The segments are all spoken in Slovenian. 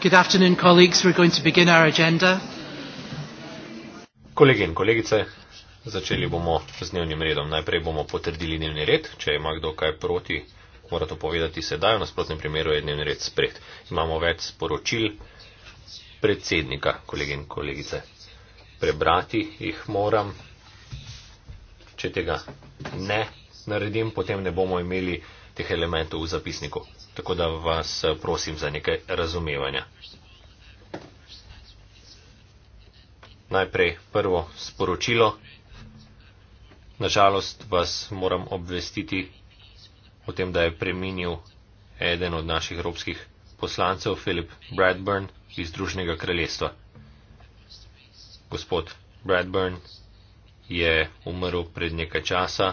Good afternoon, colleagues. We're going to begin our agenda. Kolegi in kolegice, začeli bomo z dnevnim redom. Najprej bomo potrdili dnevni red. Če ima kdo kaj proti, mora to povedati sedaj. V nasprotnem primeru je dnevni red spred. Imamo več sporočil predsednika, kolegi in kolegice. Prebrati jih moram. Če tega ne naredim, potem ne bomo imeli teh elementov v zapisniku tako da vas eh, prosim za nekaj razumevanja. Najprej prvo sporočilo. Nažalost vas moram obvestiti o tem, da je preminil eden od naših evropskih poslancev, Philip Bradburn iz Združnega kraljestva. Gospod Bradburn je umrl pred nekaj časa,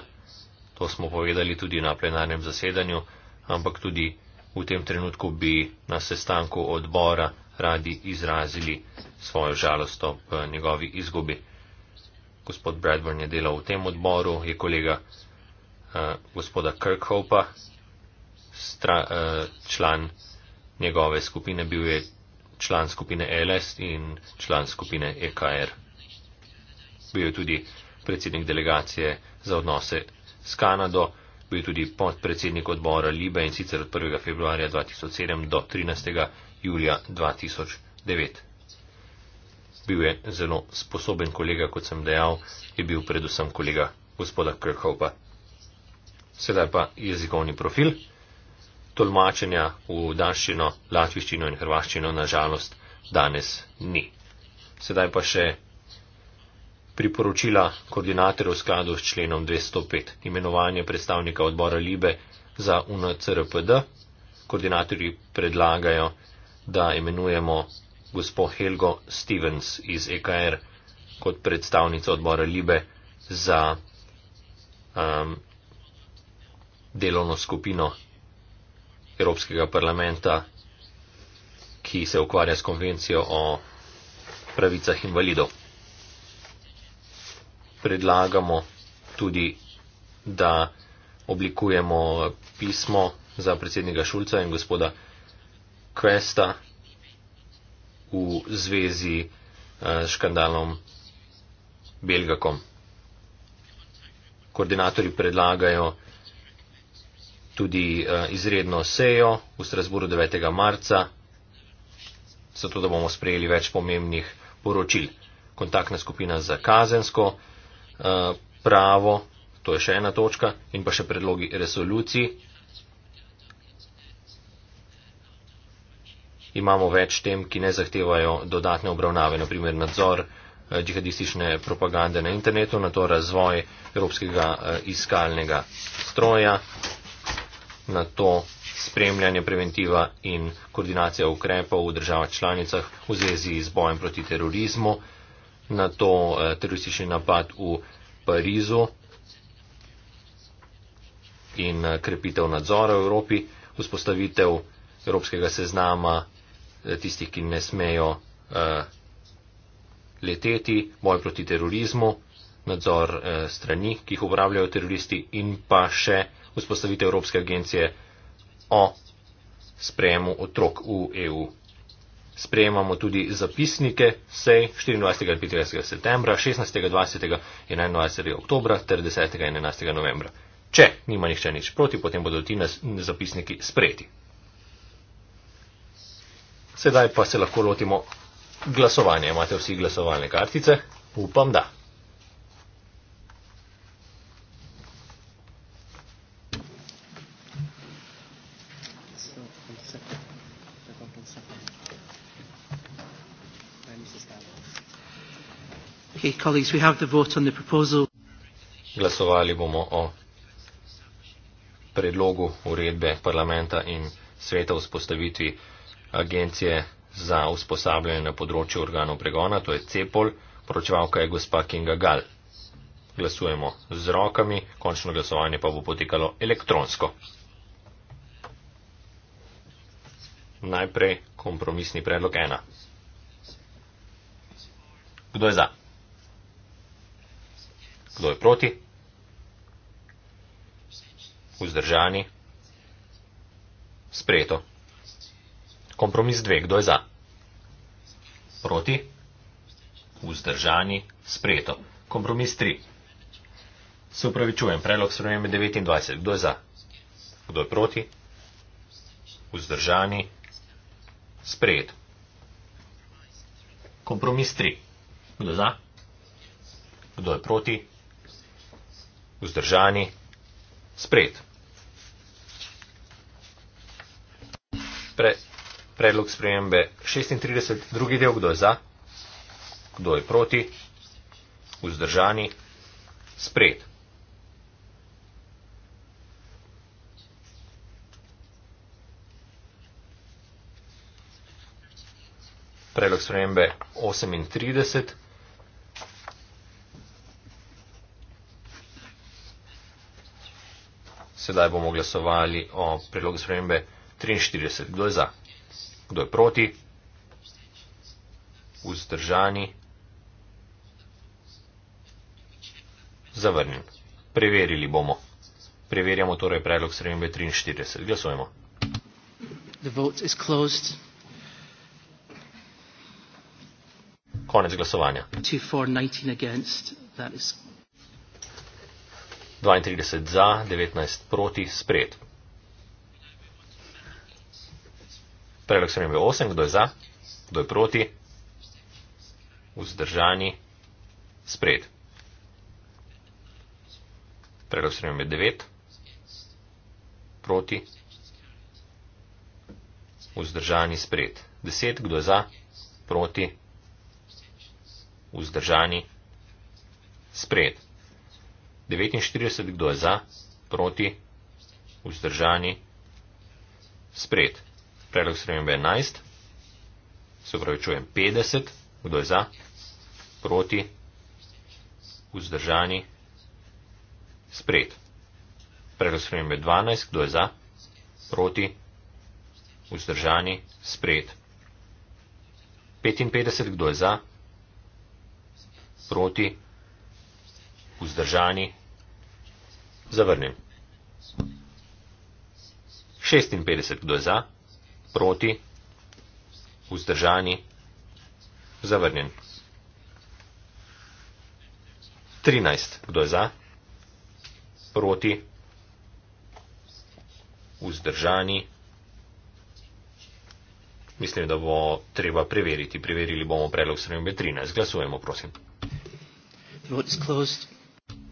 to smo povedali tudi na plenarnem zasedanju, ampak tudi v tem trenutku bi na sestanku odbora radi izrazili svojo žalost ob eh, njegovi izgubi. Gospod Bradburn je delal v tem odboru, je kolega uh, gospoda Kirkhopa, stra, uh, član njegove skupine, bil je član skupine LS in član skupine EKR. Bil je tudi predsednik delegacije za odnose s Kanado. Bil je tudi podpredsednik odbora Libe in sicer od 1. februarja 2007 do 13. julija 2009. Bil je zelo sposoben kolega, kot sem dejal, je bil predvsem kolega gospoda Krhova. Sedaj pa jezikovni profil. Tolmačenja v daščino, latviščino in hrvaščino na žalost danes ni. Sedaj pa še priporočila koordinatorjev v skladu s členom 205, imenovanje predstavnika odbora Libe za UNCRPD. Koordinatorji predlagajo, da imenujemo gospo Helgo Stevens iz EKR kot predstavnico odbora Libe za um, delovno skupino Evropskega parlamenta, ki se ukvarja s konvencijo o pravicah invalidov predlagamo tudi, da oblikujemo pismo za predsednika Šulca in gospoda Kvesta v zvezi eh, s škandalom Belgakom. Koordinatori predlagajo tudi eh, izredno sejo v Strasburu 9. marca, zato da bomo sprejeli več pomembnih poročil. Kontaktna skupina za kazensko Eh, pravo, to je še ena točka, in pa še predlogi resolucij. Imamo več tem, ki ne zahtevajo dodatne obravnave, naprimer nadzor eh, džihadistične propagande na internetu, na to razvoj evropskega eh, iskalnega stroja, na to spremljanje preventiva in koordinacija ukrepov v državah članicah v zvezi z bojem proti terorizmu na to eh, teroristični napad v Parizu in eh, krepitev nadzora v Evropi, vzpostavitev evropskega seznama eh, tistih, ki ne smejo leteti, boj proti terorizmu, nadzor strani, ki jih upravljajo teroristi in pa še vzpostavitev Evropske agencije o sprejemu otrok v EU sprejemamo tudi zapisnike sej 24. in 25. septembra, 16. 20. in 21. oktobra ter 10. in 11. novembra. Če nima nihče nič proti, potem bodo ti zapisniki sprejeti. Sedaj pa se lahko lotimo glasovanja. Imate vsi glasovalne kartice? Upam, da. Okay, colleagues, we have the vote on the proposal. Glasovali bomo o predlogu uredbe parlamenta in sveta o vzpostavitvi agencije za usposabljanje na področju organov pregona, to je CEPOL, poročevalka je gospa Kinga Gal. Glasujemo z rokami, končno glasovanje pa bo potekalo elektronsko. Najprej kompromisni predlog 1. Kdo je za? Kdo je proti? Vzdržani? Sprejeto. Kompromis dve. Kdo je za? Proti? Vzdržani? Sprejeto. Kompromis tri. Se upravičujem. Predlog spremembe 29. Kdo je za? Kdo je proti? Vzdržani? Sprejeto. Kompromis tri. Kdo je za? Kdo je proti? vzdržani, spred. Pre, predlog spremembe 36, drugi del, kdo je za, kdo je proti, vzdržani, spred. Predlog spremembe 38. Sedaj bomo glasovali o predlogu spremembe 43. Kdo je za? Kdo je proti? Vzdržani? Zavrnjen. Preverili bomo. Preverjamo torej predlog spremembe 43. Glasujemo. Konec glasovanja. 32 za, 19 proti, spred. Predlog sprejem je 8, kdo je za, kdo je proti, vzdržani, spred. Predlog sprejem je 9, proti, vzdržani, spred. 10, kdo je za, proti, vzdržani, spred. 49, kdo je za, proti, vzdržani, spred. Predlog spremembe 11, se pravi, čujem 50, kdo je za, proti, vzdržani, spred. Predlog spremembe 12, kdo je za, proti, vzdržani, spred. 55, kdo je za, proti, vzdržani, spred vzdržani, zavrnjen. 56, kdo je za, proti, vzdržani, zavrnjen. 13, kdo je za, proti, vzdržani. Mislim, da bo treba preveriti. Preverili bomo predlog srednje 13. Glasujemo, prosim. The vote is closed.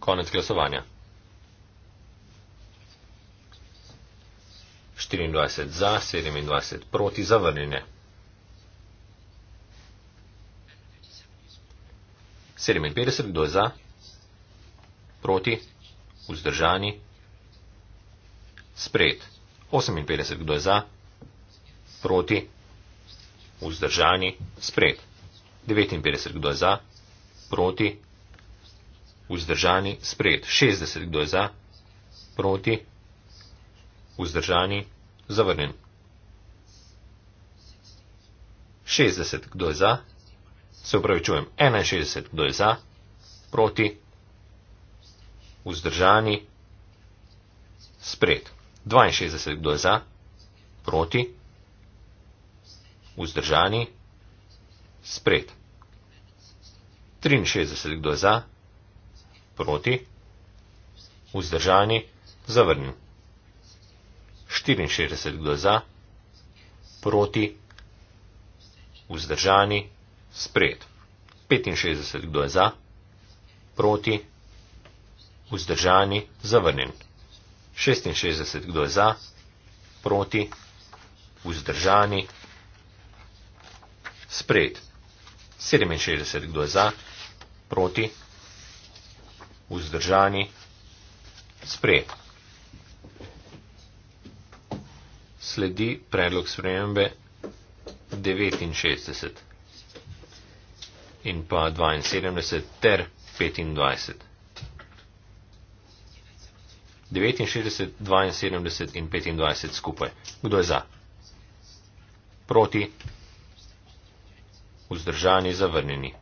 Konec glasovanja. 24 za, 27 proti zavrnjenje. 57 kdo je za, proti, vzdržani, spred. 58 kdo je za, proti, vzdržani, spred. 59 kdo je za, proti, vzdržani vzdržani, sprejet 60, kdo je za, proti, vzdržani, zavrnjen. 60, kdo je za, se upravičujem, 61, kdo je za, proti, vzdržani, sprejet 62, kdo je za, proti, vzdržani, sprejet 63, kdo je za, proti, proti, vzdržani, zavrnil. 64 glas za, proti, vzdržani, sprejet. 65 glas za, proti, vzdržani, zavrnjen. 66 glas za, proti, vzdržani, sprejet. 67 glas za, proti, vzdržani vzdržani, sprejet. Sledi predlog sprejembe 69 in pa 72 ter 25. 69, 72 in 25 skupaj. Kdo je za? Proti? Vzdržani, zavrnjeni.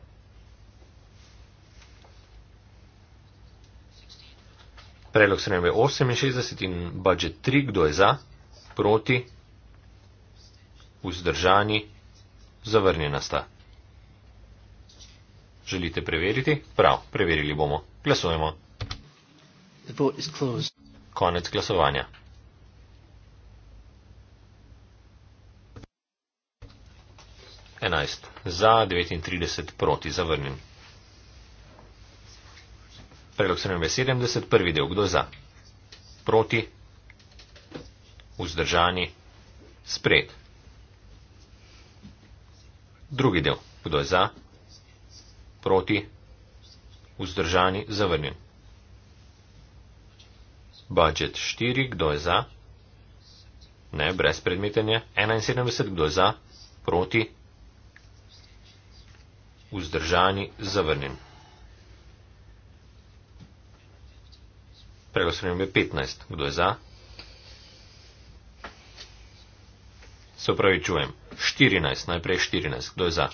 Predlog sprememb je 68 in budžet 3, kdo je za, proti, vzdržani, zavrnjena sta. Želite preveriti? Prav, preverili bomo. Glasujemo. Konec glasovanja. Enajst za, devetintrideset proti, zavrnjen. Predlog se nam je 70, prvi del, kdo za? Proti? Vzdržani? Spred? Drugi del, kdo je za? Proti? Vzdržani? Zavrnjen. Budget 4, kdo je za? Ne, brez predmetenja. 71, kdo je za? Proti? Vzdržani? Zavrnjen. Preglasujem je 15. Kdo je za? Se pravi, čujem. 14. Najprej 14. Kdo je za?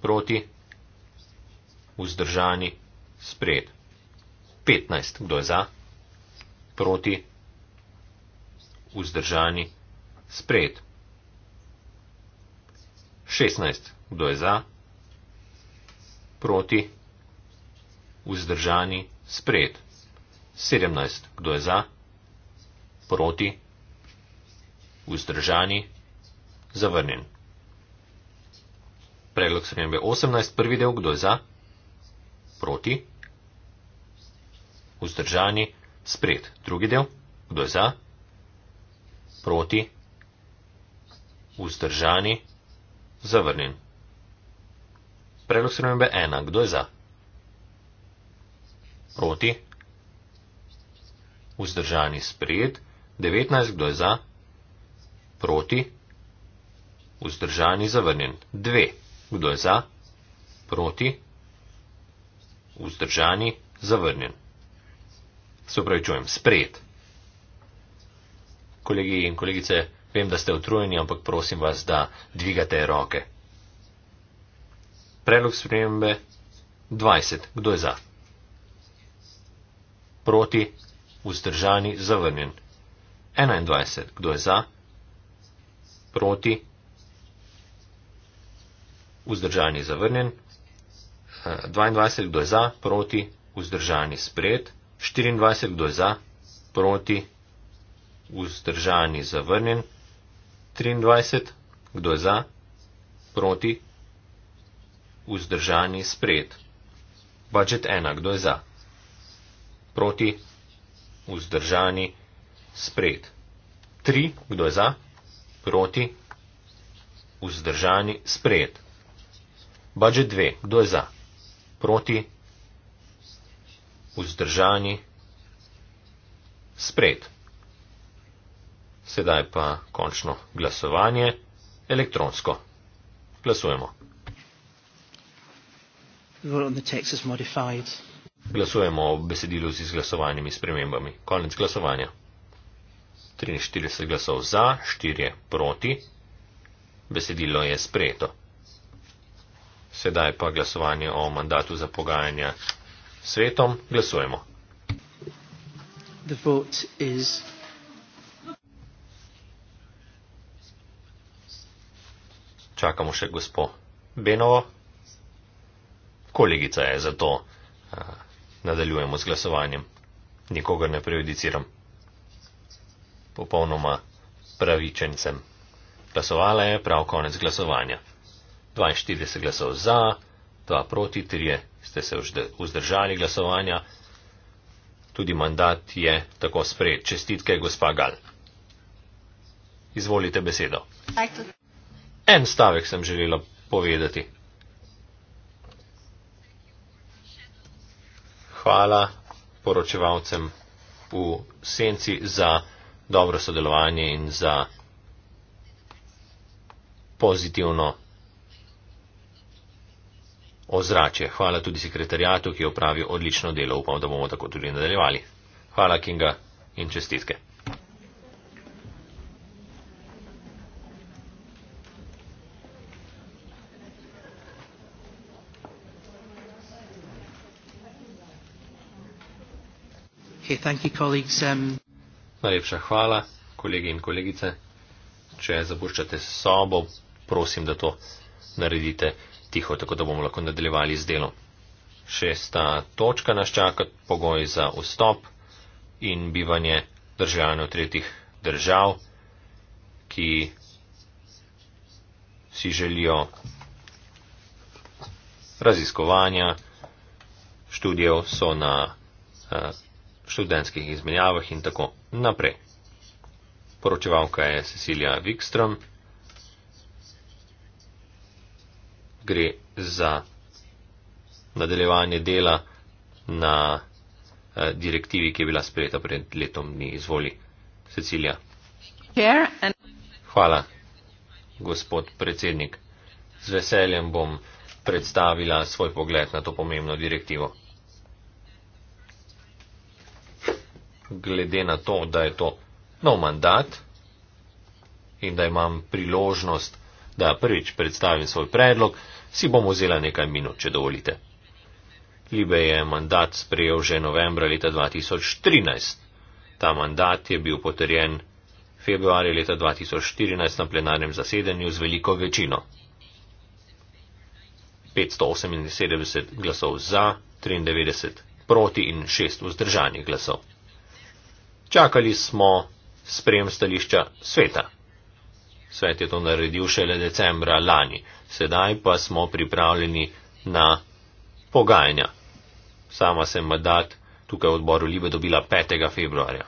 Proti? Vzdržani? Spred. 15. Kdo je za? Proti? Vzdržani? Spred. 16. Kdo je za? Proti? Vzdržani? Spred. 17. Kdo je za? Proti? Vzdržani? Zavrnjen. Predlog spremembe 18. Prvi del. Kdo je za? Proti? Vzdržani? Spred. Drugi del. Kdo je za? Proti? Vzdržani? Zavrnjen. Predlog spremembe 1. Kdo je za? Proti? vzdržani sprejet, 19 kdo je za, proti, vzdržani zavrnjen, 2 kdo je za, proti, vzdržani zavrnjen. Se upravičujem, sprejet. Kolegi in kolegice, vem, da ste utrujeni, ampak prosim vas, da dvigate roke. Predlog spremembe 20. Kdo je za? Proti vzdržani zavrnjen. 21. Kdo je za? Proti? Vzdržani zavrnjen. 22. Eh, Kdo je za? Proti? Vzdržani spred. 24. Kdo je za? Proti? Vzdržani zavrnjen. 23. Kdo je za? Proti? Vzdržani spred. Budget 1. Kdo je za? Proti? vzdržani, spred. Tri, kdo je za, proti, vzdržani, spred. Bađe dve, kdo je za, proti, vzdržani, spred. Sedaj pa končno glasovanje elektronsko. Glasujemo. The vote on the text is modified. Glasujemo o besedilu z izglasovanimi spremembami. Konec glasovanja. 43 glasov za, 4 proti. Besedilo je sprejeto. Sedaj pa glasovanje o mandatu za pogajanja s svetom. Glasujemo. Čakamo še gospod Benovo. Kolegica je za to. Uh, nadaljujemo z glasovanjem. Nikogar ne prejudiciram. Popolnoma pravičen sem. Glasovala je prav konec glasovanja. 42 glasov za, 2 proti, 3 ste se vzdržali glasovanja. Tudi mandat je tako sprejet. Čestitke, gospa Gal. Izvolite besedo. En stavek sem želela povedati. hvala poročevalcem v senci za dobro sodelovanje in za pozitivno ozračje. Hvala tudi sekretarijatu, ki je opravil odlično delo. Upam, da bomo tako tudi nadaljevali. Hvala, Kinga, in čestitke. Okay, thank you, colleagues. Um... Najlepša hvala, kolegi in kolegice. Če zapuščate sobo, prosim, da to naredite tiho, tako da bomo lahko nadaljevali z delom. Šesta točka nas čaka, pogoj za vstop in bivanje državljanov tretjih držav, ki si želijo raziskovanja, študijev so na. Uh, študentskih izmenjavah in tako naprej. Poročevalka je Cecilija Wikström. Gre za nadaljevanje dela na eh, direktivi, ki je bila sprejeta pred letom dni. Izvoli, Cecilija. Hvala, gospod predsednik. Z veseljem bom predstavila svoj pogled na to pomembno direktivo. glede na to, da je to nov mandat in da imam priložnost, da prvič predstavim svoj predlog, si bom vzela nekaj minut, če dovolite. Libe je mandat sprejel že novembra leta 2013. Ta mandat je bil potrjen februarja leta 2014 na plenarnem zasedanju z veliko večino. 578 glasov za, 93 proti in 6 vzdržanih glasov čakali smo sprejem stališča sveta. Svet je to naredil šele decembra lani, sedaj pa smo pripravljeni na pogajanja. Sama sem mandat tukaj v odboru Libe dobila 5. februarja.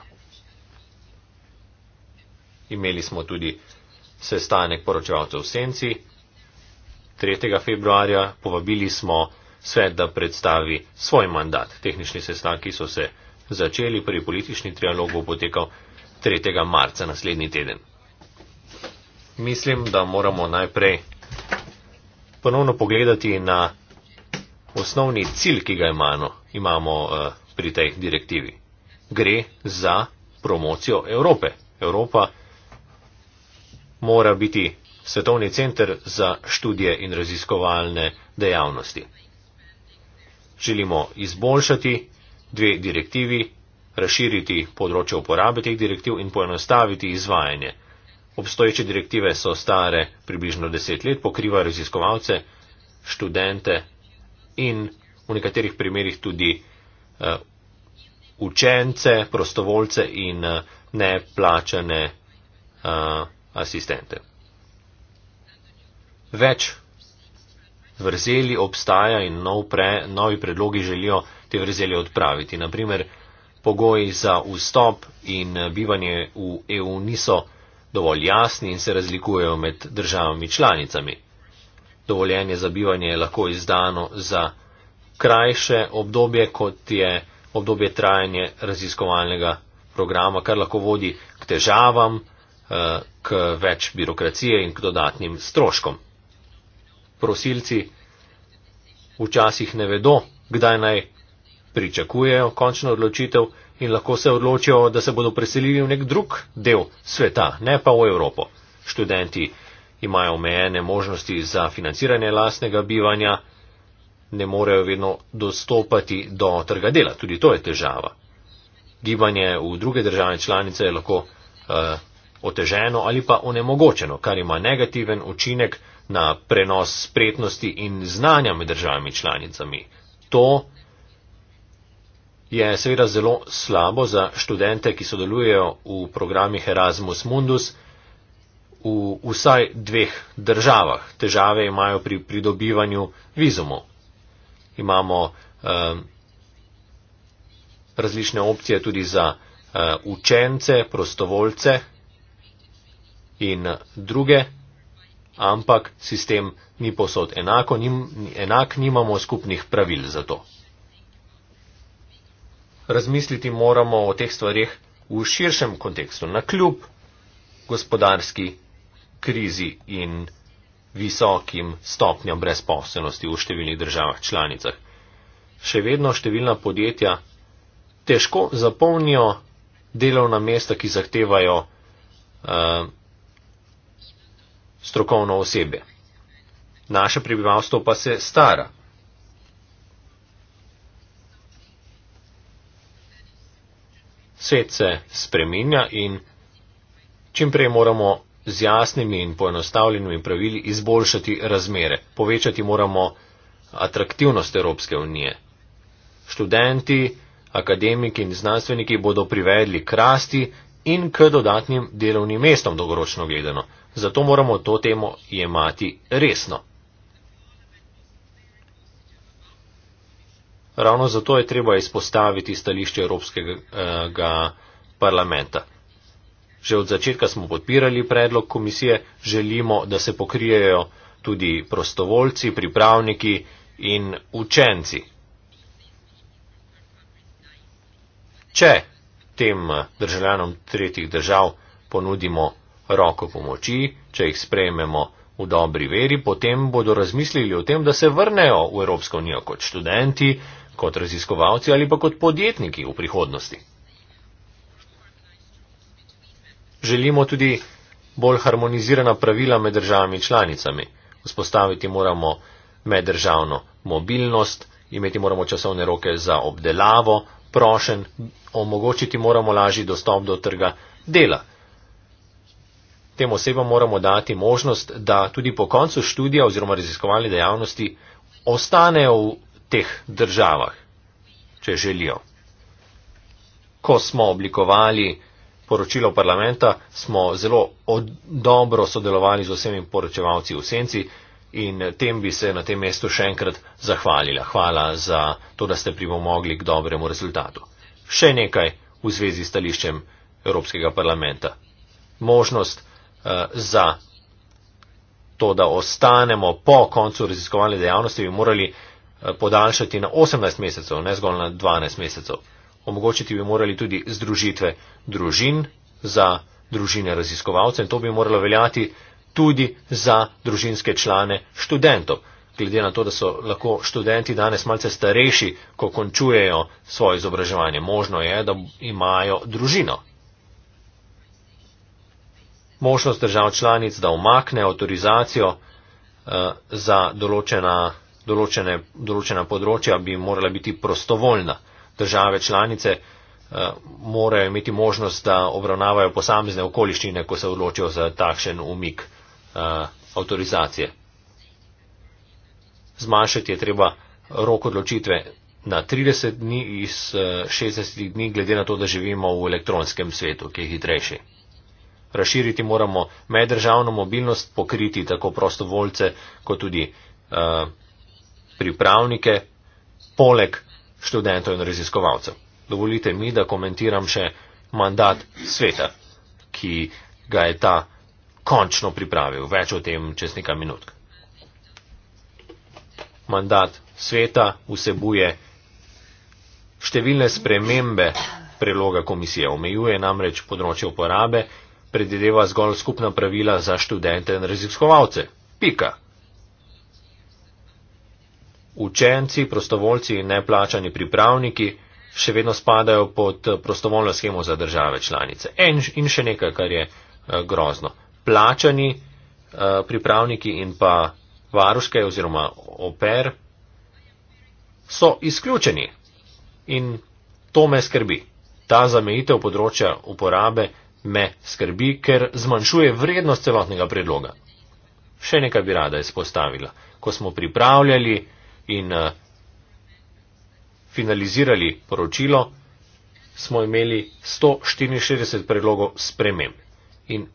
Imeli smo tudi sestanek poročevalcev v Senci. 3. februarja povabili smo svet, da predstavi svoj mandat. Tehnični sestanki so se začeli pri politični trialogu potekal 3. marca naslednji teden. Mislim, da moramo najprej ponovno pogledati na osnovni cilj, ki ga imamo, imamo eh, pri tej direktivi. Gre za promocijo Evrope. Evropa mora biti svetovni center za študije in raziskovalne dejavnosti. Želimo izboljšati dve direktivi, razširiti področje uporabe teh direktiv in poenostaviti izvajanje. Obstoječe direktive so stare približno deset let, pokriva raziskovalce, študente in v nekaterih primerjih tudi uh, učence, prostovoljce in uh, neplačane uh, asistente. Več vrzeli obstaja in nov pre, novi predlogi želijo te vrzeli odpraviti. Naprimer, pogoji za vstop in eh, bivanje v EU niso dovolj jasni in se razlikujejo med državami članicami. Dovoljenje za bivanje je lahko izdano za krajše obdobje, kot je obdobje trajanja raziskovalnega programa, kar lahko vodi k težavam, eh, k več birokracije in k dodatnim stroškom. Prosilci včasih ne vedo, kdaj naj pričakujejo končno odločitev in lahko se odločijo, da se bodo preselili v nek drug del sveta, ne pa v Evropo. Študenti imajo omejene možnosti za financiranje lastnega bivanja, ne morejo vedno dostopati do trga dela, tudi to je težava. Gibanje v druge države članice je lahko eh, oteženo ali pa onemogočeno, kar ima negativen učinek na prenos spretnosti in znanja med državami članicami. To je seveda zelo slabo za študente, ki sodelujejo v programih Erasmus Mundus v vsaj dveh državah. Težave imajo pri pridobivanju vizumov. Imamo eh, različne opcije tudi za eh, učence, prostovoljce in druge, ampak sistem ni posod enako, nim, enak nimamo skupnih pravil za to razmisliti moramo o teh stvarih v širšem kontekstu, na kljub gospodarski krizi in visokim stopnjam brezposelnosti v številnih državah članicah. Še vedno številna podjetja težko zapolnijo delovna mesta, ki zahtevajo uh, strokovno osebe. Naše prebivalstvo pa se stara. svet se spreminja in čim prej moramo z jasnimi in poenostavljenimi pravili izboljšati razmere. Povečati moramo atraktivnost Evropske unije. Študenti, akademiki in znanstveniki bodo privedli k rasti in k dodatnim delovnim mestom dolgoročno gledano. Zato moramo to temo jemati resno. Ravno zato je treba izpostaviti stališče Evropskega eh, parlamenta. Že od začetka smo podpirali predlog komisije, želimo, da se pokrijejo tudi prostovoljci, pripravniki in učenci. Če tem eh, državljanom tretjih držav ponudimo roko pomoči, če jih sprejmemo v dobri veri, potem bodo razmislili o tem, da se vrnejo v Evropsko unijo kot študenti, kot raziskovalci ali pa kot podjetniki v prihodnosti. Želimo tudi bolj harmonizirana pravila med državami članicami. Vzpostaviti moramo meddržavno mobilnost, imeti moramo časovne roke za obdelavo, prošen, omogočiti moramo lažji dostop do trga dela. Tem osebam moramo dati možnost, da tudi po koncu študija oziroma raziskovalne dejavnosti ostanejo v teh državah, če želijo. Ko smo oblikovali poročilo parlamenta, smo zelo dobro sodelovali z vsemi poročevalci v senci in tem bi se na tem mestu še enkrat zahvalila. Hvala za to, da ste pripomogli k dobremu rezultatu. Še nekaj v zvezi s stališčem Evropskega parlamenta. Možnost uh, za to, da ostanemo po koncu raziskovalne dejavnosti, bi morali Eh, podaljšati na 18 mesecev, ne zgolj na 12 mesecev. Omogočiti bi morali tudi združitve družin za družine raziskovalcev in to bi moralo veljati tudi za družinske člane študentov. Glede na to, da so lahko študenti danes malce starejši, ko končujejo svoje izobraževanje, možno je, da imajo družino. Možnost držav članic, da omakne avtorizacijo eh, za določena določene, določena področja bi morala biti prostovoljna. Države članice eh, morajo imeti možnost, da obravnavajo posamezne okoliščine, ko se odločijo za takšen umik eh, avtorizacije. Zmanjšati je treba rok odločitve na 30 dni iz eh, 60 dni, glede na to, da živimo v elektronskem svetu, ki je hitrejši. Razširiti moramo meddržavno mobilnost, pokriti tako prostovoljce, kot tudi eh, pripravnike, poleg študentov in raziskovalcev. Dovolite mi, da komentiram še mandat sveta, ki ga je ta končno pripravil. Več o tem čez nekaj minut. Mandat sveta vsebuje številne spremembe preloga komisije. Omejuje namreč področje uporabe, predideva zgolj skupna pravila za študente in raziskovalce. Pika učenci, prostovoljci in neplačani pripravniki še vedno spadajo pod prostovoljno schemo za države članice. En in še nekaj, kar je eh, grozno. Plačani eh, pripravniki in pa varuške oziroma oper so izključeni in to me skrbi. Ta zamejitev področja uporabe me skrbi, ker zmanjšuje vrednost celotnega predloga. Še nekaj bi rada izpostavila. Ko smo pripravljali, in eh, finalizirali poročilo, smo imeli 164 predlogov sprememb. In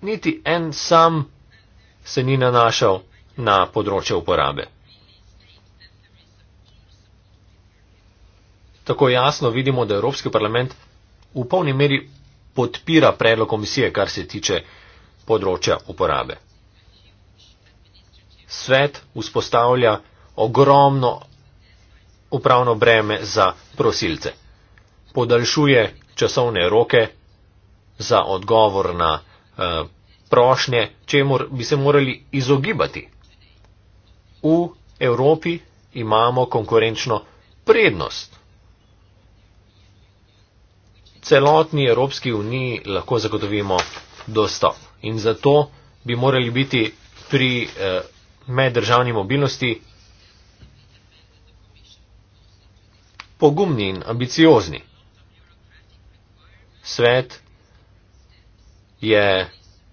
niti en sam se ni nanašal na področje uporabe. Tako jasno vidimo, da Evropski parlament v polni meri podpira predlog komisije, kar se tiče področja uporabe. Svet vzpostavlja ogromno upravno breme za prosilce. Podaljšuje časovne roke za odgovor na uh, prošnje, čemur bi se morali izogibati. V Evropi imamo konkurenčno prednost. Celotni Evropski uniji lahko zagotovimo dostop in zato bi morali biti pri uh, meddržavni mobilnosti pogumni in ambiciozni. Svet je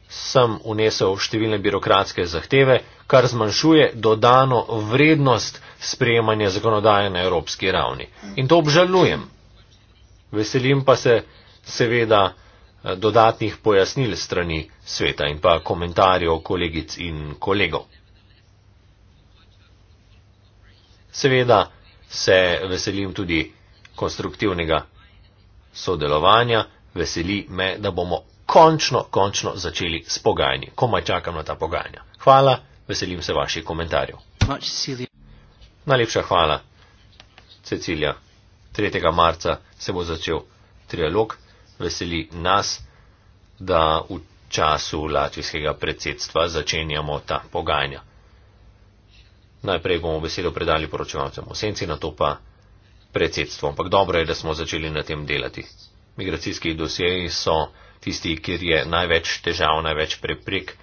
sem unesel številne birokratske zahteve, kar zmanjšuje dodano vrednost sprejemanja zakonodaje na evropski ravni. In to obžalujem. Veselim pa se seveda eh, dodatnih pojasnil strani sveta in pa komentarjev kolegic in kolegov. Seveda, se veselim tudi konstruktivnega sodelovanja. Veseli me, da bomo končno, končno začeli s pogajanji. Komaj čakam na ta pogajanja. Hvala, veselim se vaših komentarjev. Najlepša hvala, Cecilija. 3. marca se bo začel trialog. Veseli nas, da v času latvijskega predsedstva začenjamo ta pogajanja. Najprej bomo besedo predali poročevalcem v senci, na to pa predsedstvo. Ampak dobro je, da smo začeli na tem delati. Migracijski dosjeji so tisti, kjer je največ težav, največ preprek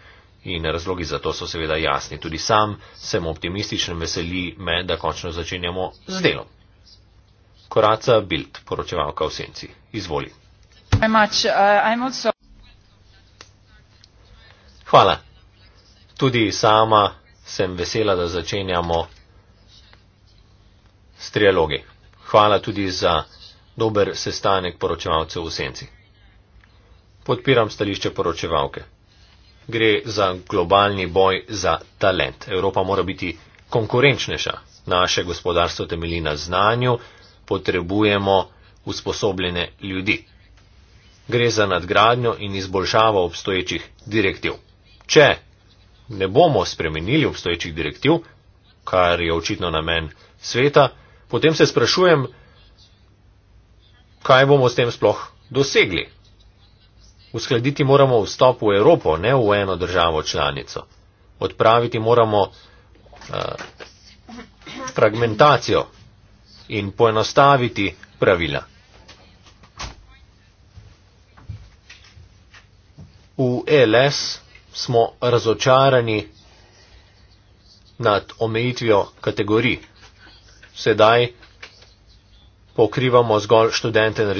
in razlogi za to so seveda jasni. Tudi sam sem optimističen, veseli me, da končno začenjamo z delom. Koraca Bild, poročevalka v senci. Izvoli. Uh, Hvala. Tudi sama sem vesela, da začenjamo s trialogi. Hvala tudi za dober sestanek poročevalcev v senci. Podpiram stališče poročevalke. Gre za globalni boj za talent. Evropa mora biti konkurenčnejša. Naše gospodarstvo temelji na znanju, potrebujemo usposobljene ljudi. Gre za nadgradnjo in izboljšavo obstoječih direktiv. Če ne bomo spremenili obstoječih direktiv, kar je očitno namen sveta, potem se sprašujem, kaj bomo s tem sploh dosegli. Uskladiti moramo vstop v Evropo, ne v eno državo članico. Odpraviti moramo uh, fragmentacijo in poenostaviti pravila. U e LS smo razočarani nad omejitvijo kategorij. Sedaj pokrivamo zgolj študente in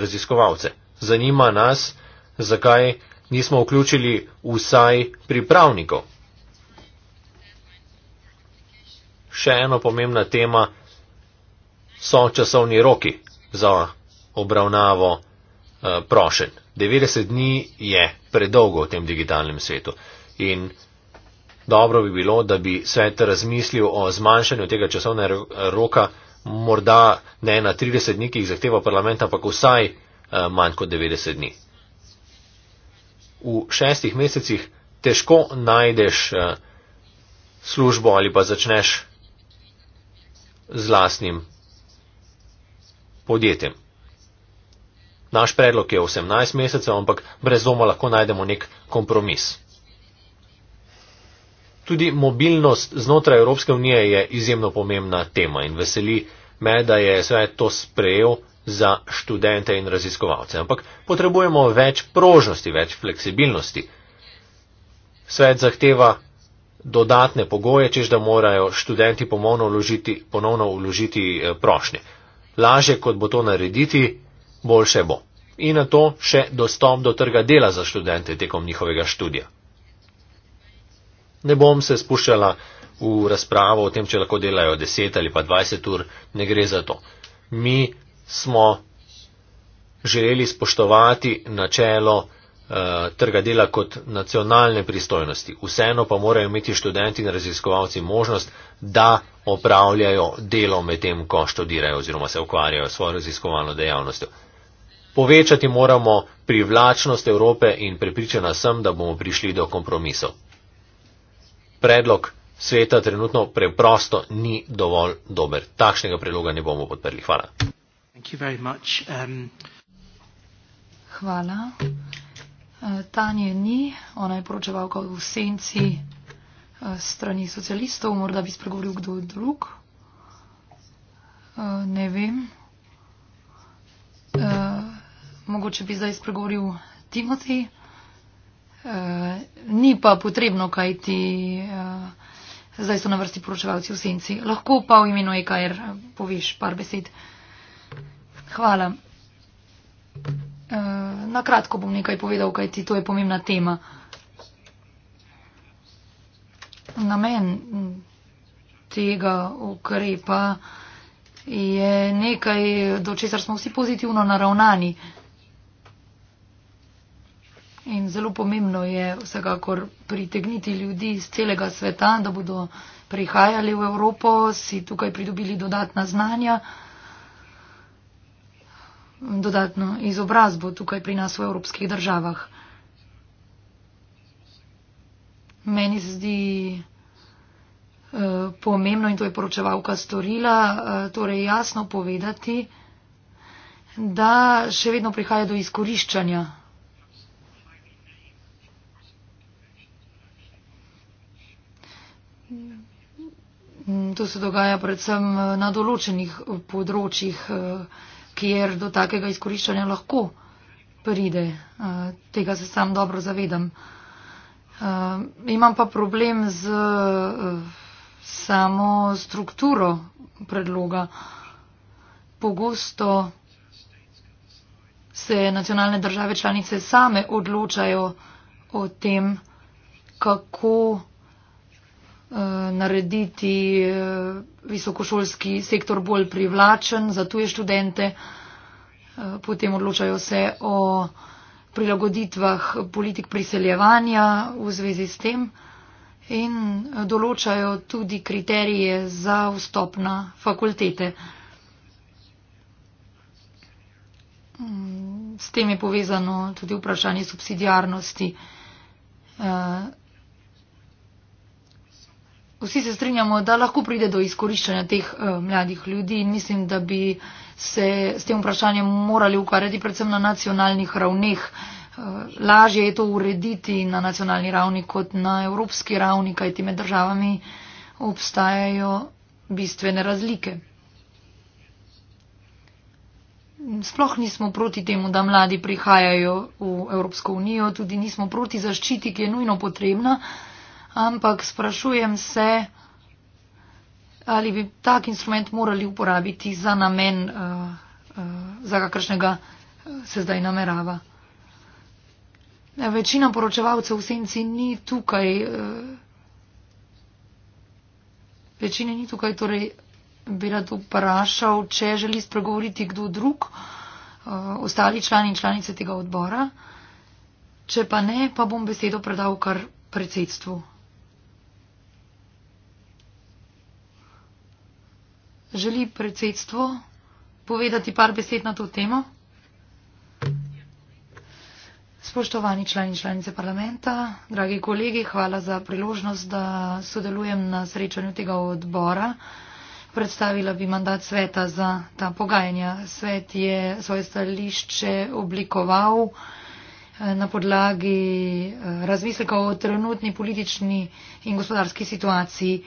raziskovalce. Zanima nas, zakaj nismo vključili vsaj pripravnikov. Še ena pomembna tema so časovni roki za obravnavo eh, prošen. 90 dni je predolgo v tem digitalnem svetu. In dobro bi bilo, da bi svet razmislil o zmanjšanju tega časovnega roka, morda ne na 30 dni, ki jih zahteva parlament, ampak vsaj eh, manj kot 90 dni. V šestih mesecih težko najdeš eh, službo ali pa začneš z lasnim podjetjem. Naš predlog je 18 mesecev, ampak brez doma lahko najdemo nek kompromis. Tudi mobilnost znotraj Evropske unije je izjemno pomembna tema in veseli me, da je svet to sprejel za študente in raziskovalce. Ampak potrebujemo več prožnosti, več fleksibilnosti. Svet zahteva dodatne pogoje, čež da morajo študenti ponovno vložiti, ponovno vložiti eh, prošnje. Laže, kot bo to narediti, boljše bo. In na to še dostop do trga dela za študente tekom njihovega študija. Ne bom se spuščala v razpravo o tem, če lahko delajo 10 ali pa 20 ur, ne gre za to. Mi smo želeli spoštovati načelo uh, trga dela kot nacionalne pristojnosti. Vseeno pa morajo imeti študenti in raziskovalci možnost, da opravljajo delo med tem, ko študirajo oziroma se ukvarjajo s svojo raziskovalno dejavnostjo. Povečati moramo privlačnost Evrope in prepričana sem, da bomo prišli do kompromisov. Predlog sveta trenutno preprosto ni dovolj dober. Takšnega predloga ne bomo podprli. Hvala. Um, Hvala. E, Tanje ni, ona je poročevalka v senci e, strani socialistov, morda bi spregovoril kdo drug. E, ne vem mogoče bi zdaj spregovoril Timoti. Uh, e, ni pa potrebno, kaj ti uh, zdaj so na vrsti poročevalci v senci. Lahko pa v imenu EKR poviš par besed. Hvala. Uh, na kratko bom nekaj povedal, kaj ti to je pomembna tema. Namen tega ukrepa je nekaj, do česar smo vsi pozitivno naravnani. In zelo pomembno je vsekakor pritegniti ljudi iz celega sveta, da bodo prihajali v Evropo, si tukaj pridobili dodatna znanja, dodatno izobrazbo tukaj pri nas v evropskih državah. Meni se zdi eh, pomembno in to je poročevalka storila, eh, torej jasno povedati, da še vedno prihaja do izkoriščanja Mm, to se dogaja predvsem eh, na določenih eh, področjih, eh, kjer do takega izkoriščanja lahko pride. Tega se sam dobro zavedam. Imam pa problem z samo strukturo predloga. Pogosto se nacionalne države članice same odločajo o tem, kako Eh, narediti eh, visokošolski sektor bolj privlačen za tuje študente, eh, potem odločajo se o prilagoditvah politik priseljevanja v zvezi s tem in določajo tudi kriterije za vstop na fakultete. Mm, s tem je povezano tudi vprašanje subsidijarnosti. Vsi se strinjamo, da lahko pride do izkoriščanja teh uh, mladih ljudi in mislim, da bi se s tem vprašanjem morali ukvarjati predvsem na nacionalnih ravneh. Uh, lažje je to urediti na nacionalni ravni kot na evropski ravni, kajti med državami obstajajo bistvene razlike. Sploh nismo proti temu, da mladi prihajajo v Evropsko unijo, tudi nismo proti zaščiti, ki je nujno potrebna. Uh, ampak sprašujem se, ali bi tak instrument morali uporabiti za namen, uh, uh, za kakršnega eh, se zdaj namerava. Večina poročevalcev v senci ni tukaj. Uh, večina ni tukaj, torej bi rad vprašal, če želi spregovoriti kdo drug, uh, ostali člani in članice tega odbora. Če pa ne, pa bom besedo predal kar predsedstvu. Želi predsedstvo povedati par besed na to temo? Spoštovani člani in članice parlamenta, dragi kolegi, hvala za priložnost, da sodelujem na srečanju tega odbora. Predstavila bi mandat sveta za ta pogajanja. Svet je svoje stališče oblikoval eh, na podlagi eh, razmisleka o trenutni politični in gospodarski situaciji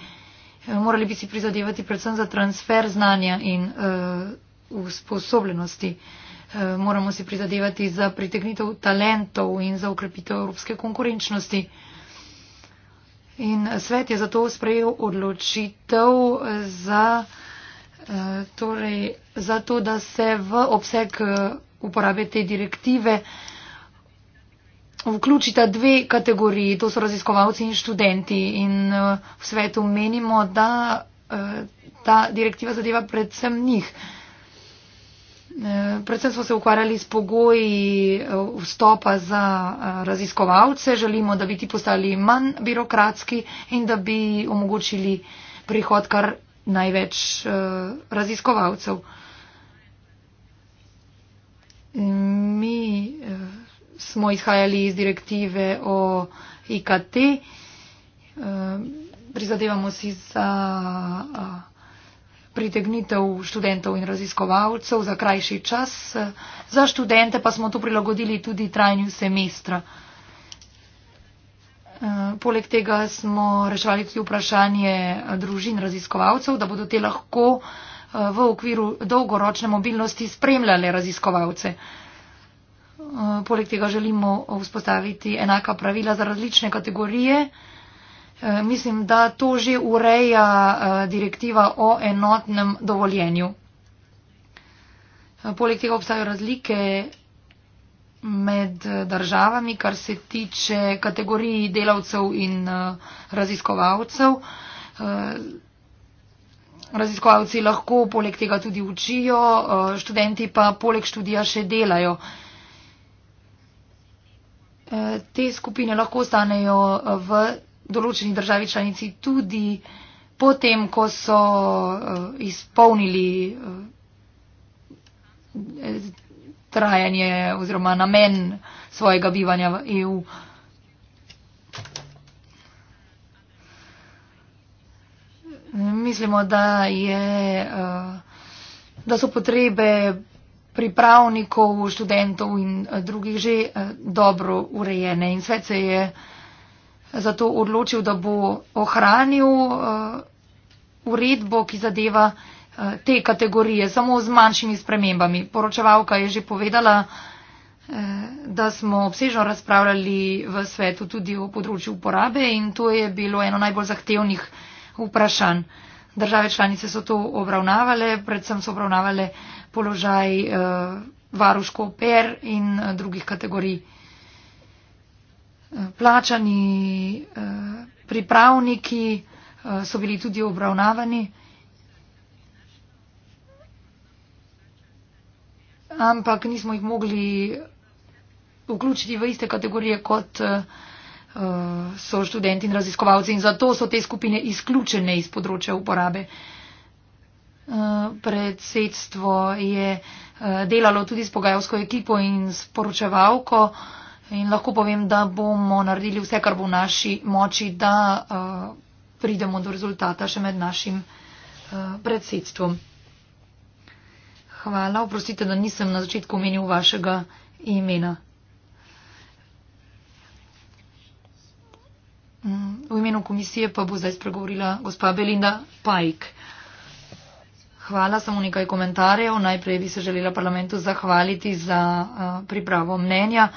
morali bi si prizadevati predvsem za transfer znanja in uh, usposobljenosti. Uh, moramo si prizadevati za pritegnitev talentov in za ukrepitev evropske konkurenčnosti. In eh, svet je zato sprejel odločitev za, uh, torej, za to, da se v obseg uh, uporabe te direktive uh, vključita dve kategoriji, to so raziskovalci in študenti. In eh, v svetu menimo, da eh, ta direktiva zadeva predvsem njih. Eh, predvsem smo se ukvarjali s pogoji vstopa za raziskovalce. Želimo, da bi ti postali manj birokratski in da bi omogočili prihod kar največ raziskovalcev. Mi, smo izhajali iz direktive o IKT. Eh, prizadevamo si za eh, pritegnitev študentov in raziskovalcev za krajši čas. Za študente pa smo to prilagodili tudi trajanju semestra. Eh, poleg tega smo reševali tudi vprašanje družin raziskovalcev, da bodo te lahko v okviru dolgoročne mobilnosti spremljale raziskovalce. Eh, poleg tega želimo vzpostaviti enaka pravila za različne kategorije. Eh, mislim, da to že ureja eh, direktiva o enotnem dovoljenju. Poleg tega obstajajo razlike med državami, kar se tiče kategorij delavcev in raziskovalcev. Raziskovalci lahko poleg tega tudi učijo, študenti pa poleg študija še delajo te skupine lahko ostanejo eh, v določeni državi članici tudi potem, ko so eh, izpolnili eh, trajanje oziroma namen svojega bivanja v EU. Mislimo, da, je, da so potrebe pripravnikov, študentov in eh, drugih že eh, dobro urejene. In svet se je eh, zato odločil, da bo ohranil uredbo, ki zadeva te kategorije, samo z manjšimi spremembami. Poročevalka je že povedala, da smo obsežno razpravljali v svetu tudi o področju uporabe in to je bilo eno najbolj zahtevnih vprašanj. Države članice so to obravnavale, predvsem so obravnavale položaj uh, eh, varuško per in uh, drugih kategorij. Eh, plačani pripravniki so bili tudi obravnavani, ampak nismo jih mogli vključiti v iste kategorije kot Eh, so študenti in raziskovalci in zato so te skupine izključene iz področja uporabe. Eh, predsedstvo je eh, delalo tudi s pogajalsko ekipo in s poročevalko in lahko povem, da bomo naredili vse, kar bo v naši moči, da pridemo do rezultata še med našim predsedstvom. Hvala, oprostite, da nisem na začetku omenil vašega imena. Mm, v imenu komisije pa bo zdaj spregovorila gospa Belinda Pajk. Hvala, samo nekaj komentarjev. Najprej bi se želela parlamentu zahvaliti za pripravo mnenja.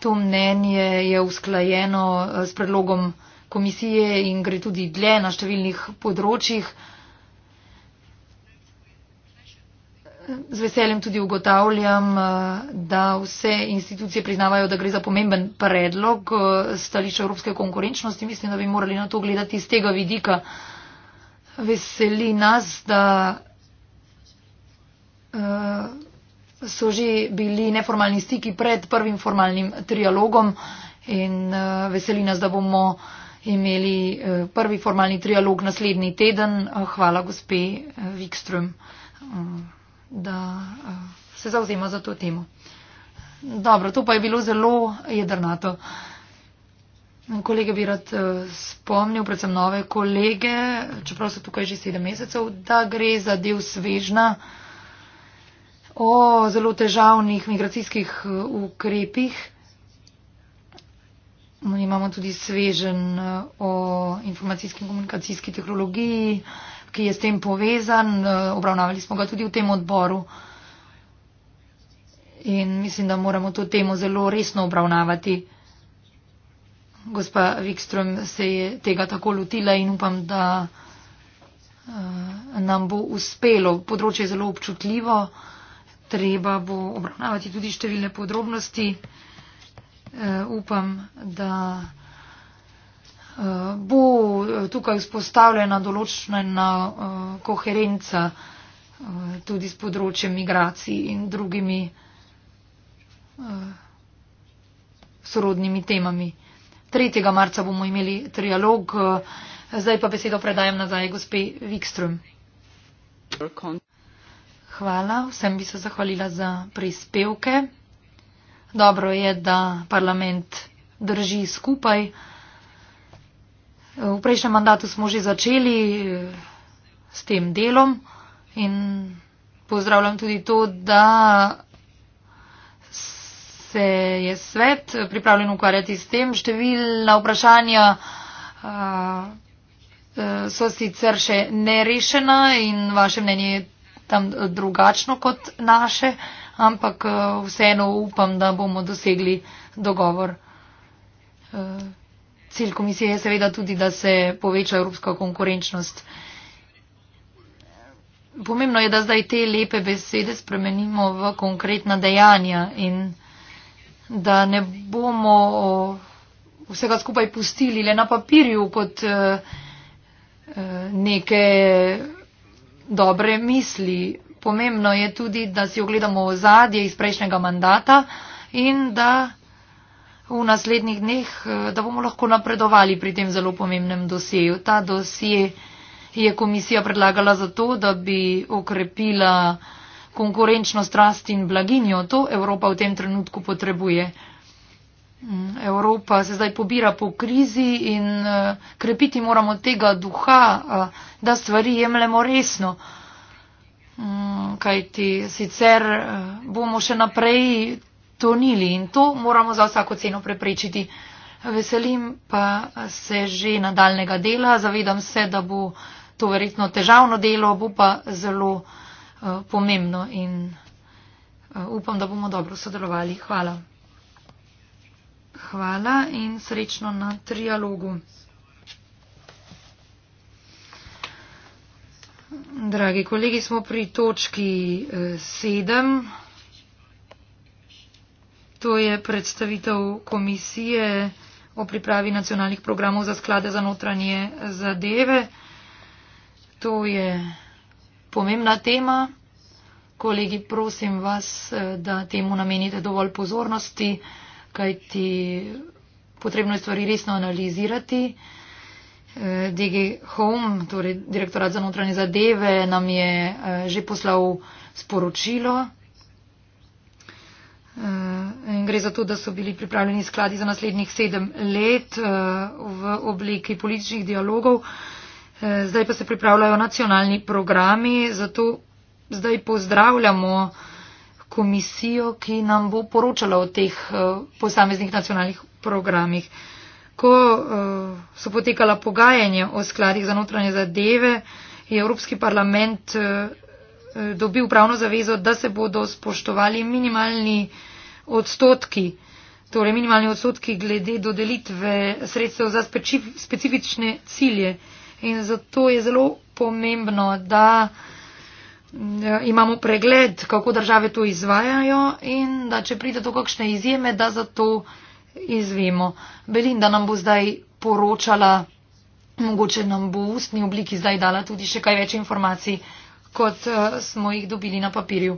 To mnenje je usklajeno s predlogom komisije in gre tudi dlje na številnih področjih. Z veseljem tudi ugotavljam, eh, da vse institucije priznavajo, da gre za pomemben predlog eh, stališča evropske konkurenčnosti. Mislim, da bi morali na to gledati iz tega vidika. Veseli nas, da eh, so že bili neformalni stiki pred prvim formalnim trialogom in veseli nas, da bomo imeli prvi formalni trialog naslednji teden. Hvala, gospe Wikström. Hvala. Mm da uh, se zauzema za to temo. Dobro, to pa je bilo zelo jedrnato. Kolege bi rad uh, spomnil, predvsem nove kolege, čeprav so tukaj že sedem mesecev, da gre za del svežna o zelo težavnih migracijskih eh, ukrepih. Imamo tudi svežen o informacijski in komunikacijski tehnologiji ki je s tem povezan. Eh, obravnavali smo ga tudi v tem odboru. In mislim, da moramo to temo zelo resno obravnavati. Gospa Wikström se je tega tako lotila in upam, da eh, nam bo uspelo. Področje je zelo občutljivo. Treba bo obravnavati tudi številne podrobnosti. Eh, upam, da bo eh, tukaj vzpostavljena določena eh, koherenca eh, tudi s področjem migracij in drugimi sorodnimi temami. 3. marca bomo imeli trialog, zdaj pa besedo predajam nazaj gospe Wikström. Hvala, vsem bi se zahvalila za prispevke. Dobro je, da parlament drži skupaj. V prejšnjem mandatu smo že začeli eh, s tem delom in pozdravljam tudi to, da se je svet pripravljen ukvarjati s tem. Številna vprašanja eh, eh, so sicer še nerešena in vaše mnenje je tam drugačno kot naše, ampak vseeno upam, da bomo dosegli dogovor cilj komisije je seveda tudi, da se poveča evropska konkurenčnost. Pomembno je, da zdaj te lepe besede spremenimo v konkretna dejanja in da ne bomo vsega skupaj pustili le na papirju kot eh, eh, neke dobre misli. Pomembno je tudi, da si ogledamo ozadje iz prejšnjega mandata in da v naslednjih dneh, eh, da bomo lahko napredovali pri tem zelo pomembnem dosjeju. Ta dosje je komisija predlagala zato, da bi okrepila konkurenčnost, rast in blaginjo. To Evropa v tem trenutku potrebuje. Mm, Evropa se zdaj pobira po krizi in eh, krepiti moramo tega duha, da stvari jemljemo resno. Mm, kajti sicer eh, bomo še naprej tonili in to moramo za vsako ceno preprečiti. Veselim pa se že nadaljnega dela, zavedam se, da bo to verjetno težavno delo, bo pa zelo uh, pomembno in uh, upam, da bomo dobro sodelovali. Hvala. Hvala in srečno na trialogu. Dragi kolegi, smo pri točki 7. Uh, eh, To je predstavitev komisije o pripravi nacionalnih programov za sklade za notranje zadeve. To je pomembna tema. Kolegi, prosim vas, eh, da temu namenite dovolj pozornosti, kajti potrebno je stvari resno analizirati. Eh, DG Home, torej direktorat za notranje zadeve, nam je eh, že poslal sporočilo. Eh, in gre za to, da so bili pripravljeni skladi za naslednjih sedem let eh, v obliki političnih dialogov. Eh, zdaj pa se pripravljajo nacionalni programi, zato zdaj pozdravljamo komisijo, ki nam bo poročala o teh posameznih nacionalnih programih. Ko so potekala pogajanja o skladih za notranje zadeve, je Evropski parlament dobil pravno zavezo, da se bodo spoštovali minimalni odstotki, torej minimalni odstotki glede dodelitve sredstev za specifične cilje. In zato je zelo pomembno, da eh, imamo pregled, kako države to izvajajo in da če pride do kakšne izjeme, da za to izvemo. Belinda nam bo zdaj poročala, mogoče nam bo v ustni obliki zdaj dala tudi še kaj več informacij kot eh, smo jih dobili na papirju.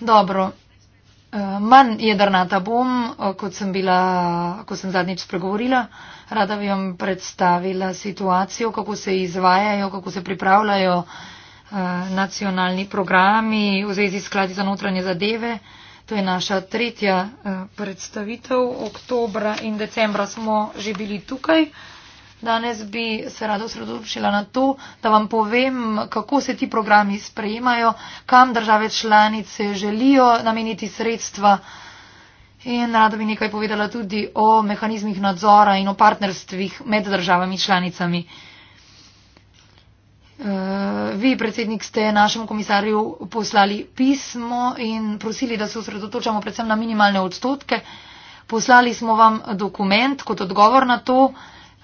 Dobro, eh, manj jedrnata bom, eh, kot sem, bila, kot sem zadnjič spregovorila. Rada bi vam predstavila situacijo, kako se izvajajo, kako se pripravljajo nacionalni programi v zvezi s skladi za notranje zadeve. To je naša tretja predstavitev. Oktobra in decembra smo že bili tukaj. Danes bi se rada osredotočila na to, da vam povem, kako se ti programi sprejemajo, kam države članice želijo nameniti sredstva in rada bi nekaj povedala tudi o mehanizmih nadzora in o partnerstvih med državami članicami. Eh, vi, predsednik, ste našemu komisarju poslali pismo in prosili, da se osredotočamo predvsem na minimalne odstotke. Poslali smo vam dokument kot odgovor na to,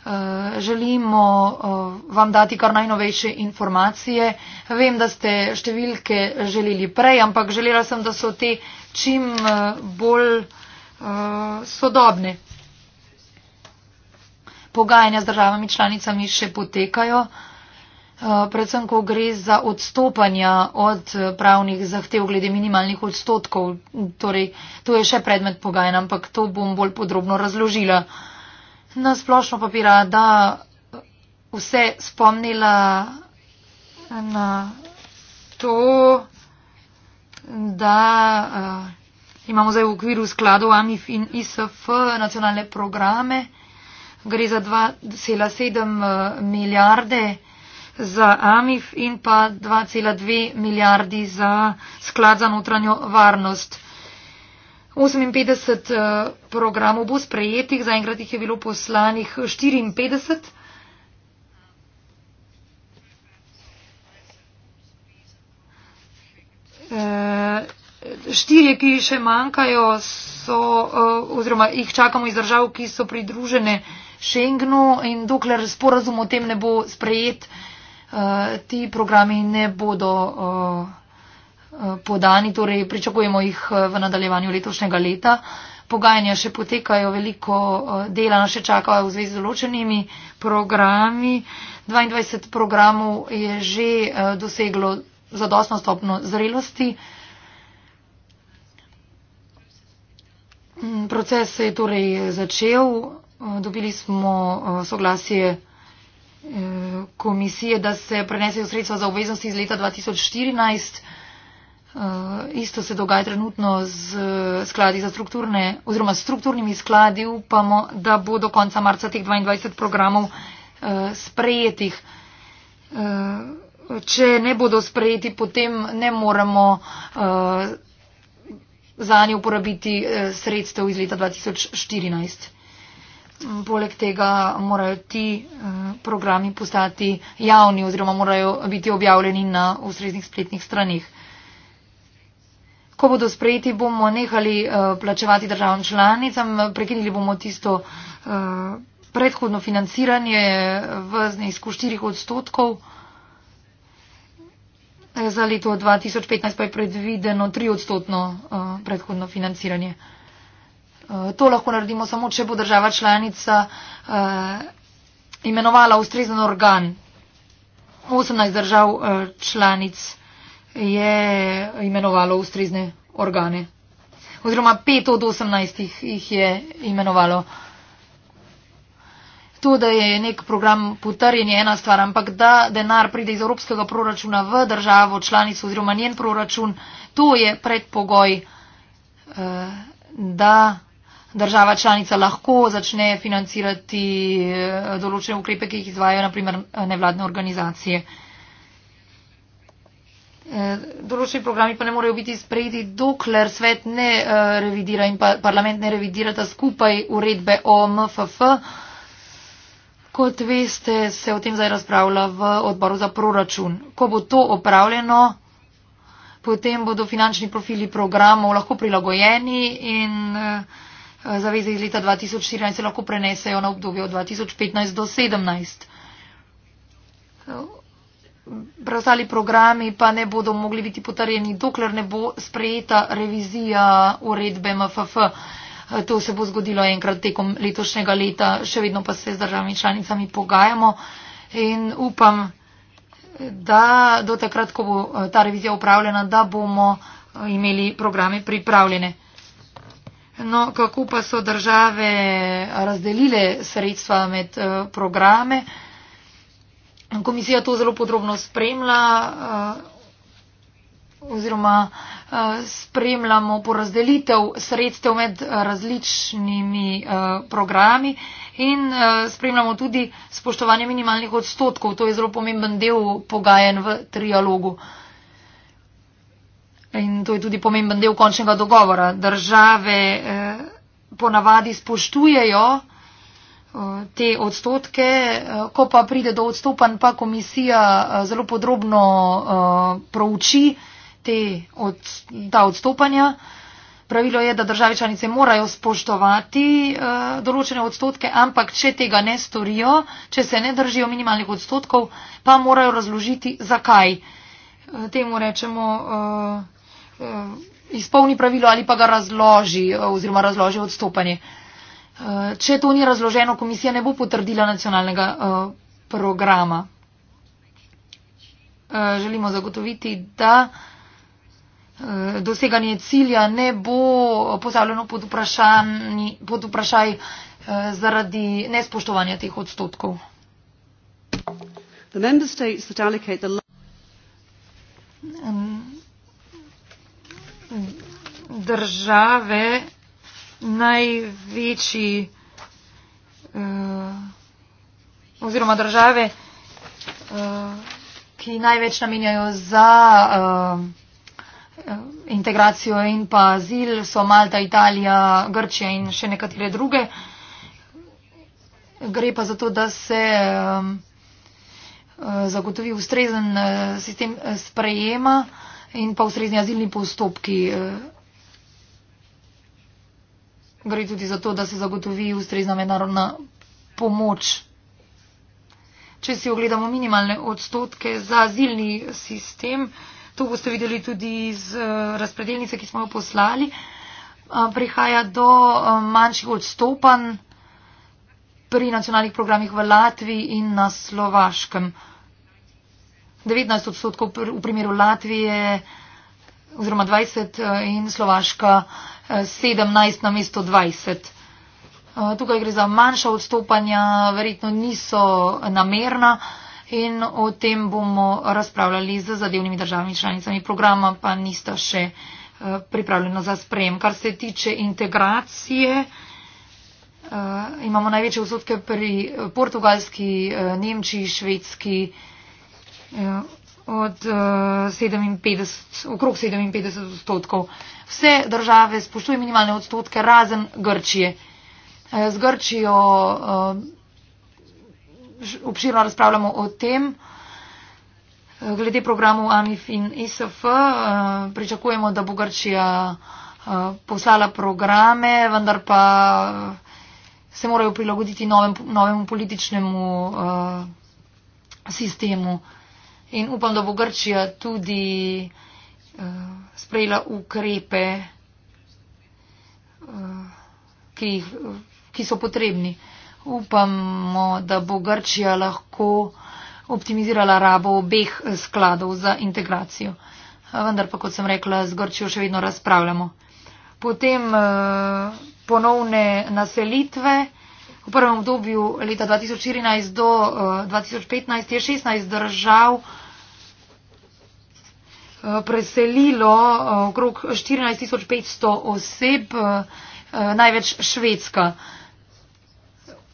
Eh, želimo eh, vam dati kar najnovejše informacije. Vem, da ste številke želeli prej, ampak želela sem, da so te čim eh, bolj sodobne. Pogajanja z državami članicami še potekajo, predvsem, ko gre za odstopanja od pravnih zahtev glede minimalnih odstotkov. Torej, to je še predmet pogajanja, ampak to bom bolj podrobno razložila. Na splošno pa bi rada vse spomnila na to, da uh, imamo zdaj v okviru skladov AMIF in ISF nacionalne programe. Gre za 2,7 eh, milijarde za AMIF in pa 2,2 milijardi za sklad za notranjo varnost. 58 eh, programov bo sprejetih, zaenkrat jih je bilo poslanih 54. Eh, štirje, ki še manjkajo, so, eh, oziroma jih čakamo iz držav, ki so pridružene Schengnu in dokler sporazum o tem ne bo sprejet, ti programi ne bodo podani, torej pričakujemo jih eh, v nadaljevanju letošnjega leta. Pogajanja še potekajo, veliko eh, dela nas še čaka v zvezi z določenimi programi. 22 programov je že eh, doseglo zadostno stopno zrelosti. Mm, proces se je torej začel. Dobili smo soglasje komisije, da se prenesejo sredstva za obveznosti iz leta 2014. Uh, isto se dogaja trenutno z eh, skladi za strukturne oziroma s strukturnimi skladi. Upamo, da bo do konca marca teh 22 programov uh, sprejetih. Uh, če ne bodo sprejeti, potem ne moremo uh, za nje uporabiti uh, sredstev iz leta 2014. Mm, poleg tega morajo ti uh, programi postati javni oziroma morajo biti objavljeni na ustreznih spletnih stranih. Uh, ko bodo sprejeti, bomo nehali eh, plačevati državam članicam, prekinili bomo tisto eh, predhodno financiranje v znesku 4 odstotkov. Eh, za leto 2015 pa je predvideno 3 odstotno predhodno financiranje. To lahko naredimo samo, če bo država članica imenovala ustrezen organ. 18 držav članic je imenovalo ustrezne organe. Oziroma pet od osemnajstih jih je imenovalo. To, da je nek program potrjen, je ena stvar, ampak da denar pride iz evropskega proračuna v državo, članico oziroma njen proračun, to je predpogoj, eh, da država članica lahko začne financirati eh, določene ukrepe, ki jih izvajo naprimer eh, nevladne organizacije. Eh, določeni programi pa ne morejo biti sprejeti, dokler svet ne eh, revidira in pa parlament ne revidirata skupaj uredbe o MFF. Kot veste, se o tem zdaj razpravlja v odboru za proračun. Ko bo to opravljeno, potem bodo finančni profili programov lahko prilagojeni in eh, zaveze iz leta 2014 se lahko prenesejo na obdobje od 2015 do 2017 brazali programi, pa ne bodo mogli biti potrjeni, dokler ne bo sprejeta revizija uredbe MFF. To se bo zgodilo enkrat tekom letošnjega leta, še vedno pa se z državami članicami pogajamo in upam, da do takrat, ko bo eh, ta revizija upravljena, da bomo eh, imeli programe pripravljene. No, kako pa so države eh, razdelile sredstva med programe? Komisija to zelo podrobno spremlja eh, oziroma eh, spremljamo porazdelitev sredstev med eh, različnimi programi in spremljamo tudi spoštovanje minimalnih odstotkov. To je zelo pomemben del pogajen v trialogu. In to je tudi pomemben del končnega dogovora. Države ponavadi spoštujejo Eh, te odstotke. Eh, ko pa pride do odstopanj, pa komisija eh, zelo podrobno prouči te od, ta odstopanja. Pravilo je, da države članice morajo spoštovati uh, določene odstotke, ampak če tega ne storijo, če se ne držijo minimalnih odstotkov, pa morajo razložiti, zakaj. Uh, temu rečemo, uh, uh, izpolni pravilo ali pa ga razloži uh, oziroma razloži odstopanje. Uh, Eh, če to ni razloženo, komisija ne bo potrdila nacionalnega eh, programa. Eh, želimo zagotoviti, da doseganje cilja ne bo postavljeno pod, pod vprašaj zaradi nespoštovanja teh odstotkov. Države, največji uh, oziroma države, uh, ki največ namenjajo za uh, integracijo in pa azil, so Malta, Italija, Grčija in še nekatere druge. Gre pa za to, da se um, zagotovi ustrezen uh, sistem sprejema in pa ustrezni azilni postopki. Uh, gre tudi za to, da se zagotovi ustrezna mednarodna pomoč. Če si ogledamo minimalne odstotke za azilni sistem, to boste videli tudi iz eh, razpredeljnice, ki smo jo poslali, eh, prihaja do eh, manjših odstopanj pri nacionalnih programih v Latviji in na Slovaškem. 19 odstotkov v primeru Latvije oziroma 20 in Slovaška 17 na mesto 20. Tukaj gre za manjša odstopanja, verjetno niso namerna in o tem bomo razpravljali z zadevnimi državami članicami. Programa pa nista še e, pripravljena za sprejem. Kar se tiče integracije, e, imamo največje odstotke pri portugalski, e, nemčiji, švedski od 57, eh, okrog 57 odstotkov. Vse države spoštuje minimalne odstotke, razen Grčije. Eh, z Grčijo eh, obširno razpravljamo o tem. Glede programov AMIF in ISF pričakujemo, da bo Grčija poslala programe, vendar pa se morajo prilagoditi novem, novemu političnemu sistemu in upam, da bo Grčija tudi uh, sprejela ukrepe, uh, ki, ki so potrebni. Upamo, da bo Grčija lahko optimizirala rabo obeh eh, skladov za integracijo. Vendar pa, kot sem rekla, z Grčijo še vedno razpravljamo. Potem ponovne naselitve. V prvem obdobju leta 2014 do 2015 je 16 držav preselilo eh, okrog 14.500 oseb, eh, eh, največ Švedska.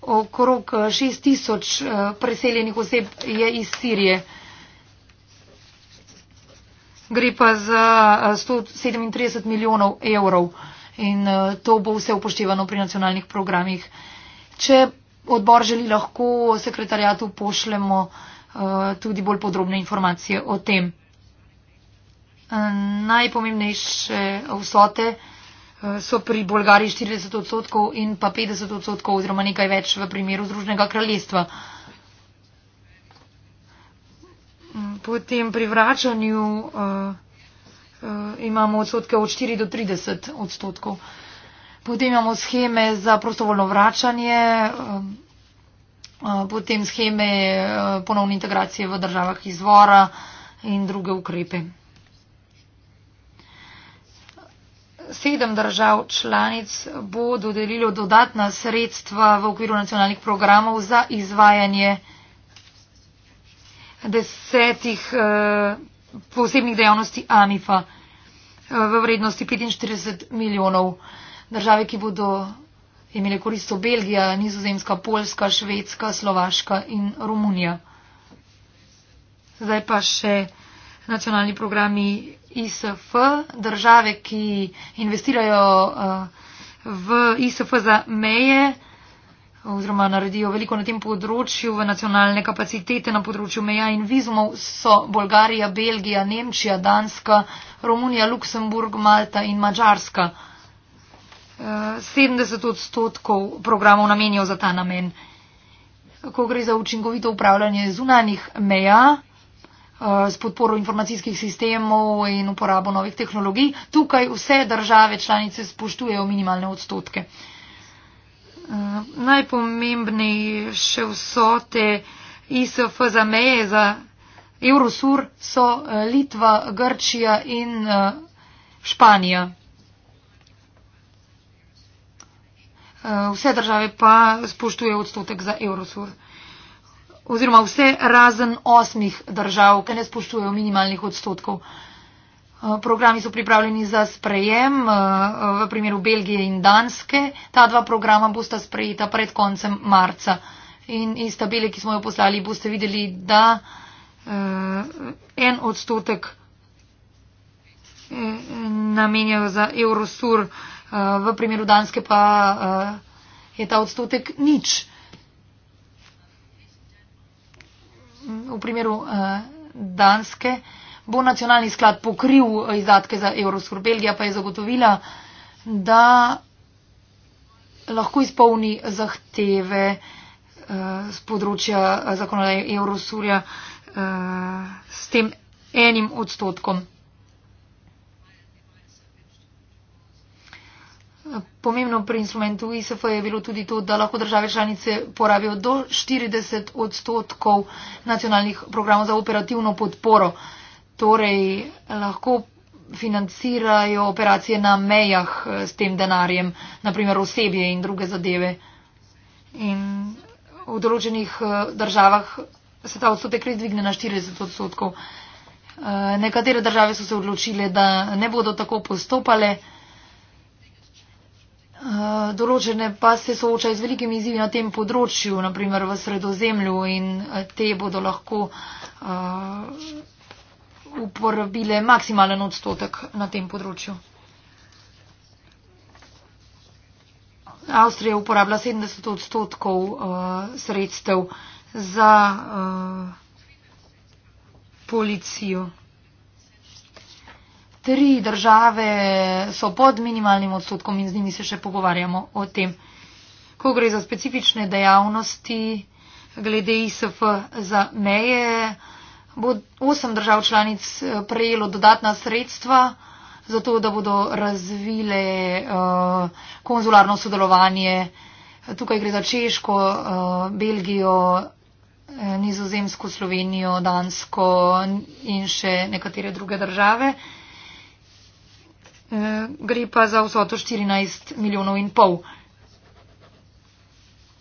Okrog 6.000 preseljenih oseb je iz Sirije. Gre pa za 137 milijonov evrov in to bo vse upoštevano pri nacionalnih programih. Če odbor želi, lahko sekretarjatu pošljemo tudi bolj podrobne informacije o tem. Eh, najpomembnejše vsote eh, so pri Bolgariji 40 odstotkov in pa 50 odstotkov oziroma nekaj več v primeru Združnega kraljestva. Mm, potem pri vračanju uh, uh, imamo odstotke od 4 do 30 odstotkov. Potem imamo scheme za prostovoljno vračanje, uh, uh, potem scheme uh, ponovne integracije v državah izvora in druge ukrepe. sedem držav članic bo dodelilo dodatna sredstva v okviru nacionalnih programov za izvajanje desetih eh, posebnih dejavnosti AMIFA eh, v vrednosti 45 milijonov. Države, ki bodo imele korist, so Belgija, Nizozemska, Poljska, Švedska, Slovaška in Romunija. Zdaj pa še nacionalni programi ISF, države, ki investirajo eh, v ISF za meje oziroma naredijo veliko na tem področju, v nacionalne kapacitete na področju meja in vizumov so Bolgarija, Belgija, Nemčija, Danska, Romunija, Luksemburg, Malta in Mačarska. 70 eh, odstotkov programov namenijo za ta namen. Ko gre za učinkovito upravljanje zunanih meja, Eh, s podporo informacijskih sistemov in uporabo novih tehnologij. Tukaj vse države članice spoštujejo minimalne odstotke. Eh, najpomembnejše vsote ISF za meje za Eurosur so eh, Litva, Grčija in Španija. Vse države pa spoštujejo odstotek za Eurosur oziroma vse razen osmih držav, ki ne spoštujejo minimalnih odstotkov. Eh, programi so pripravljeni za sprejem eh, v primeru Belgije in Danske. Ta dva programa bosta sprejeta pred koncem marca. In iz tabele, ki smo jo poslali, boste videli, da eh, en odstotek namenjajo za Eurosur, v primeru Danske pa je ta odstotek nič. v primeru eh, Danske bo nacionalni sklad pokril eh, izdatke za Evropsko unijo. Belgija pa je zagotovila, da lahko izpolni zahteve eh, z področja eh, zakonodaje Evropsurja eh, s tem enim odstotkom. Pomembno pri instrumentu ISF je bilo tudi to, da lahko države članice porabijo do 40 odstotkov nacionalnih programov za operativno podporo. Torej lahko financirajo operacije na mejah eh, s tem denarjem, naprimer osebje in druge zadeve. In v določenih eh, državah se ta odstotek res dvigne na 40 odstotkov. Eh, nekatere države so se odločile, da ne bodo tako postopale. Eh, določene pa se soočajo z velikimi izzivi na tem področju, naprimer v sredozemlju in eh, te bodo lahko eh, uporabile maksimalen odstotek na tem področju. Avstrija uporablja 70 odstotkov sredstev za policijo tri države so pod minimalnim odstotkom in z njimi se še pogovarjamo o tem. Ko gre za specifične dejavnosti glede ISF za meje, bo osem držav članic eh, prejelo dodatna sredstva za to, da bodo razvile uh, konzularno sodelovanje. Tukaj gre za Češko, uh, Belgijo, Nizozemsko, Slovenijo, Dansko in še nekatere druge države. Uh, Eh, gre pa za vsoto 14 milijonov in pol.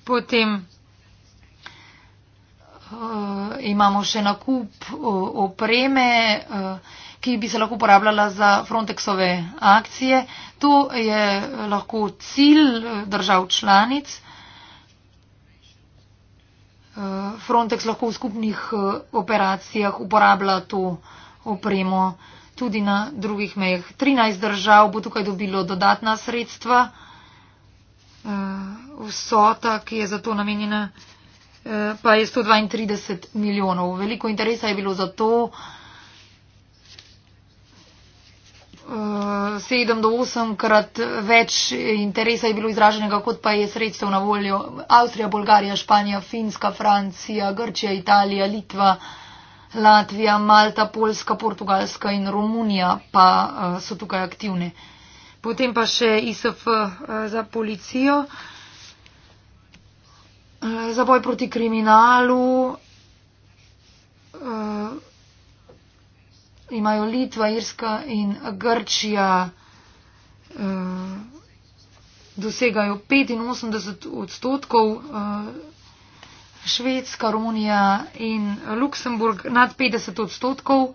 Potem uh, imamo še nakup uh, opreme, uh, ki bi se lahko uporabljala za Frontexove akcije. To je lahko cilj držav članic. Frontex lahko v skupnih operacijah uporablja to opremo. Uh, tudi na drugih mejah. 13 držav bo tukaj dobilo dodatna sredstva. Eh, vsota, ki je za to namenjena, eh, pa je 132 milijonov. Veliko interesa je bilo za to. 7 eh, do 8 krat več interesa je bilo izraženega, kot pa je sredstev na voljo. Avstrija, Bolgarija, Španija, Finska, Francija, Grčija, Italija, Litva, Latvija, Malta, Poljska, Portugalska in Romunija pa eh, so tukaj aktivne. Potem pa še ISF eh, za policijo, eh, za boj proti kriminalu. Imajo Litva, Irska in Grčija, dosegajo 85 odstotkov Švedska, Romunija in Luksemburg nad 50 odstotkov.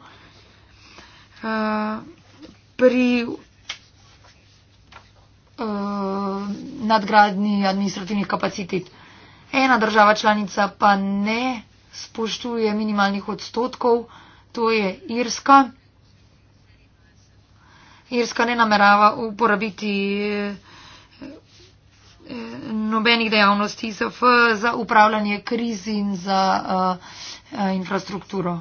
Uh, pri uh, eh, nadgradni administrativnih kapacitet. Ena država članica pa ne spoštuje minimalnih odstotkov, to je Irska. Irska ne namerava uporabiti uh, nobenih dejavnosti ISF za upravljanje kriz in za eh, eh, infrastrukturo.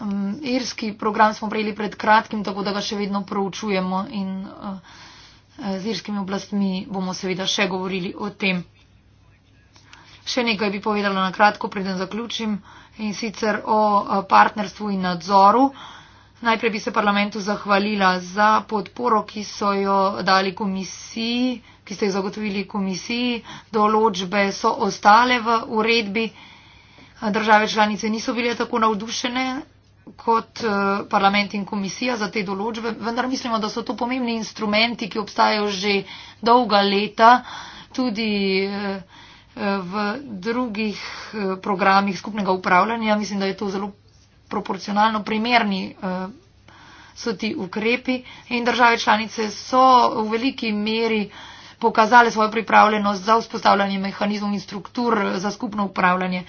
Mm, irski program smo prejeli pred kratkim, tako da ga še vedno proučujemo in eh, z irskimi oblastmi bomo seveda še govorili o tem. Še nekaj bi povedala na kratko, preden zaključim, in sicer o partnerstvu in nadzoru. Najprej bi se parlamentu zahvalila za podporo, ki so jo dali komisiji, ki ste jo zagotovili komisiji. Določbe so ostale v uredbi. Države članice niso bile tako navdušene kot eh, parlament in komisija za te določbe, vendar mislimo, da so to pomembni instrumenti, ki obstajajo že dolga leta, tudi eh, eh, v drugih programih skupnega upravljanja. Mislim, da je to zelo proporcionalno primerni eh, so ti ukrepi in države članice so v veliki meri pokazale svojo pripravljenost za vzpostavljanje mehanizmov in struktur za skupno upravljanje.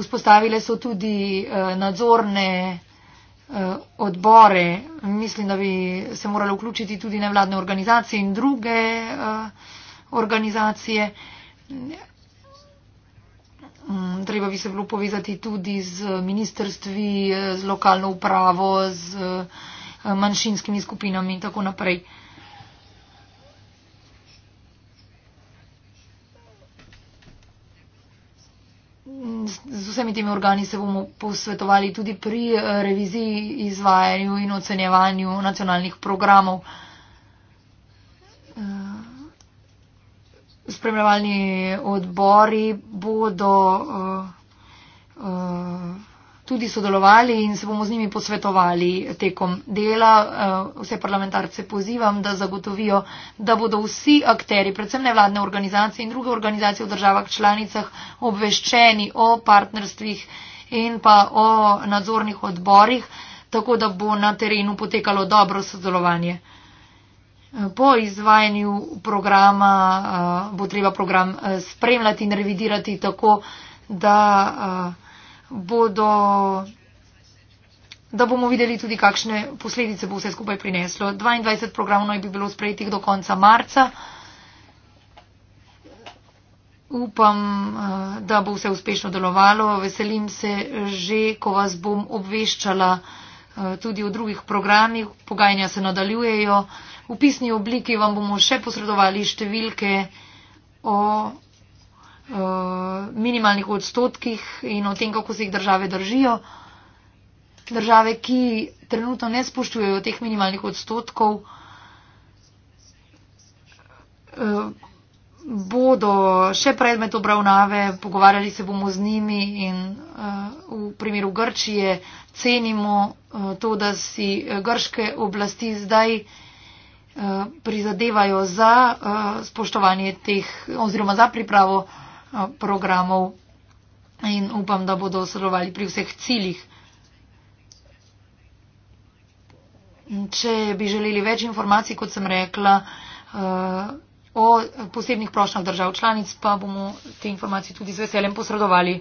Vzpostavile so tudi eh, nadzorne eh, odbore, mislim, da bi se morali vključiti tudi nevladne organizacije in druge organizacije treba bi se bilo povezati tudi z ministrstvi, z lokalno upravo, z eh, manjšinskimi skupinami in tako naprej. Z vsemi temi organi se bomo posvetovali tudi pri eh, reviziji, izvajanju in ocenjevanju nacionalnih programov. spremljevalni odbori bodo uh, uh, tudi sodelovali in se bomo z njimi posvetovali tekom dela. Uh, vse parlamentarce pozivam, da zagotovijo, da bodo vsi akteri, predvsem nevladne organizacije in druge organizacije v državah članicah, obveščeni o partnerstvih in pa o nadzornih odborih, tako da bo na terenu potekalo dobro sodelovanje. Po izvajanju programa eh, bo treba program eh, spremljati in revidirati tako, da, eh, bodo, da bomo videli tudi, kakšne posledice bo vse skupaj prineslo. 22 programov naj bi bilo sprejetih do konca marca. Upam, da bo vse uspešno delovalo. Veselim se že, ko vas bom obveščala tudi o drugih programih. Pogajanja se nadaljujejo v pisni obliki vam bomo še posredovali številke o e, minimalnih odstotkih in o tem, kako se jih države držijo. Države, ki trenutno ne spoštujejo teh minimalnih odstotkov, eh, bodo še predmet obravnave, pogovarjali se bomo z njimi in eh, v primeru Grčije cenimo to, da si grške oblasti zdaj Eh, prizadevajo za eh, spoštovanje teh oziroma za pripravo eh, programov in upam, da bodo sodelovali pri vseh ciljih. Če bi želeli več informacij, kot sem rekla, o posebnih prošnjah držav članic, pa bomo te informacije tudi z veseljem posredovali.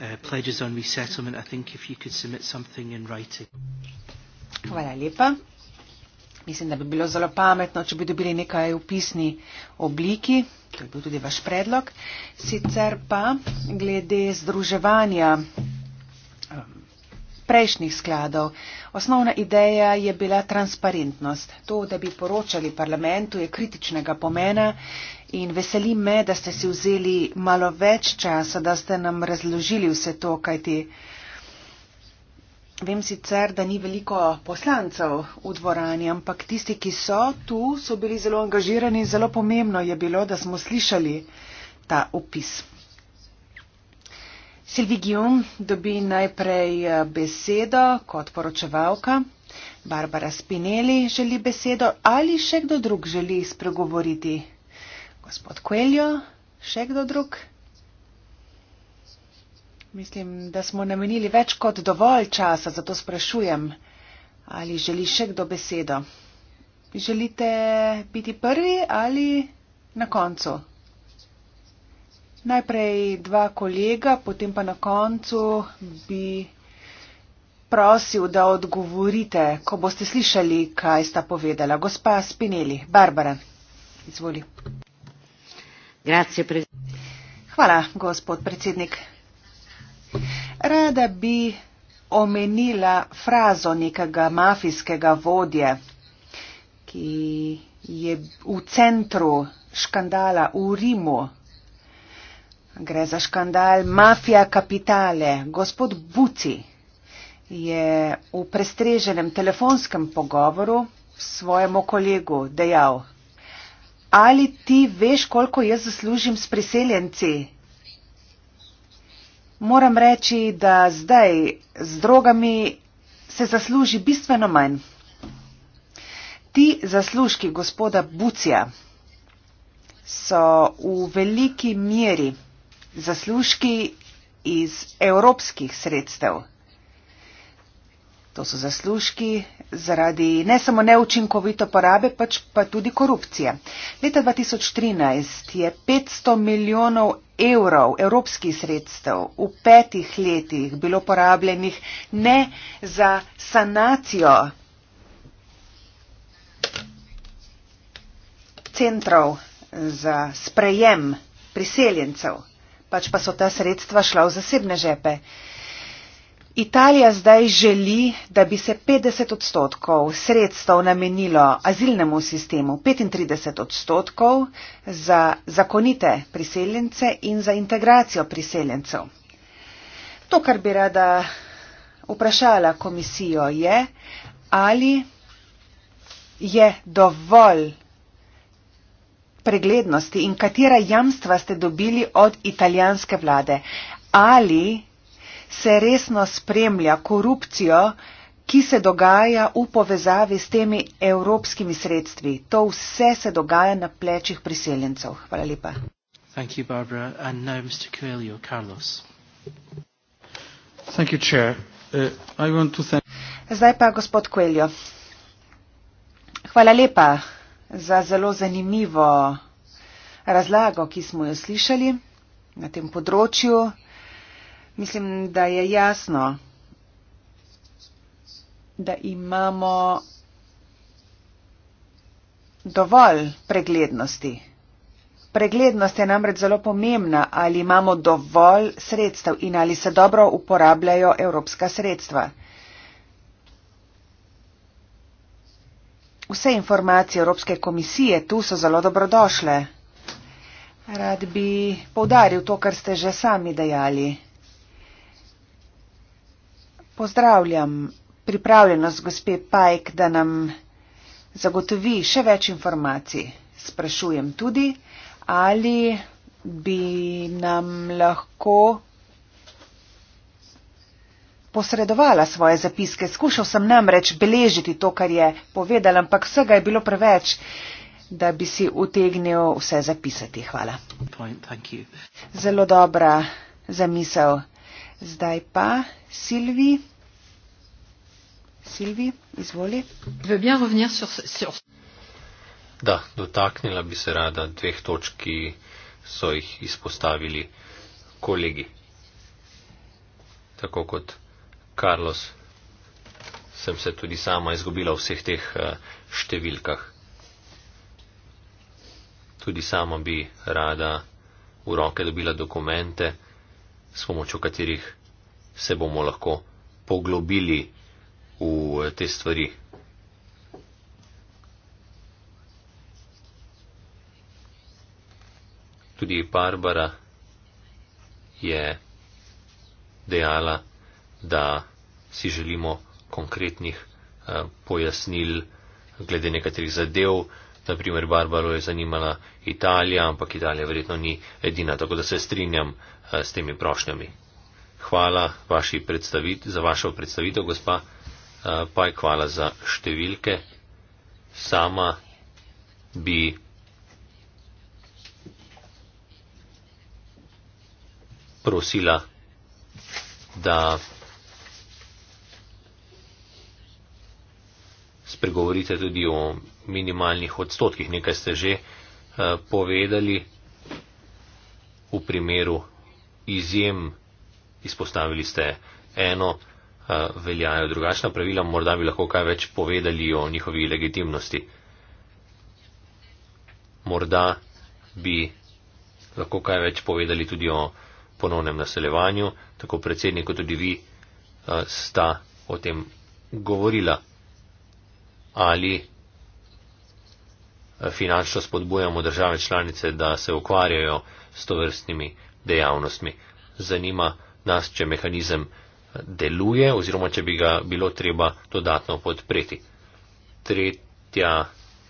Uh, Hvala lepa. Mislim, da bi bilo zelo pametno, če bi dobili nekaj v pisni obliki, to je bil tudi vaš predlog. Sicer pa glede združevanja um, prejšnjih skladov. Osnovna ideja je bila transparentnost. To, da bi poročali parlamentu, je kritičnega pomena in veselim me, da ste si vzeli malo več časa, da ste nam razložili vse to, kaj ti. Vem sicer, da ni veliko poslancev v dvorani, ampak tisti, ki so tu, so bili zelo angažirani in zelo pomembno je bilo, da smo slišali ta opis. Silvi Gjum dobi najprej eh, besedo kot poročevalka. Barbara Spinelli želi besedo ali še kdo drug želi spregovoriti. Gospod Kueljo, še kdo drug? Mislim, da smo namenili več kot dovolj časa, zato sprašujem, ali želi še kdo besedo. Želite biti prvi ali na koncu? Najprej dva kolega, potem pa na koncu bi prosil, da odgovorite, ko boste slišali, kaj sta povedala. Gospa Spinelli, Barbara, izvoli. Grazie, Hvala, gospod predsednik. Rada bi omenila frazo nekega mafijskega vodje, ki je v centru škandala v Rimu. Gre za škandal Mafija kapitale. Gospod Buci je v prestreženem telefonskem pogovoru svojemu kolegu dejal, ali ti veš, koliko jaz zaslužim s priseljenci? Moram reči, da zdaj z drogami se zasluži bistveno manj. Ti zaslužki gospoda Bucija so v veliki meri zaslužki iz evropskih sredstev. To so zaslužki zaradi ne samo neučinkovito porabe, pač pa tudi korupcije. Leta 2013 je 500 milijonov evrov evropskih sredstev v petih letih bilo porabljenih ne za sanacijo centrov za sprejem priseljencev, pač pa so ta sredstva šla v zasebne žepe. Italija zdaj želi, da bi se 50 odstotkov sredstev namenilo azilnemu sistemu, 35 odstotkov za zakonite priseljence in za integracijo priseljencev. To, kar bi rada vprašala komisijo, je, ali je dovolj preglednosti in katera jamstva ste dobili od italijanske vlade. Ali se resno spremlja korupcijo, ki se dogaja v povezavi s temi evropskimi sredstvi. To vse se dogaja na plečih priseljencev. Hvala lepa. Thank you, Barbara. And now Mr. Coelho, Carlos. Thank you, Chair. Uh, I want to thank... Zdaj pa gospod Coelho. Hvala lepa za zelo zanimivo razlago, ki smo jo slišali na tem področju. Mislim, da je jasno, da imamo dovolj preglednosti. Preglednost je namreč zelo pomembna, ali imamo dovolj sredstev in ali se dobro uporabljajo evropska sredstva. Vse informacije Evropske komisije tu so zelo dobrodošle. Rad bi povdaril to, kar ste že sami dejali pozdravljam pripravljenost gospe Pajk, da nam zagotovi še več informacij. Sprašujem tudi, ali bi nam lahko posredovala svoje zapiske. Skušal sem namreč beležiti to, kar je povedala, ampak vsega je bilo preveč, da bi si utegnil vse zapisati. Hvala. Zelo dobra zamisel. Zdaj pa, Silvi. Da, dotaknila bi se rada dveh točk, ki so jih izpostavili kolegi. Tako kot Carlos, sem se tudi sama izgubila v vseh teh eh, številkah. Tudi sama bi rada v roke dobila dokumente, s pomočjo katerih se bomo lahko poglobili v te stvari. Tudi Barbara je dejala, da si želimo konkretnih eh, pojasnil glede nekaterih zadev. Naprimer, Barbaro je zanimala Italija, ampak Italija verjetno ni edina, tako da se strinjam eh, s temi prošnjami. Hvala vaši predstavit, za vašo predstavitev, gospa. Eh, pa je hvala za številke. Sama bi prosila, da spregovorite tudi o minimalnih odstotkih. Nekaj ste že eh, povedali v primeru izjem. Izpostavili ste eno veljajo drugačna pravila, morda bi lahko kaj več povedali o njihovi legitimnosti. Morda bi lahko kaj več povedali tudi o ponovnem naseljevanju, tako predsednik kot tudi vi sta o tem govorila. Ali finančno spodbujamo države članice, da se ukvarjajo s to vrstnimi dejavnostmi. Zanima nas, če mehanizem deluje oziroma če bi ga bilo treba dodatno podpreti. Tretja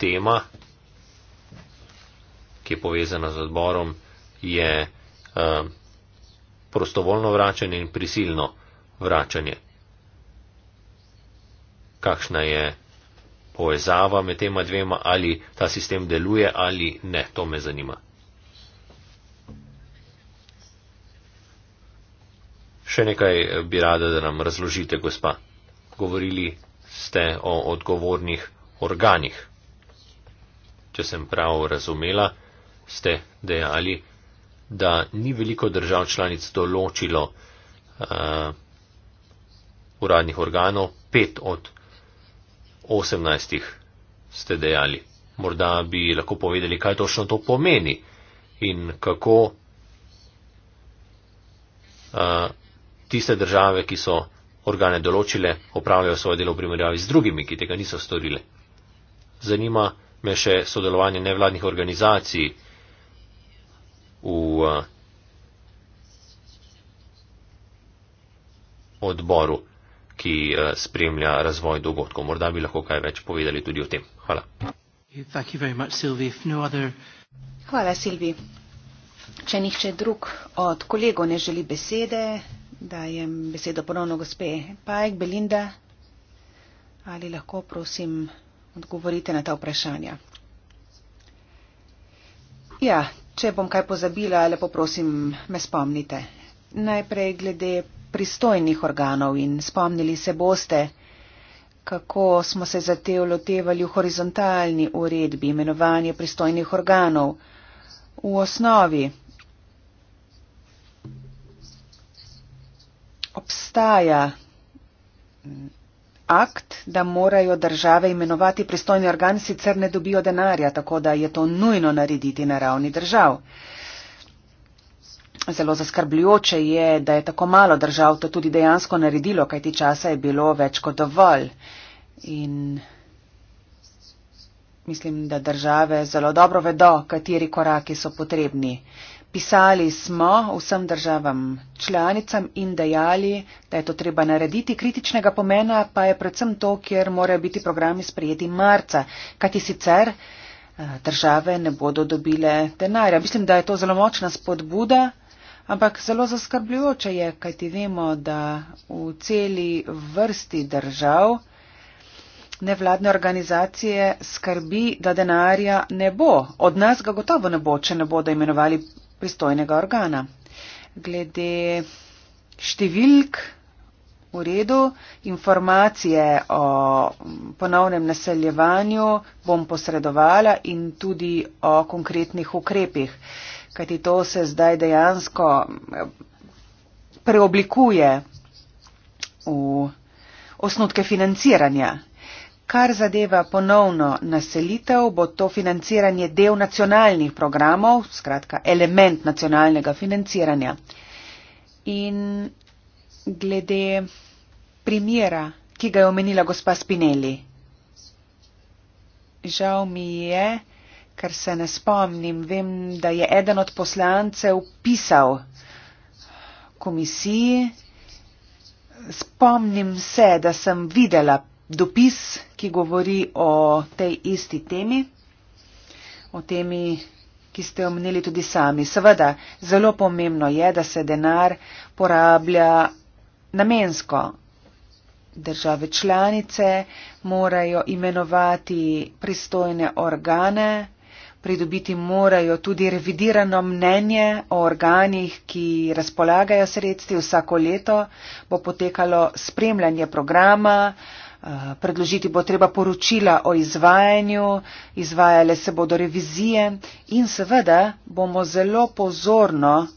tema, ki je povezana z odborom, je eh, prostovoljno vračanje in prisilno vračanje. Kakšna je povezava med tema dvema, ali ta sistem deluje ali ne, to me zanima. Še nekaj bi rada, da nam razložite, gospa. Govorili ste o odgovornih organih. Če sem prav razumela, ste dejali, da ni veliko držav članic določilo uh, uradnih organov, pet od osemnajstih ste dejali. Morda bi lahko povedali, kaj točno to pomeni in kako. Uh, tiste države, ki so organe določile, opravljajo svoje delo v primerjavi z drugimi, ki tega niso storile. Zanima me še sodelovanje nevladnih organizacij v eh, odboru, ki eh, spremlja razvoj dogodkov. Morda bi lahko kaj več povedali tudi o tem. Hvala. No Hvala, Silvi. Če nihče drug od kolegov ne želi besede, Dajem besedo ponovno gospe Pajek, Belinda. Ali lahko, prosim, odgovorite na ta vprašanja? Ja, če bom kaj pozabila, lepo prosim, me spomnite. Najprej glede pristojnih organov in spomnili se boste, kako smo se za te lotevali v horizontalni uredbi imenovanje pristojnih organov. V osnovi obstaja akt, da morajo države imenovati pristojni organ, sicer ne dobijo denarja, tako da je to nujno narediti na ravni držav. Zelo zaskrbljujoče je, da je tako malo držav to tudi dejansko naredilo, kajti časa je bilo več kot dovolj. In mislim, da države zelo dobro vedo, kateri koraki so potrebni. Pisali smo vsem državam članicam in dejali, da je to treba narediti. Kritičnega pomena pa je predvsem to, kjer morajo biti programi sprejeti marca, kajti sicer eh, države ne bodo dobile denarja. Mislim, da je to zelo močna spodbuda, ampak zelo zaskrbljujoče je, kajti vemo, da v celi vrsti držav nevladne organizacije skrbi, da denarja ne bo. Od nas ga gotovo ne bo, če ne bodo imenovali pristojnega organa. Glede številk v redu, informacije o ponovnem naseljevanju bom posredovala in tudi o konkretnih ukrepih, kajti to se zdaj dejansko eh, preoblikuje v osnutke financiranja kar zadeva ponovno naselitev, bo to financiranje del nacionalnih programov, skratka element nacionalnega financiranja. In glede primjera, ki ga je omenila gospa Spinelli, žal mi je, ker se ne spomnim, vem, da je eden od poslancev pisal komisiji, spomnim se, da sem videla dopis, ki govori o tej isti temi, o temi, ki ste omenili tudi sami. Seveda, zelo pomembno je, da se denar porablja namensko. Države članice morajo imenovati pristojne organe, pridobiti morajo tudi revidirano mnenje o organih, ki razpolagajo sredstvi vsako leto, bo potekalo spremljanje programa, uh, Eh, predložiti bo treba poročila o izvajanju, izvajale se bodo revizije in seveda bomo zelo pozorno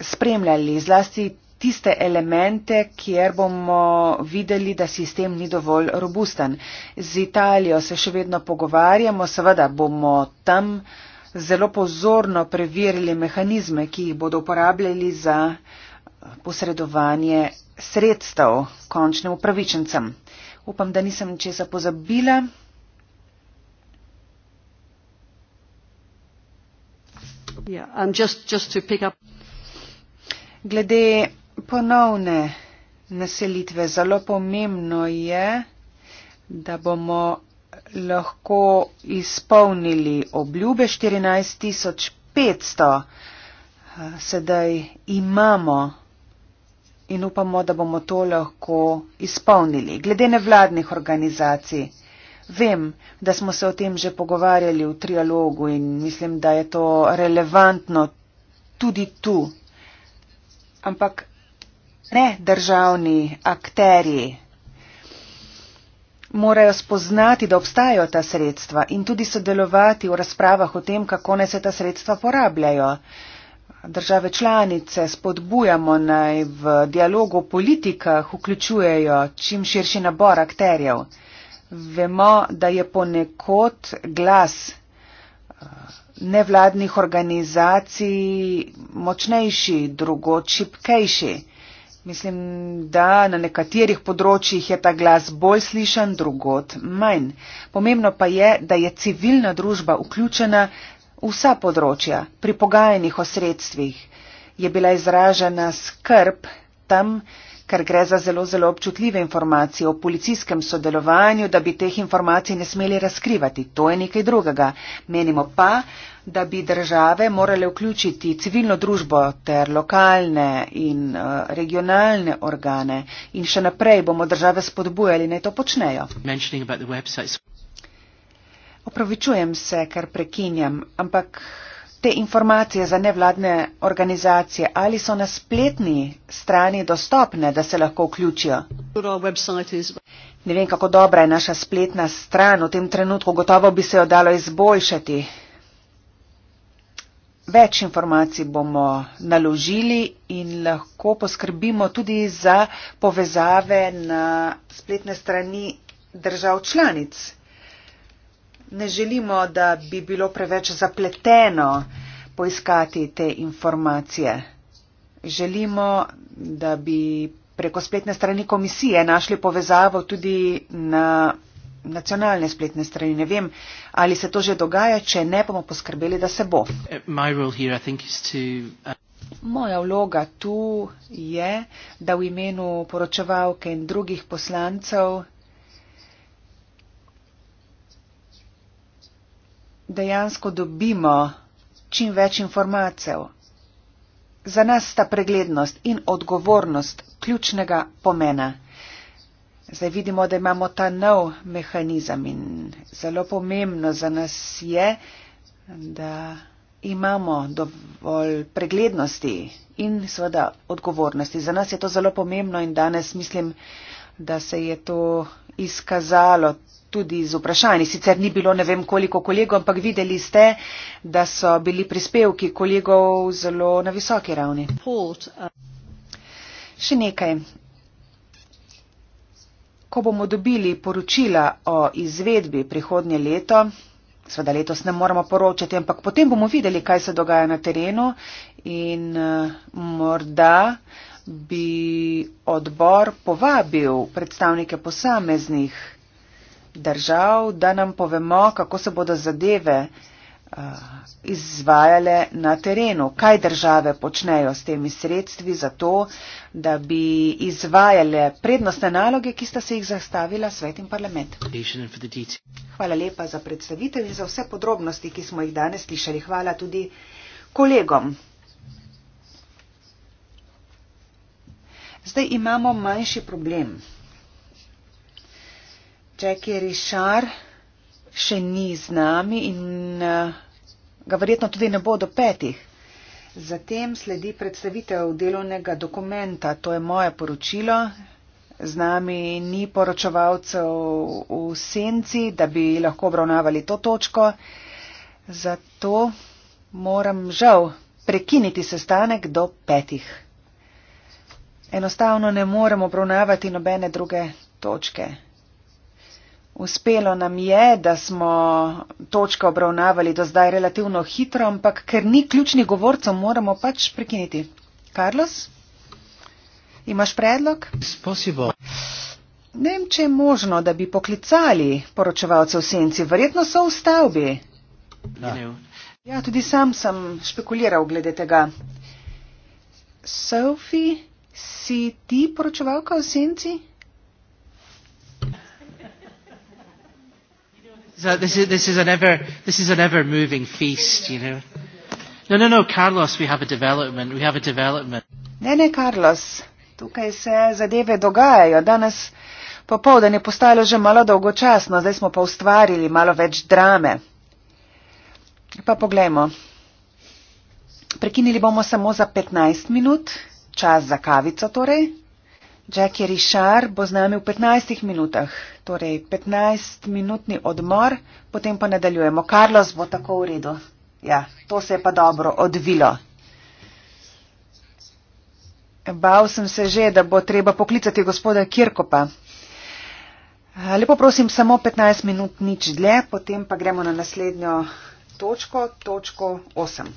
spremljali zlasti tiste elemente, kjer bomo videli, da sistem ni dovolj robusten. Z Italijo se še vedno pogovarjamo, seveda bomo tam zelo pozorno preverili mehanizme, ki jih bodo uporabljali za posredovanje sredstev končnim upravičencem. Upam, da nisem česa pozabila. Yeah, just, just Glede ponovne naselitve, zelo pomembno je, da bomo lahko izpolnili obljube 14.500. Eh, sedaj imamo in upamo, da bomo to lahko izpolnili. Glede nevladnih organizacij, vem, da smo se o tem že pogovarjali v trialogu in mislim, da je to relevantno tudi tu. Ampak ne državni akteri morajo spoznati, da obstajajo ta sredstva in tudi sodelovati v razpravah o tem, kako naj se ta sredstva porabljajo države članice spodbujamo naj v dialogu o politikah vključujejo čim širši nabor akterjev. Vemo, da je ponekod glas eh, nevladnih organizacij močnejši, drugot šipkejši. Mislim, da na nekaterih področjih je ta glas bolj slišan, drugot manj. Pomembno pa je, da je civilna družba vključena, vsa področja pri pogajanjih o sredstvih, je bila izražena skrb tam, ker gre za zelo, zelo občutljive informacije o policijskem sodelovanju, da bi teh informacij ne smeli razkrivati. To je nekaj drugega. Menimo pa, da bi države morale vključiti civilno družbo ter lokalne in eh, regionalne organe in še naprej bomo države spodbujali, naj to počnejo. Opravičujem se, ker prekinjam, ampak te informacije za nevladne organizacije ali so na spletni strani dostopne, da se lahko vključijo? Ne vem, kako dobra je naša spletna stran v tem trenutku, gotovo bi se jo dalo izboljšati. Več informacij bomo naložili in lahko poskrbimo tudi za povezave na spletne strani držav članic ne želimo, da bi bilo preveč zapleteno poiskati te informacije. Želimo, da bi preko spletne strani komisije našli povezavo tudi na nacionalne spletne strani. Ne vem, ali se to že dogaja, če ne bomo poskrbeli, da se bo. Eh, uh, Moja vloga tu je, da v imenu poročevalke in drugih poslancev dejansko dobimo čim več informacij. Za nas sta preglednost in odgovornost ključnega pomena. Zdaj vidimo, da imamo ta nov mehanizem in zelo pomembno za nas je, da imamo dovolj preglednosti in seveda odgovornosti. Za nas je to zelo pomembno in danes mislim, da se je to izkazalo tudi z vprašanji. Sicer ni bilo ne vem koliko kolegov, ampak videli ste, da so bili prispevki kolegov zelo na visoki ravni. Eh. Še nekaj. Ko bomo dobili poročila o izvedbi prihodnje leto, sveda letos ne moramo poročati, ampak potem bomo videli, kaj se dogaja na terenu in eh, morda bi odbor povabil predstavnike posameznih držav, da nam povemo, kako se bodo zadeve eh, izvajale na terenu, kaj države počnejo s temi sredstvi za to, da bi izvajale prednostne naloge, ki sta se jih zastavila svet in parlament. Hvala lepa za predstavitev in za vse podrobnosti, ki smo jih danes slišali. Hvala tudi kolegom. Zdaj imamo manjši problem. Jackie Richard še ni z nami in eh, ga verjetno tudi ne bo do petih. Zatem sledi predstavitev delovnega dokumenta, to je moje poročilo. Z nami ni poročevalcev v senci, da bi lahko obravnavali to točko. Zato moram žal prekiniti sestanek do petih. Enostavno ne moremo obravnavati nobene druge točke. Uspelo nam je, da smo točko obravnavali do zdaj relativno hitro, ampak ker ni ključnih govorcev, moramo pač prekiniti. Carlos, imaš predlog? Sposibo. Ne vem, če je možno, da bi poklicali poročevalce v senci. Verjetno so v stavbi. Da. Ja, tudi sam sem špekuliral glede tega. Sophie, si ti poročevalka v senci? So this, is, this, is an ever, this is an ever moving feast, you know. No, no, no, Carlos, we have a development. We have a development. Ne, ne, Carlos. Tukaj se zadeve dogajajo. Danes popovdan je postalo že malo dolgočasno, zdaj smo pa ustvarili malo več drame. Pa poglejmo. Prekinili bomo samo za 15 minut, čas za kavico torej. Jackie Richard bo z nami v 15 minutah, torej 15-minutni odmor, potem pa nadaljujemo. Carlos bo tako v redu. Ja, to se je pa dobro odvilo. Bal sem se že, da bo treba poklicati gospoda Kirkopa. Lepo prosim, samo 15 minut, nič dlje, potem pa gremo na naslednjo točko, točko 8.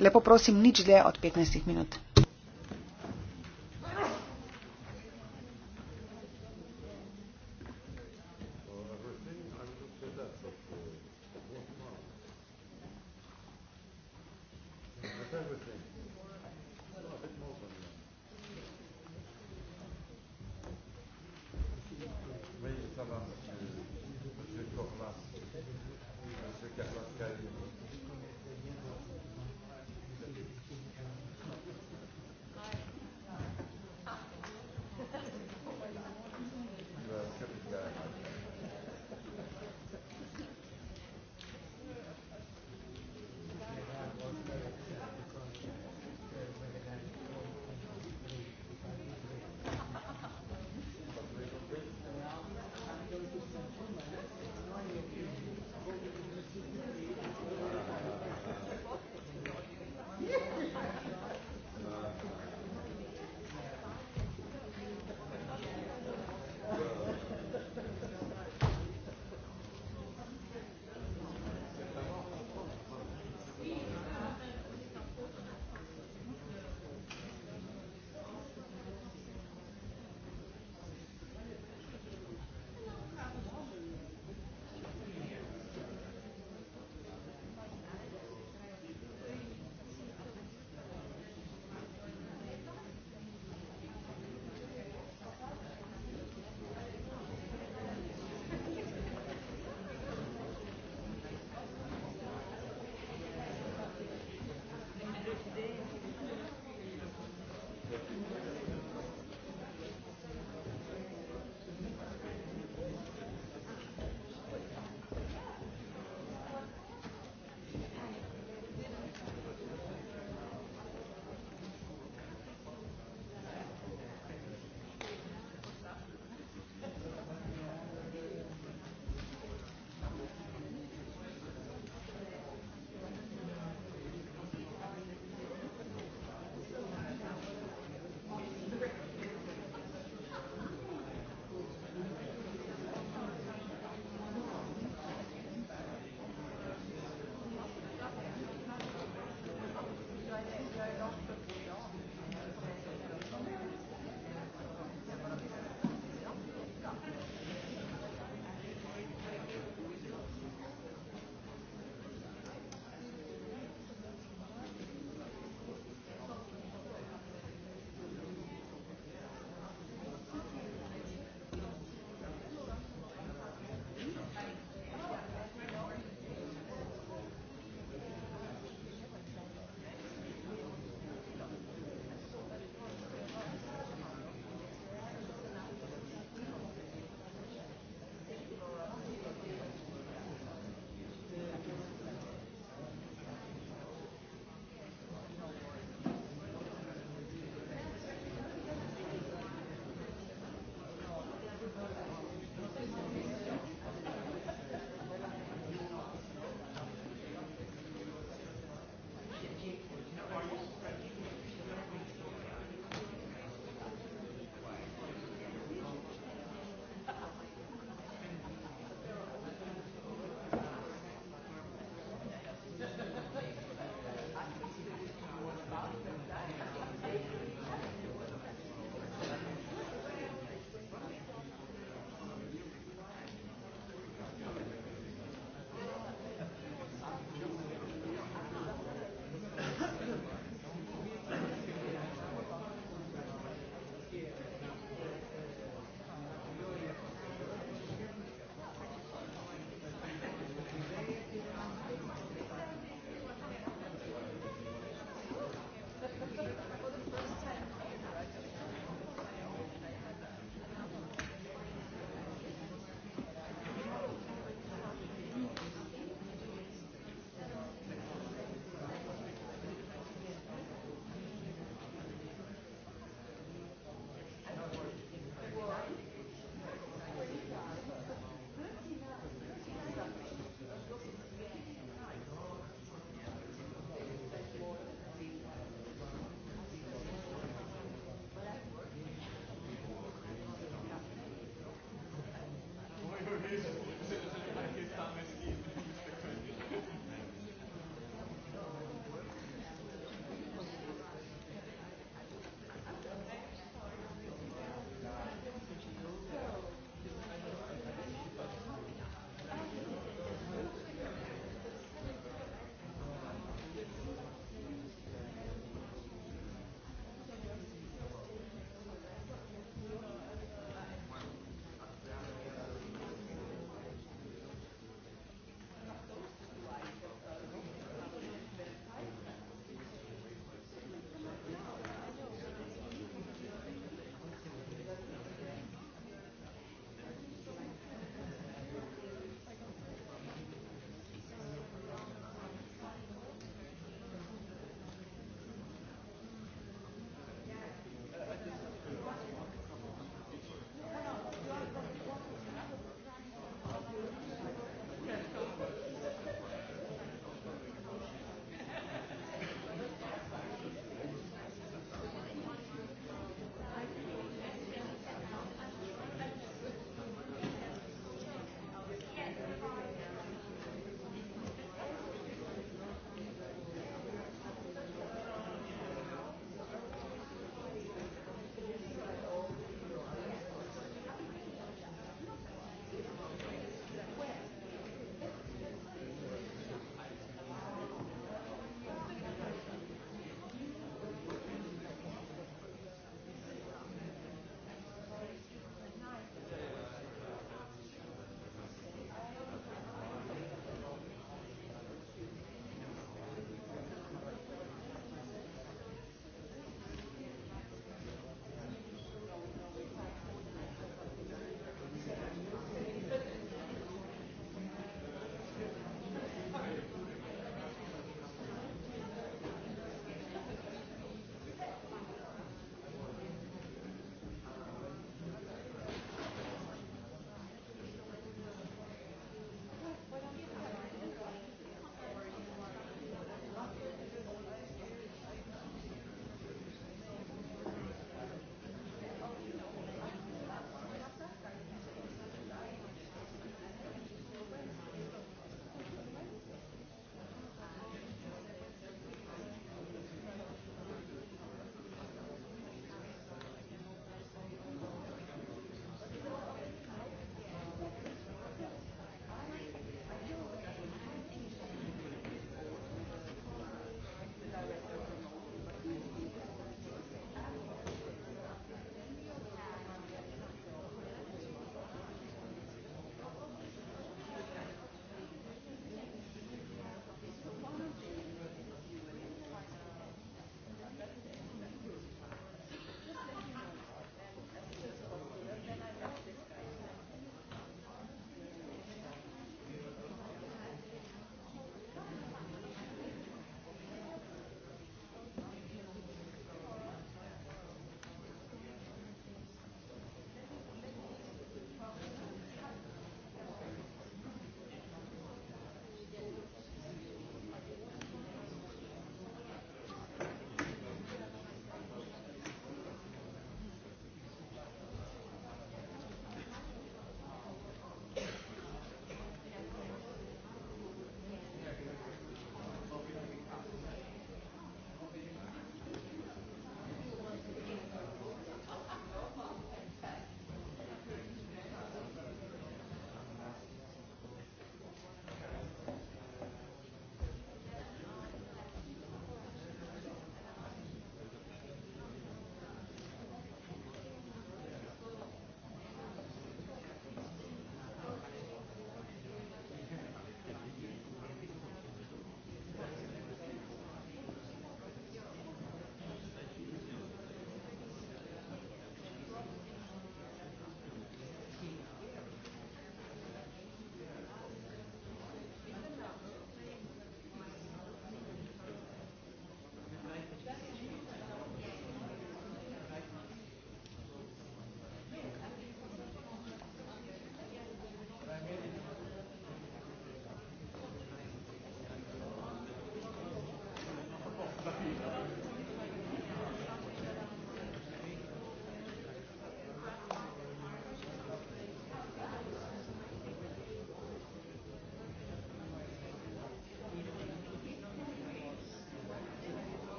Lepo prosim, nič dlje od 15 minut.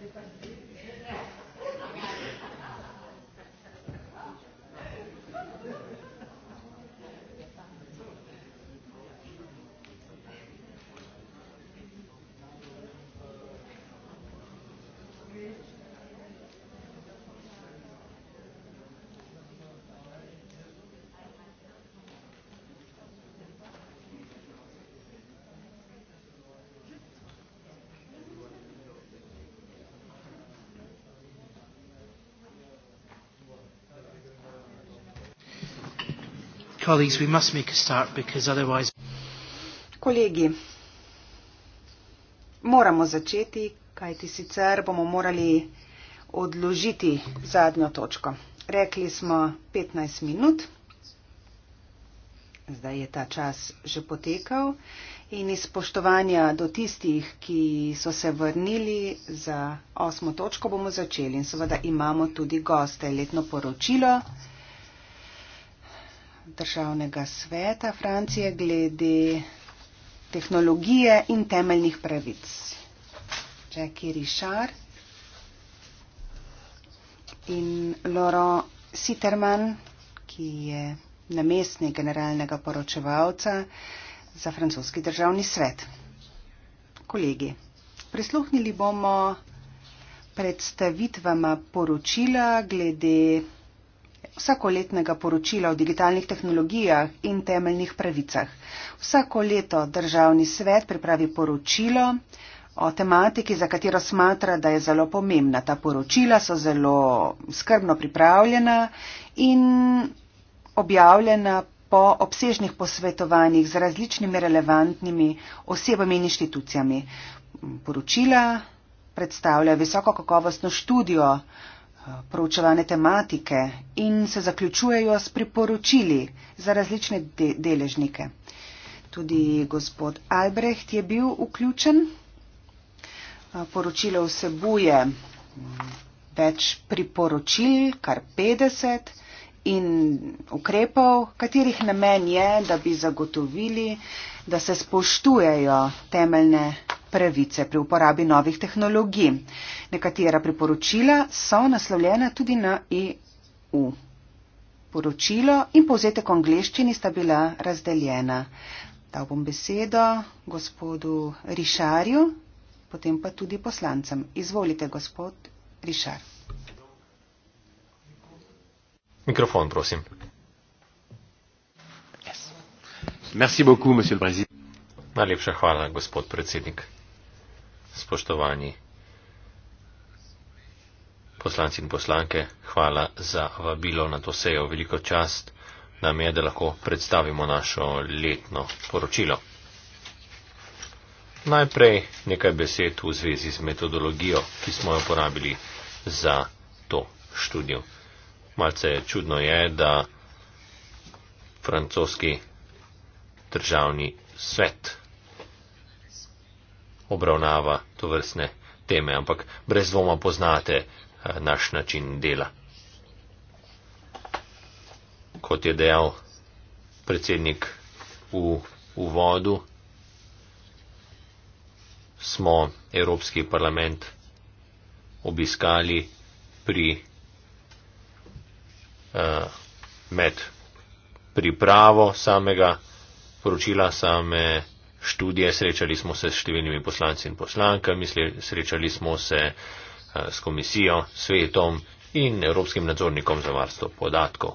Gracias. colleagues, we must make a start because otherwise. Kolegi, moramo začeti, kajti sicer bomo morali odložiti zadnjo točko. Rekli smo 15 minut, zdaj je ta čas že potekal in iz spoštovanja do tistih, ki so se vrnili za osmo točko, bomo začeli in seveda imamo tudi goste letno poročilo državnega sveta Francije glede tehnologije in temeljnih pravic. Jackie Richard in Laurent Sitterman, ki je namestnik generalnega poročevalca za francoski državni svet. Kolegi, prisluhnili bomo predstavitvama poročila glede vsakoletnega poročila o digitalnih tehnologijah in temeljnih pravicah. Vsako leto državni svet pripravi poročilo o tematiki, za katero smatra, da je zelo pomembna. Ta poročila so zelo skrbno pripravljena in objavljena po obsežnih posvetovanjih z različnimi relevantnimi osebami in inštitucijami. Poročila predstavlja visoko kakovostno študijo proučevane tematike in se zaključujejo s priporočili za različne de deležnike. Tudi gospod Albrecht je bil vključen. Poročilo vsebuje mm, več priporočil, kar 50 in ukrepov, katerih namen je, da bi zagotovili, da se spoštujejo temeljne pravice pri uporabi novih tehnologij. Nekatera priporočila so naslovljena tudi na EU. Poročilo in povzetek v angleščini sta bila razdeljena. Dal bom besedo gospodu Rišarju, potem pa tudi poslancem. Izvolite, gospod Rišar. Mikrofon, prosim. Yes. Merci beaucoup, monsieur le président. Najlepša hvala, gospod predsednik spoštovani poslanci in poslanke, hvala za vabilo na to sejo. Veliko čast nam je, da lahko predstavimo našo letno poročilo. Najprej nekaj besed v zvezi z metodologijo, ki smo jo uporabili za to študijo. Malce čudno je, da francoski državni svet obravnava to vrstne teme, ampak brez dvoma poznate eh, naš način dela. Kot je dejal predsednik v uvodu, smo Evropski parlament obiskali pri eh, med pripravo samega poročila same študije, srečali smo se s številnimi poslanci in poslankami, srečali smo se eh, s komisijo, svetom in Evropskim nadzornikom za varstvo podatkov.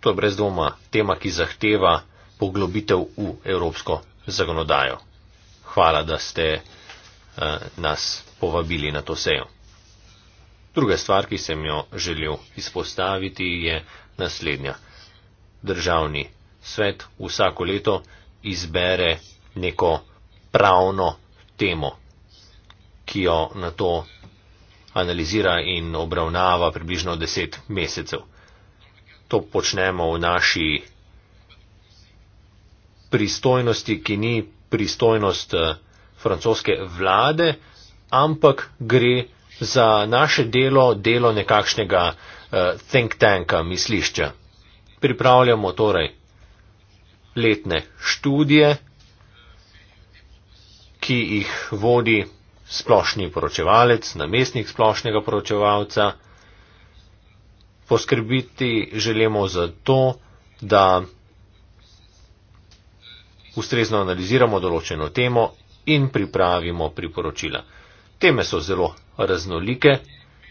To je brez dvoma tema, ki zahteva poglobitev v evropsko zakonodajo. Hvala, da ste eh, nas povabili na to sejo. Druga stvar, ki sem jo želel izpostaviti, je naslednja. Državni svet vsako leto izbere neko pravno temo, ki jo na to analizira in obravnava približno deset mesecev. To počnemo v naši pristojnosti, ki ni pristojnost eh, francoske vlade, ampak gre za naše delo, delo nekakšnega eh, think tanka, mislišča. Pripravljamo torej letne študije, ki jih vodi splošni poročevalec, namestnik splošnega poročevalca. Poskrbiti želimo za to, da ustrezno analiziramo določeno temo in pripravimo priporočila. Teme so zelo raznolike,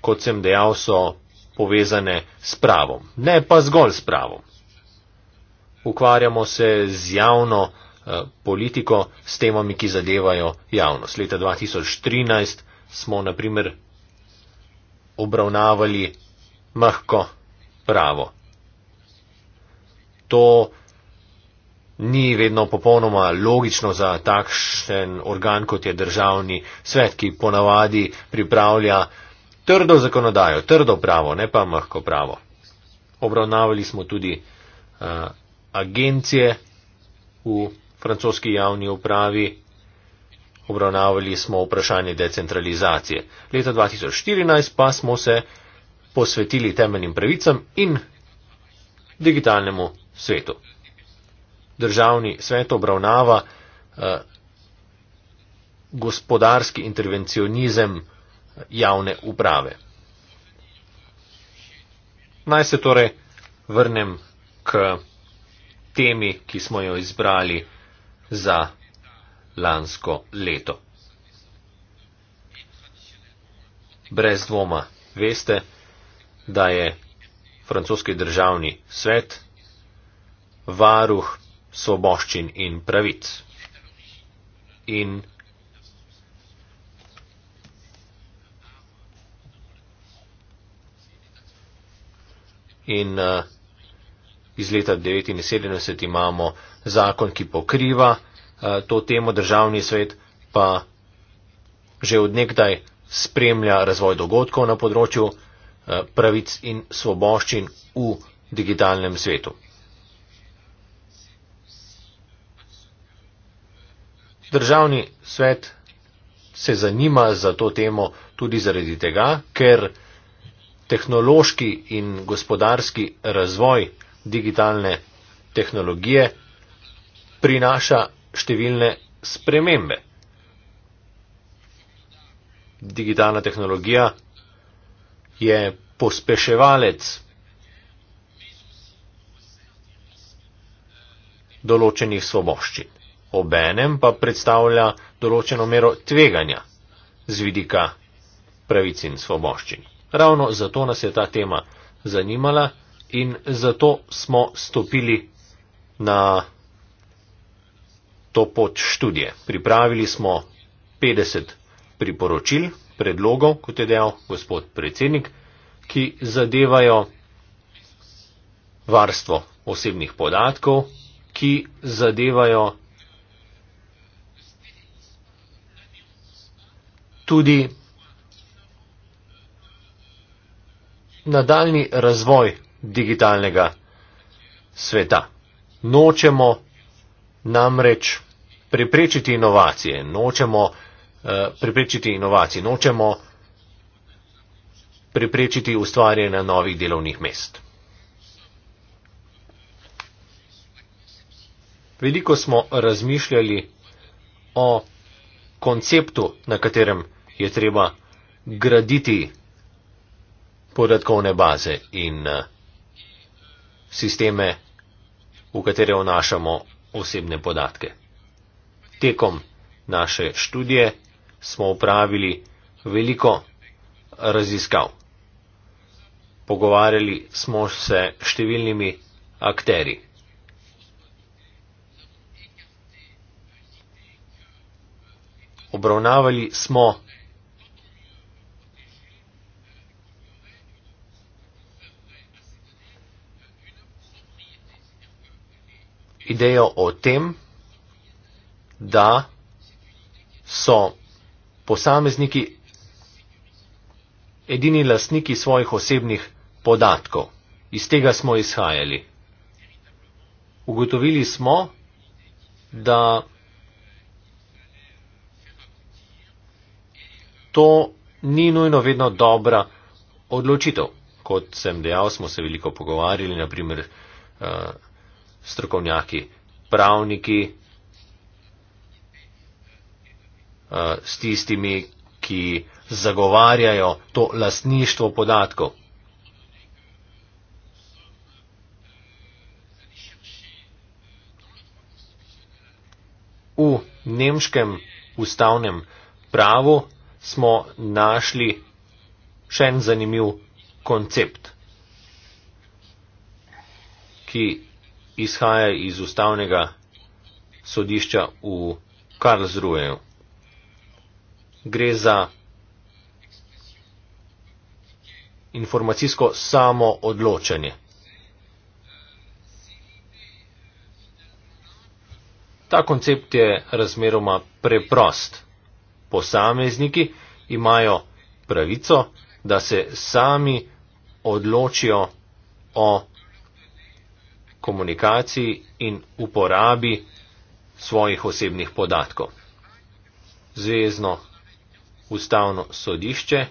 kot sem dejal, so povezane s pravom, ne pa zgolj s pravom ukvarjamo se z javno eh, politiko, s temami, ki zadevajo javnost. Leta 2013 smo naprimer obravnavali mahko pravo. To ni vedno popolnoma logično za takšen organ, kot je državni svet, ki ponavadi pripravlja trdo zakonodajo, trdo pravo, ne pa mahko pravo. Obravnavali smo tudi uh, agencije v francoski javni upravi. Obravnavali smo vprašanje decentralizacije. Leta 2014 pa smo se posvetili temeljnim pravicam in digitalnemu svetu. Državni svet obravnava uh, gospodarski intervencionizem eh, javne uprave. Naj se torej vrnem k temi, ki smo jo izbrali za lansko leto. Brez dvoma veste, da je francoski državni svet varuh svoboščin in pravic. In In uh, iz leta 1979 imamo zakon, ki pokriva eh, to temo, državni svet pa že odnegdaj spremlja razvoj dogodkov na področju eh, pravic in svoboščin v digitalnem svetu. Državni svet se zanima za to temo tudi zaradi tega, ker tehnološki in gospodarski razvoj digitalne tehnologije prinaša številne spremembe. Digitalna tehnologija je pospeševalec določenih svoboščin. Obenem pa predstavlja določeno mero tveganja z vidika pravic in svoboščin. Ravno zato nas je ta tema zanimala in zato smo stopili na to pot študije. Pripravili smo 50 priporočil, predlogov, kot je dejal gospod predsednik, ki zadevajo varstvo osebnih podatkov, ki zadevajo tudi nadaljni razvoj digitalnega sveta. Nočemo namreč preprečiti inovacije, nočemo uh, preprečiti inovacije, nočemo preprečiti ustvarjanje novih delovnih mest. Veliko smo razmišljali o konceptu, na katerem je treba graditi podatkovne baze in uh, sisteme, v katere vnašamo osebne podatke. Tekom naše študije smo upravili veliko raziskav. Pogovarjali smo se številnimi akteri. Obravnavali smo idejo o tem, da so posamezniki edini lastniki svojih osebnih podatkov. Iz tega smo izhajali. Ugotovili smo, da to ni nujno vedno dobra odločitev. Kot sem dejal, smo se veliko pogovarjali, naprimer, eh, strokovnjaki, pravniki, eh, s tistimi, ki zagovarjajo to lastništvo podatkov. V nemškem ustavnem pravu smo našli še en zanimiv koncept, ki izhaja iz ustavnega sodišča v Karlsruheju. Gre za informacijsko samo odločanje. Ta koncept je razmeroma preprost. Posamezniki imajo pravico, da se sami odločijo o komunikaciji in uporabi svojih osebnih podatkov. Zvezno ustavno sodišče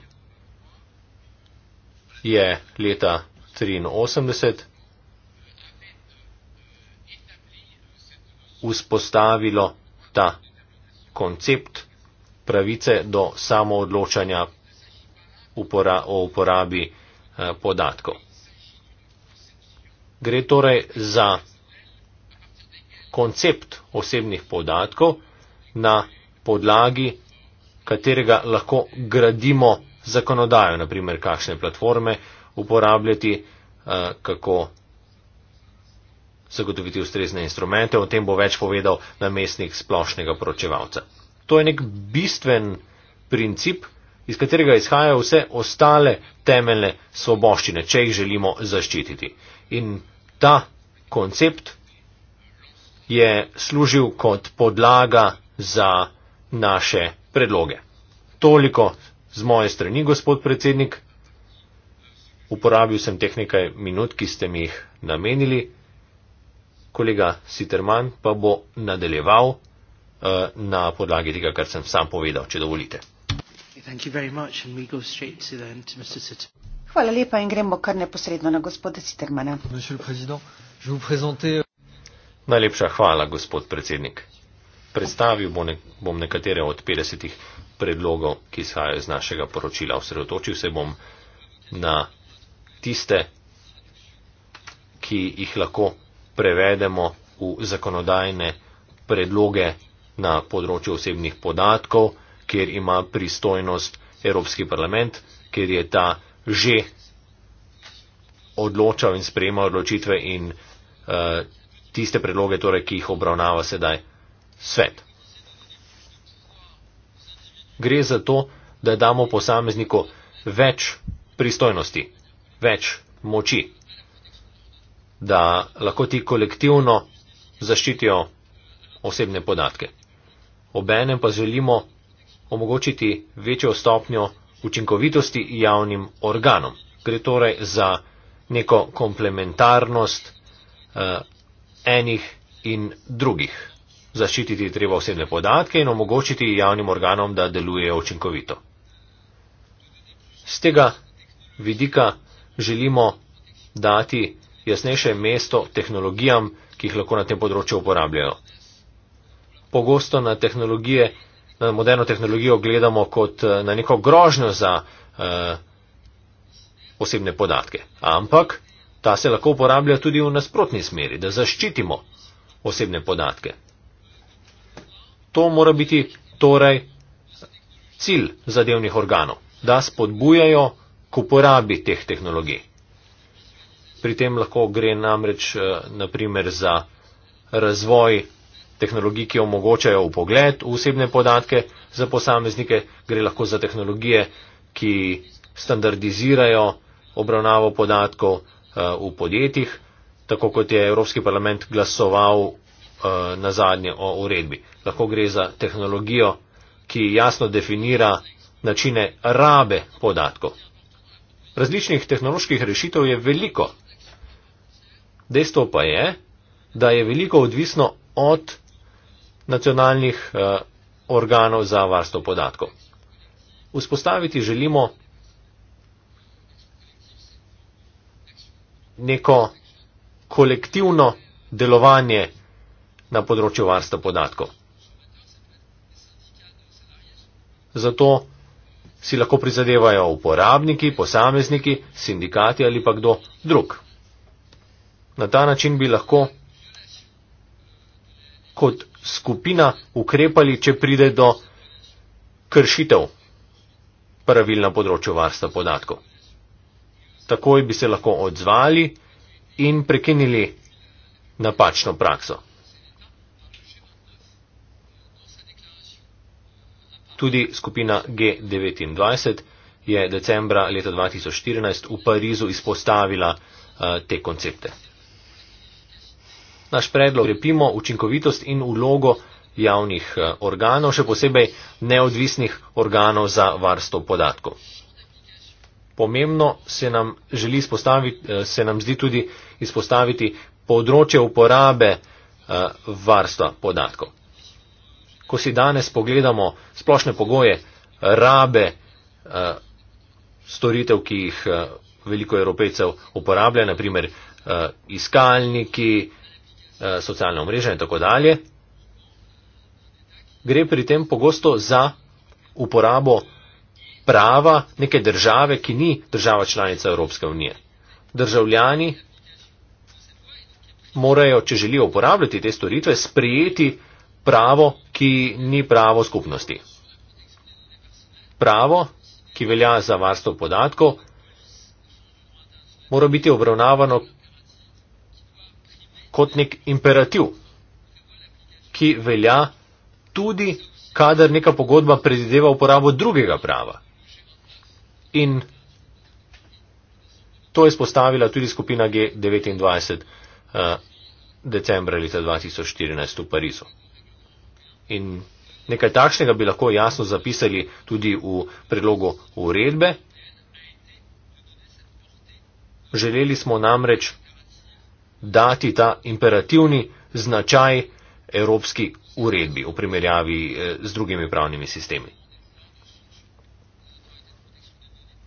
je leta 1983 vzpostavilo ta koncept pravice do samoodločanja upora o uporabi eh, podatkov. Gre torej za koncept osebnih podatkov, na podlagi katerega lahko gradimo zakonodajo, naprimer kakšne platforme uporabljati, eh, kako zagotoviti ustrezne instrumente. O tem bo več povedal namestnik splošnega pročevalca. To je nek bistven princip, iz katerega izhajajo vse ostale temeljne svoboščine, če jih želimo zaščititi. In ta koncept je služil kot podlaga za naše predloge. Toliko z moje strani, gospod predsednik. Uporabil sem teh nekaj minut, ki ste mi jih namenili. Kolega Siterman pa bo nadaljeval uh, na podlagi tega, kar sem sam povedal, če dovolite. Thank you very much and we go straight to then um, to Mr. Sitterman. Hvala lepa in gremo kar neposredno na gospoda Citermana. Euh, Najlepša hvala, gospod predsednik. Predstavil bom, ne, bom nekatere od 50 predlogov, ki izhajajo iz našega poročila. Osredotočil se bom na tiste, ki jih lahko prevedemo v zakonodajne predloge na področju osebnih podatkov, kjer ima pristojnost Evropski parlament, kjer je ta že odločal in sprejemal odločitve in uh, tiste predloge, torej, ki jih obravnava sedaj svet. Gre za to, da damo posamezniku več pristojnosti, več moči, da lahko ti kolektivno zaščitijo osebne podatke. Obenem pa želimo omogočiti večjo stopnjo učinkovitosti javnim organom. Gre torej za neko komplementarnost eh, enih in drugih. Zaščititi je treba osebne podatke in omogočiti javnim organom, da delujejo učinkovito. Z tega vidika želimo dati jasnejše mesto tehnologijam, ki jih lahko na tem področju uporabljajo. Pogosto na tehnologije Eh, moderno tehnologijo gledamo kot eh, na neko grožnjo za eh, osebne podatke. Ampak ta se lahko uporablja tudi v nasprotni smeri, da zaščitimo osebne podatke. To mora biti torej cilj zadevnih organov, da spodbujajo k uporabi teh tehnologij. Pri tem lahko gre namreč eh, naprimer za razvoj tehnologij, ki omogočajo upogled v osebne podatke za posameznike, gre lahko za tehnologije, ki standardizirajo obravnavo podatkov eh, v podjetjih, tako kot je Evropski parlament glasoval eh, na zadnje o uredbi. Lahko gre za tehnologijo, ki jasno definira načine rabe podatkov. Različnih tehnoloških rešitev je veliko. Dejstvo pa je, da je veliko odvisno od nacionalnih eh, organov za varstvo podatkov. Vzpostaviti želimo neko kolektivno delovanje na področju varstva podatkov. Zato si lahko prizadevajo uporabniki, posamezniki, sindikati ali pa kdo drug. Na ta način bi lahko kot skupina ukrepali, če pride do kršitev pravil na področju varstva podatkov. Takoj bi se lahko odzvali in prekinili napačno prakso. Tudi skupina G29 je decembra leta 2014 v Parizu izpostavila eh, te koncepte. Naš predlog krepimo učinkovitost in ulogo javnih eh, organov, še posebej neodvisnih organov za varstvo podatkov. Pomembno se nam, želi eh, se nam zdi tudi izpostaviti področje uporabe eh, varstva podatkov. Ko si danes pogledamo splošne pogoje rabe storitev, ki jih veliko evropejcev uporablja, naprimer iskalniki, Eh, socialna omrežja in tako dalje. Gre pri tem pogosto za uporabo prava neke države, ki ni država članica Evropske unije. Državljani morajo, če želijo uporabljati te storitve, sprijeti pravo, ki ni pravo skupnosti. Pravo, ki velja za varstvo podatkov, mora biti obravnavano kot nek imperativ, ki velja tudi, kadar neka pogodba predvideva uporabo drugega prava. In to je spostavila tudi skupina G29 uh, eh, decembra leta 2014 v Parizu. In nekaj takšnega bi lahko jasno zapisali tudi v predlogu uredbe. Želeli smo namreč dati ta imperativni značaj evropski uredbi v primerjavi eh, z drugimi pravnimi sistemi.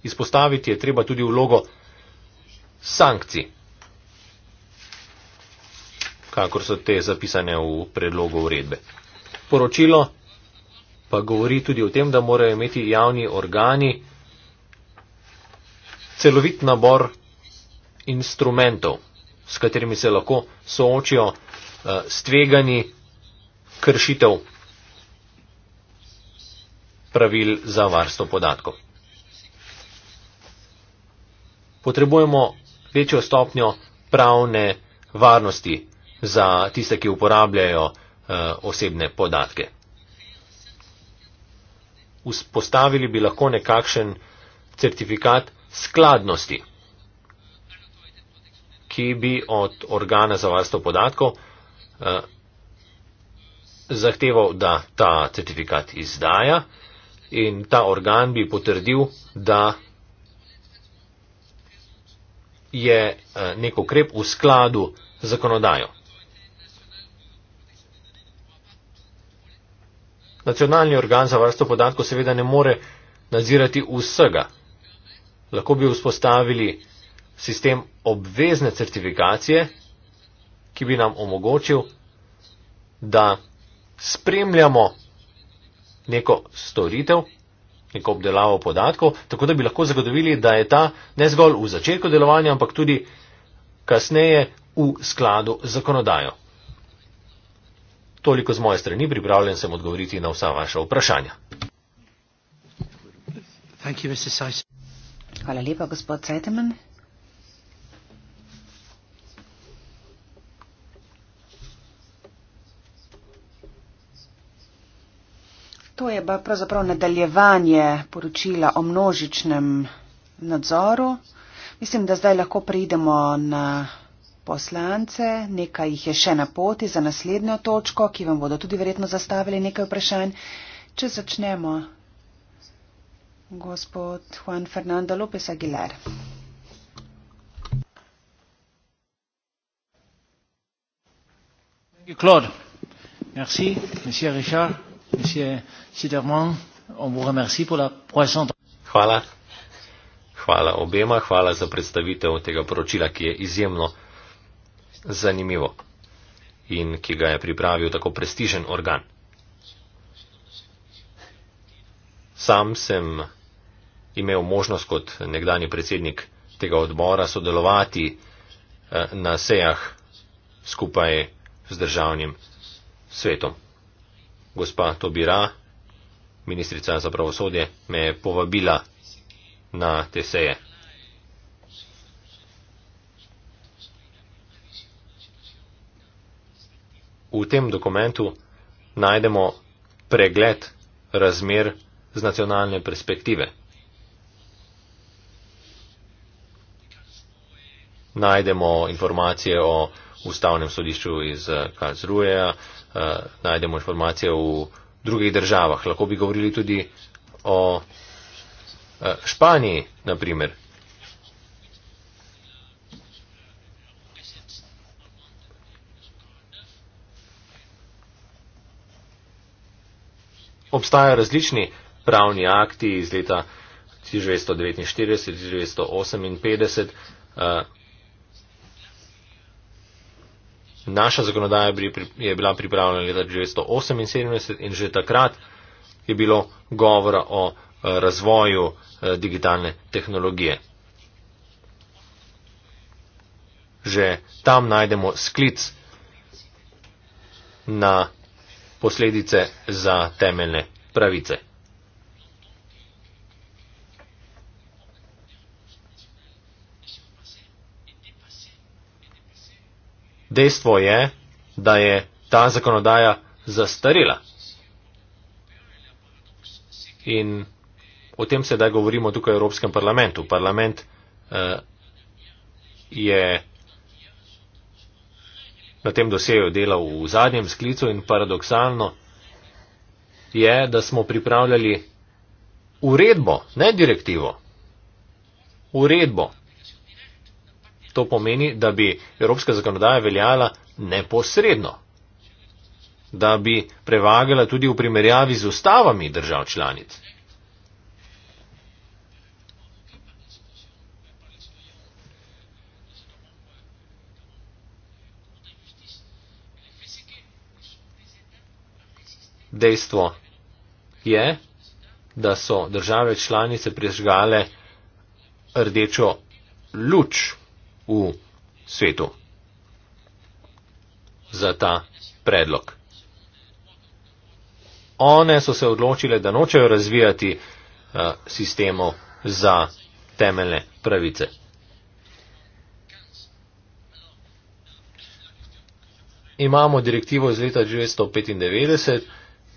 Izpostaviti je treba tudi vlogo sankcij, kakor so te zapisane v predlogu uredbe. Poročilo pa govori tudi o tem, da morajo imeti javni organi celovit nabor instrumentov s katerimi se lahko soočijo, eh, stvegani kršitev pravil za varstvo podatkov. Potrebujemo večjo stopnjo pravne varnosti za tiste, ki uporabljajo eh, osebne podatke. Vzpostavili bi lahko nekakšen certifikat skladnosti ki bi od organa za varstvo podatkov eh, zahteval, da ta certifikat izdaja in ta organ bi potrdil, da je eh, nek ukrep v skladu z zakonodajo. Nacionalni organ za varstvo podatkov seveda ne more nadzirati vsega. Lahko bi vzpostavili sistem obvezne certifikacije, ki bi nam omogočil, da spremljamo neko storitev, neko obdelavo podatkov, tako da bi lahko zagotovili, da je ta ne zgolj v začetku delovanja, ampak tudi kasneje v skladu z zakonodajo. Toliko z moje strani, pripravljen sem odgovoriti na vsa vaša vprašanja. Hvala lepa, gospod Cajtemen. To je pa pravzaprav nadaljevanje poročila o množičnem nadzoru. Mislim, da zdaj lahko pridemo na poslance. Nekaj jih je še na poti za naslednjo točko, ki vam bodo tudi verjetno zastavili nekaj vprašanj. Če začnemo, gospod Juan Fernando López Aguilar. Thank you, Claude. Merci, monsieur Richard. Hvala. hvala obema, hvala za predstavitev tega poročila, ki je izjemno zanimivo in ki ga je pripravil tako prestižen organ. Sam sem imel možnost kot nekdani predsednik tega odbora sodelovati eh, na sejah skupaj z državnim svetom gospa Tobira, ministrica za pravosodje, me je povabila na te seje. V tem dokumentu najdemo pregled razmer z nacionalne perspektive. Najdemo informacije o ustavnem sodišču iz eh, Karlsrueja, eh, najdemo informacije v drugih državah. Lahko bi govorili tudi o eh, Španiji, naprimer. Obstajajo različni pravni akti iz leta 1949, 1958, Naša zakonodaja je bila pripravljena leta 1978 in že takrat je bilo govora o eh, razvoju eh, digitalne tehnologije. Že tam najdemo sklic na posledice za temeljne pravice. Dejstvo je, da je ta zakonodaja zastarila. In o tem sedaj govorimo tukaj v Evropskem parlamentu. Parlament uh, je na tem doseju delal v zadnjem sklicu in paradoksalno je, da smo pripravljali uredbo, ne direktivo, uredbo, To pomeni, da bi evropska zakonodaja veljala neposredno, da bi prevagala tudi v primerjavi z ustavami držav članic. Dejstvo je, da so države članice prižgale rdečo luč v svetu za ta predlog. One so se odločile, da nočejo razvijati eh, sistemov za temeljne pravice. Imamo direktivo iz leta 1995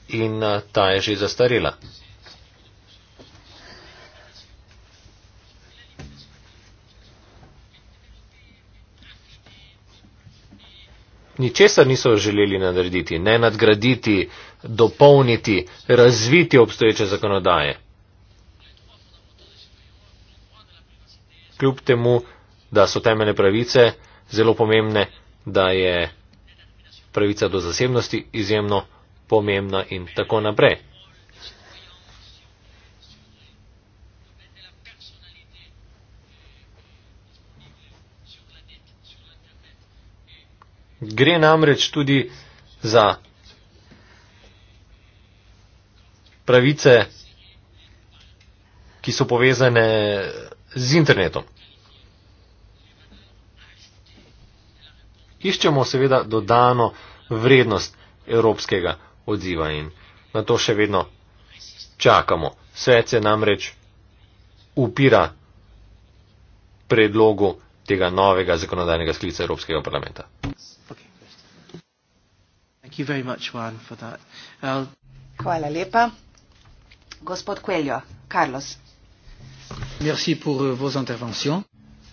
in eh, ta je že zastarila. ničesar niso želeli narediti, ne nadgraditi, dopolniti, razviti obstoječe zakonodaje. Kljub temu, da so temeljne pravice zelo pomembne, da je pravica do zasebnosti izjemno pomembna in tako naprej. Gre namreč tudi za pravice, ki so povezane z internetom. Iščemo seveda dodano vrednost evropskega odziva in na to še vedno čakamo. Svet se namreč upira predlogu tega novega zakonodajnega sklica Evropskega parlamenta. Uh, hvala lepa. Gospod Kueljo, Carlos. Merci pour euh, vos intervention.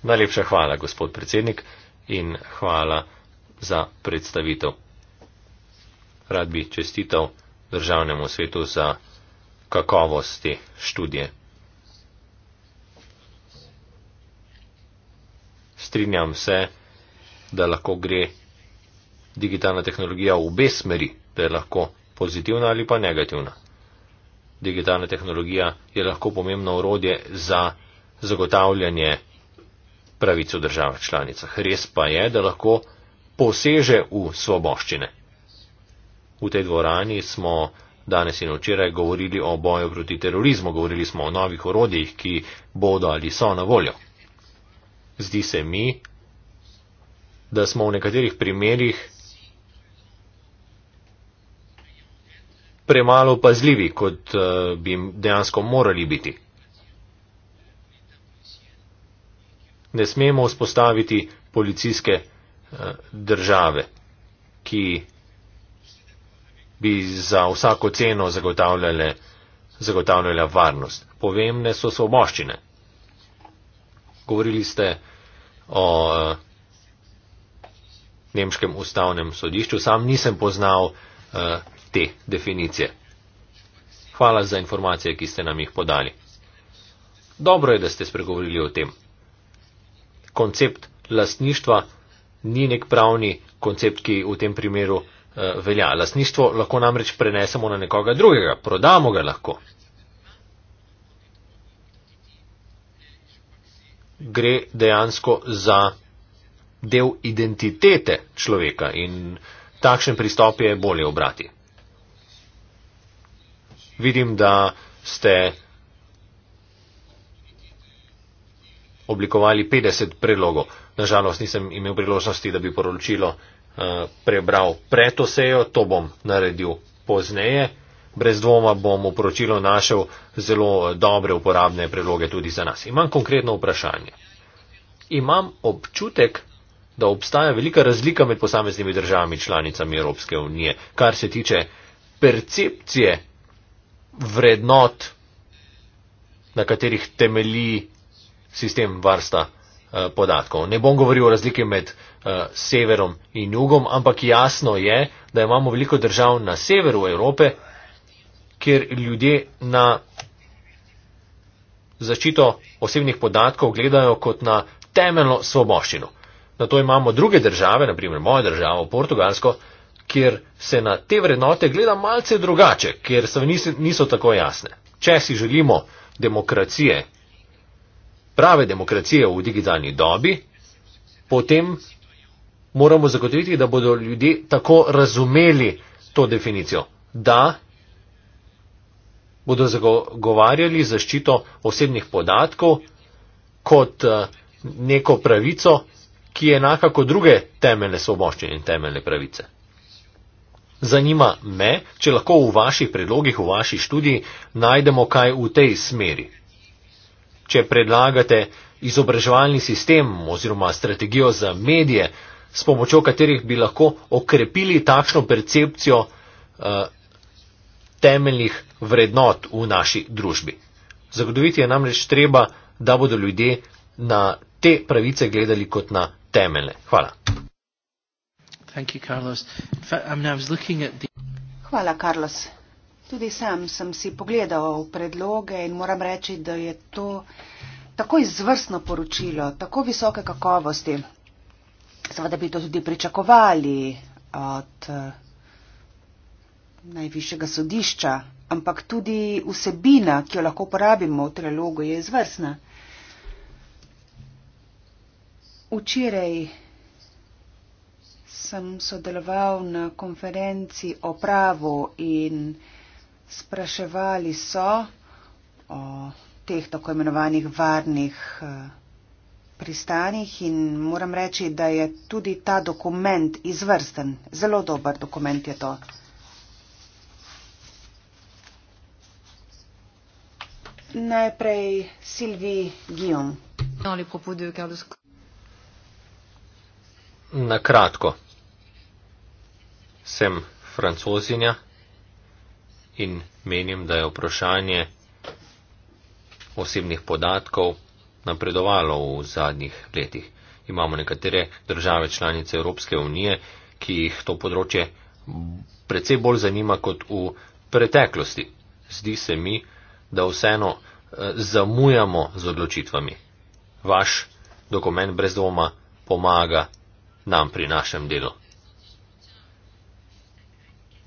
Najlepša hvala, gospod predsednik, in hvala za predstavitev. Rad bi čestital državnemu svetu za kakovost te študije. strinjam se, da lahko gre digitalna tehnologija v obe smeri, da je lahko pozitivna ali pa negativna. Digitalna tehnologija je lahko pomembno orodje za zagotavljanje pravico države članica. Res pa je, da lahko poseže v svoboščine. V tej dvorani smo danes in včeraj govorili o boju proti terorizmu, govorili smo o novih orodjih, ki bodo ali so na voljo zdi se mi, da smo v nekaterih primerjih premalo pazljivi, kot eh, bi dejansko morali biti. Ne smemo vzpostaviti policijske eh, države, ki bi za vsako ceno zagotavljale, zagotavljale varnost. Povem, ne so svoboščine govorili ste o uh, nemškem ustavnem sodišču, sam nisem poznal uh, te definicije. Hvala za informacije, ki ste nam jih podali. Dobro je, da ste spregovorili o tem. Koncept lastništva ni nek pravni koncept, ki v tem primeru uh, velja. Lastništvo lahko namreč prenesemo na nekoga drugega, prodamo ga lahko. gre dejansko za del identitete človeka in takšen pristop je bolje obrati. Vidim, da ste oblikovali 50 predlogov. Nažalost nisem imel priložnosti, da bi poročilo uh, prebral pred osejo, to bom naredil pozneje brez dvoma bom v poročilu našel zelo dobre uporabne predloge tudi za nas. Imam konkretno vprašanje. Imam občutek, da obstaja velika razlika med posameznimi državami članicami Evropske unije, kar se tiče percepcije vrednot, na katerih temelji sistem varsta eh, podatkov. Ne bom govoril o razlike med eh, severom in jugom, ampak jasno je, da imamo veliko držav na severu Evrope, kjer ljudje na zaščito osebnih podatkov gledajo kot na temeljno svoboščino. Na to imamo druge države, naprimer moja država, Portugalsko, kjer se na te vrednote gleda malce drugače, kjer so niso, niso tako jasne. Če si želimo demokracije, prave demokracije v digitalni dobi, potem moramo zagotoviti, da bodo ljudje tako razumeli to definicijo, da bodo zagovarjali zaščito osebnih podatkov kot eh, neko pravico, ki je enaka kot druge temeljne svoboščine in temeljne pravice. Zanima me, če lahko v vaših predlogih, v vaši študiji najdemo kaj v tej smeri. Če predlagate izobraževalni sistem oziroma strategijo za medije, s pomočjo katerih bi lahko okrepili takšno percepcijo, eh, temeljnih vrednot v naši družbi. Zagotoviti je namreč treba, da bodo ljudje na te pravice gledali kot na temeljne. Hvala. Hvala, Carlos. Tudi sam sem si pogledal predloge in moram reči, da je to tako izvrstno poročilo, tako visoke kakovosti. Seveda bi to tudi pričakovali od najvišjega sodišča, ampak tudi vsebina, ki jo lahko uporabimo v trilogu, je izvrsna. Včeraj sem sodeloval na konferenci o pravu in spraševali so o teh tako imenovanih varnih eh, pristanih in moram reči, da je tudi ta dokument izvrsten, zelo dober dokument je to. najprej Silvi Gijom. Na kratko, sem francozinja in menim, da je vprašanje osebnih podatkov napredovalo v zadnjih letih. Imamo nekatere države članice Evropske unije, ki jih to področje predvsej bolj zanima kot v preteklosti. Zdi se mi, da vseeno eh, zamujamo z odločitvami. Vaš dokument brez dvoma pomaga nam pri našem delu.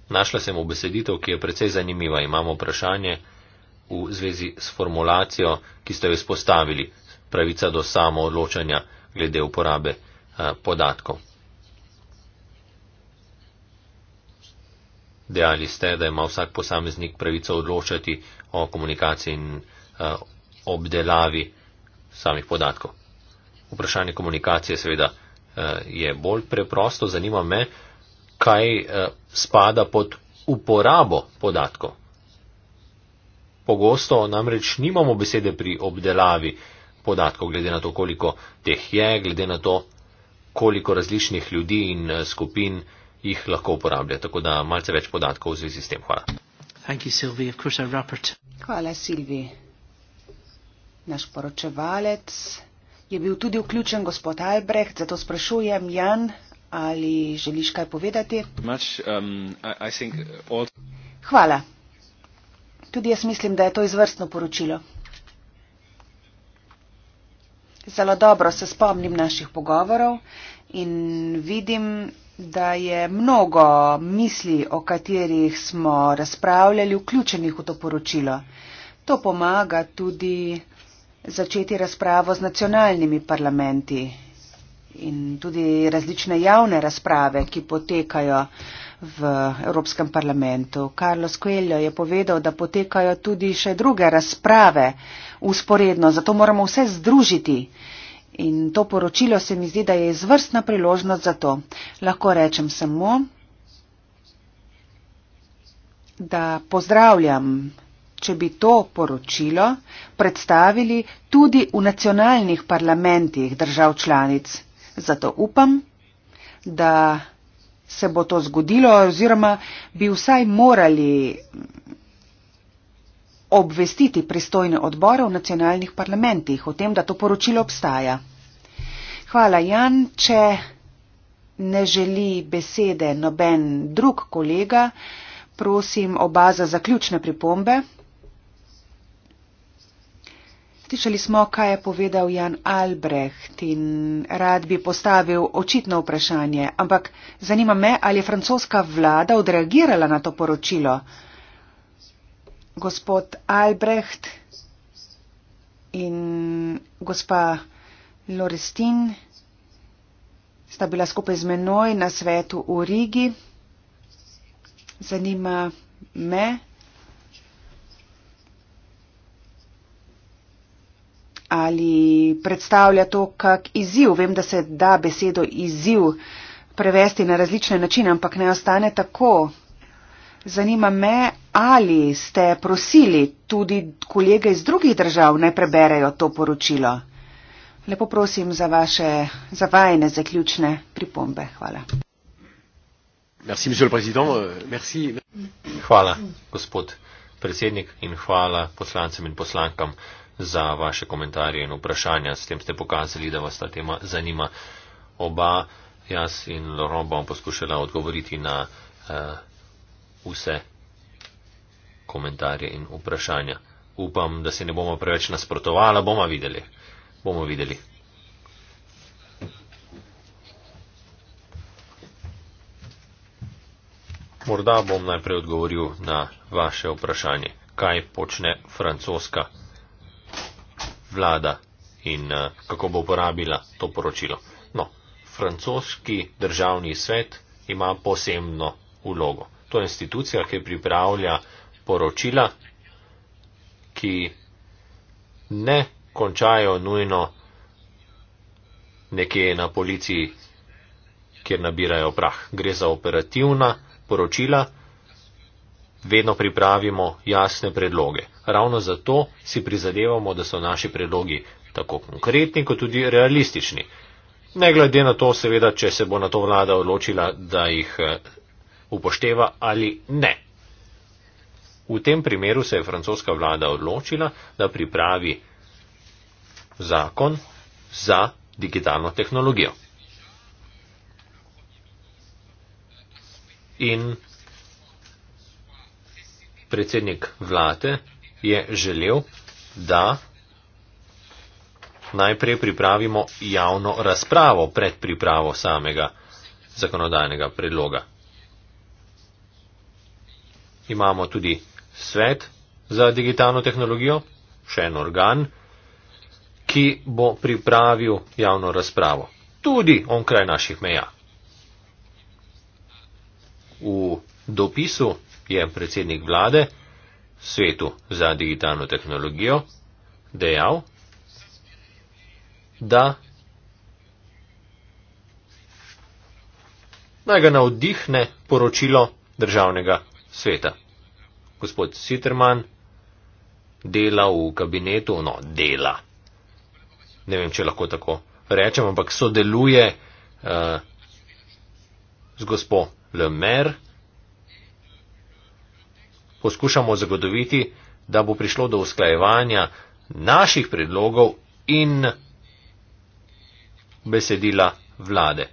Našla sem obeseditev, ki je precej zanimiva. Imamo vprašanje v zvezi s formulacijo, ki ste jo izpostavili, pravica do samoodločanja glede uporabe eh, podatkov. Dejali ste, da ima vsak posameznik pravico odločati o komunikaciji in uh, obdelavi samih podatkov. Vprašanje komunikacije seveda uh, je bolj preprosto. Zanima me, kaj uh, spada pod uporabo podatkov. Pogosto namreč nimamo besede pri obdelavi podatkov, glede na to, koliko teh je, glede na to, koliko različnih ljudi in uh, skupin jih lahko uporablja. Tako da malce več podatkov v zvezi s tem. Hvala. Hvala, Silvi. Naš poročevalec je bil tudi vključen, gospod Albrecht, zato sprašujem, Jan, ali želiš kaj povedati? Um, Hvala. Tudi jaz mislim, da je to izvrstno poročilo. Zelo dobro se spomnim naših pogovorov in vidim, da je mnogo misli, o katerih smo razpravljali, vključenih v to poročilo. To pomaga tudi začeti razpravo z nacionalnimi parlamenti in tudi različne javne razprave, ki potekajo v Evropskem parlamentu. Carlos Coelho je povedal, da potekajo tudi še druge razprave usporedno, zato moramo vse združiti. In to poročilo se mi zdi, da je izvrstna priložnost za to. Lahko rečem samo, da pozdravljam, če bi to poročilo predstavili tudi v nacionalnih parlamentih držav članic. Zato upam, da se bo to zgodilo oziroma bi vsaj morali obvestiti pristojne odbore v nacionalnih parlamentih o tem, da to poročilo obstaja. Hvala, Jan. Če ne želi besede noben drug kolega, prosim oba za zaključne pripombe. Slišali smo, kaj je povedal Jan Albrecht in rad bi postavil očitno vprašanje, ampak zanima me, ali je francoska vlada odreagirala na to poročilo gospod Albrecht in gospa Lorestin sta bila skupaj z menoj na svetu v Rigi. Zanima me, ali predstavlja to kak izziv. Vem, da se da besedo izziv prevesti na različne načine, ampak ne ostane tako. Zanima me, ali ste prosili tudi kolege iz drugih držav, naj preberejo to poročilo. Lepo prosim za vaše zavajene zaključne pripombe. Hvala. Merci, euh, Merci. Hvala, gospod predsednik in hvala poslancem in poslankam za vaše komentarje in vprašanja. S tem ste pokazali, da vas ta tema zanima oba. Jaz in Loron bom poskušala odgovoriti na. Uh, vse komentarje in vprašanja. Upam, da se ne bomo preveč nasprotovali, bomo videli. Bomo videli. Morda bom najprej odgovoril na vaše vprašanje, kaj počne francoska vlada in eh, kako bo uporabila to poročilo. No, francoski državni svet ima posebno ulogo to institucija, ki pripravlja poročila, ki ne končajo nujno nekje na policiji, kjer nabirajo prah. Gre za operativna poročila, vedno pripravimo jasne predloge. Ravno zato si prizadevamo, da so naši predlogi tako konkretni, kot tudi realistični. Ne glede na to, seveda, če se bo na to vlada odločila, da jih eh, upošteva ali ne. V tem primeru se je francoska vlada odločila, da pripravi zakon za digitalno tehnologijo. In predsednik vlade je želel, da najprej pripravimo javno razpravo pred pripravo samega zakonodajnega predloga imamo tudi svet za digitalno tehnologijo, še en organ, ki bo pripravil javno razpravo. Tudi onkraj naših meja. V dopisu je predsednik vlade svetu za digitalno tehnologijo dejal, da naj ga navdihne poročilo državnega sveta. Gospod Sitterman dela v kabinetu, no, dela. Ne vem, če lahko tako rečem, ampak sodeluje uh, z gospo Lemer. Poskušamo zagotoviti, da bo prišlo do usklajevanja naših predlogov in besedila vlade.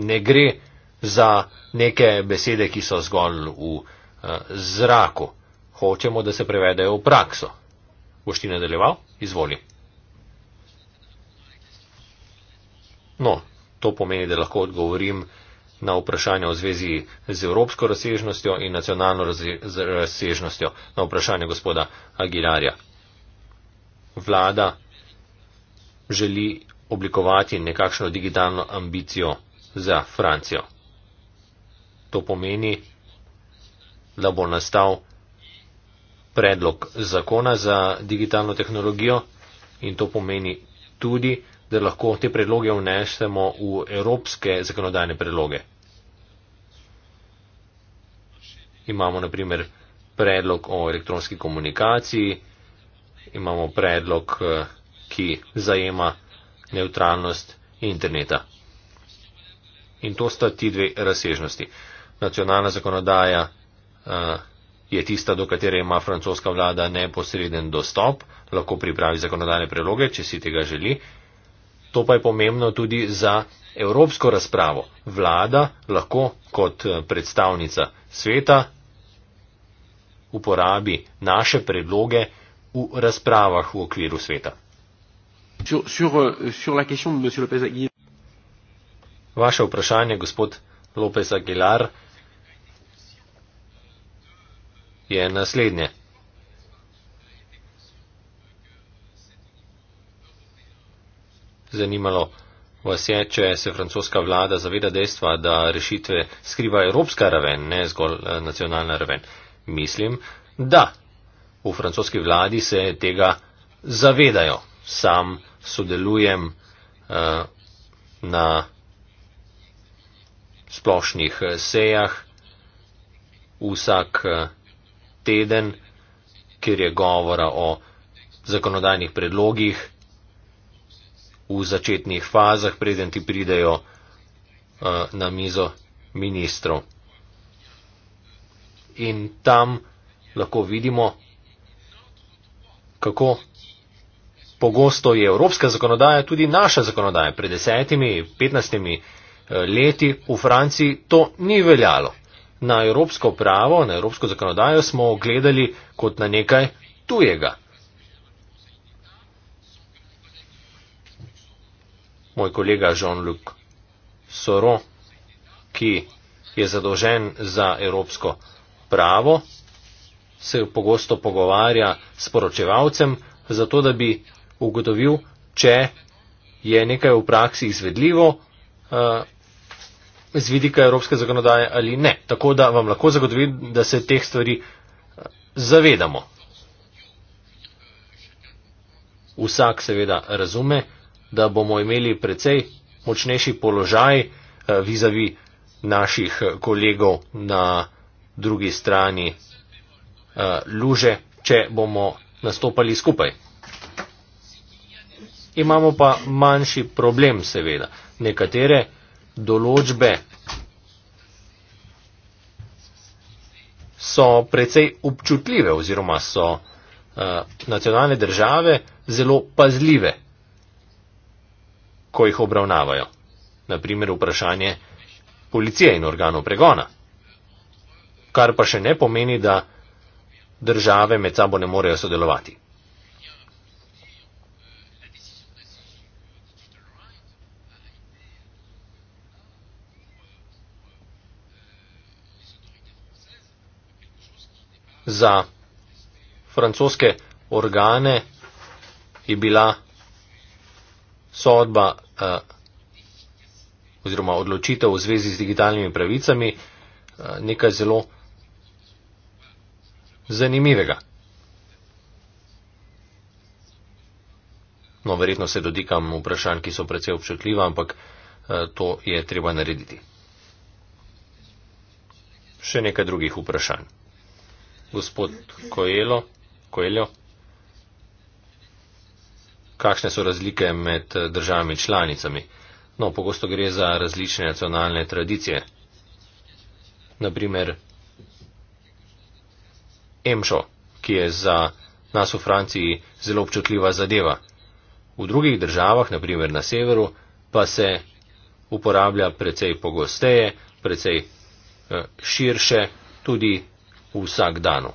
Ne gre za neke besede, ki so zgolj v eh, zraku. Hočemo, da se prevedejo v prakso. Boš ti nadaljeval? Izvoli. No, to pomeni, da lahko odgovorim na vprašanje v zvezi z evropsko razsežnostjo in nacionalno razsežnostjo, na vprašanje gospoda Aguilarja. Vlada želi oblikovati nekakšno digitalno ambicijo za Francijo. To pomeni, da bo nastal predlog zakona za digitalno tehnologijo in to pomeni tudi, da lahko te predloge vnesemo v evropske zakonodajne predloge. Imamo na primer predlog o elektronski komunikaciji, imamo predlog, eh, ki zajema neutralnost interneta. In to sta ti dve razsežnosti nacionalna zakonodaja eh, je tista, do katere ima francoska vlada neposreden dostop, lahko pripravi zakonodajne preloge, če si tega želi. To pa je pomembno tudi za evropsko razpravo. Vlada lahko kot eh, predstavnica sveta uporabi naše predloge v razpravah v okviru sveta. Euh, Vaše vprašanje, gospod Lopez Aguilar je naslednje. Zanimalo vas je, če se francoska vlada zaveda dejstva, da rešitve skriva evropska raven, ne zgolj eh, nacionalna raven. Mislim, da v francoski vladi se tega zavedajo. Sam sodelujem uh, na splošnih eh, sejah. Vsak uh, teden, kjer je govora o zakonodajnih predlogih v začetnih fazah, preden ti pridejo uh, na mizo ministrov. In tam lahko vidimo, kako pogosto je evropska zakonodaja, tudi naša zakonodaja, pred desetimi, petnajstimi eh, leti v Franciji to ni veljalo na evropsko pravo, na evropsko zakonodajo smo gledali kot na nekaj tujega. Moj kolega Jean-Luc Soro, ki je zadolžen za evropsko pravo, se pogosto pogovarja s poročevalcem, zato da bi ugotovil, če je nekaj v praksi izvedljivo, eh, z vidika evropske zakonodaje ali ne. Tako da vam lahko zagotovim, da se teh stvari eh, zavedamo. Vsak seveda razume, da bomo imeli precej močnejši položaj eh, vizavi naših eh, kolegov na drugi strani luže, če bomo nastopali skupaj. Imamo pa manjši problem, seveda. Nekatere določbe so precej občutljive oziroma so uh, nacionalne države zelo pazljive, ko jih obravnavajo. Naprimer vprašanje policije in organov pregona. Kar pa še ne pomeni, da države med sabo ne morejo sodelovati. za francoske organe je bila sodba eh, oziroma odločitev v zvezi z digitalnimi pravicami eh, nekaj zelo zanimivega. No, verjetno se dotikam vprašanj, ki so precej občutljiva, ampak eh, to je treba narediti. Še nekaj drugih vprašanj gospod Coelho, Coelho, kakšne so razlike med državami članicami. No, pogosto gre za različne nacionalne tradicije. Naprimer, Emšo, ki je za nas v Franciji zelo občutljiva zadeva. V drugih državah, naprimer na severu, pa se uporablja precej pogosteje, precej eh, širše, tudi vsak dan.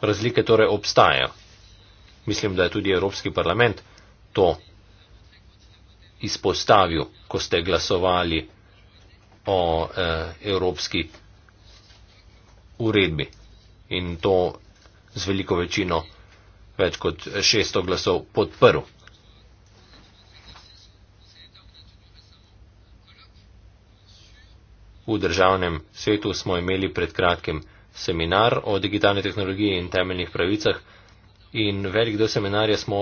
Razlike torej obstajajo. Mislim, da je tudi Evropski parlament to izpostavil, ko ste glasovali o e, Evropski uredbi in to z veliko večino več kot 600 glasov podprl. V državnem svetu smo imeli pred kratkim seminar o digitalni tehnologiji in temeljnih pravicah in velik del seminarja smo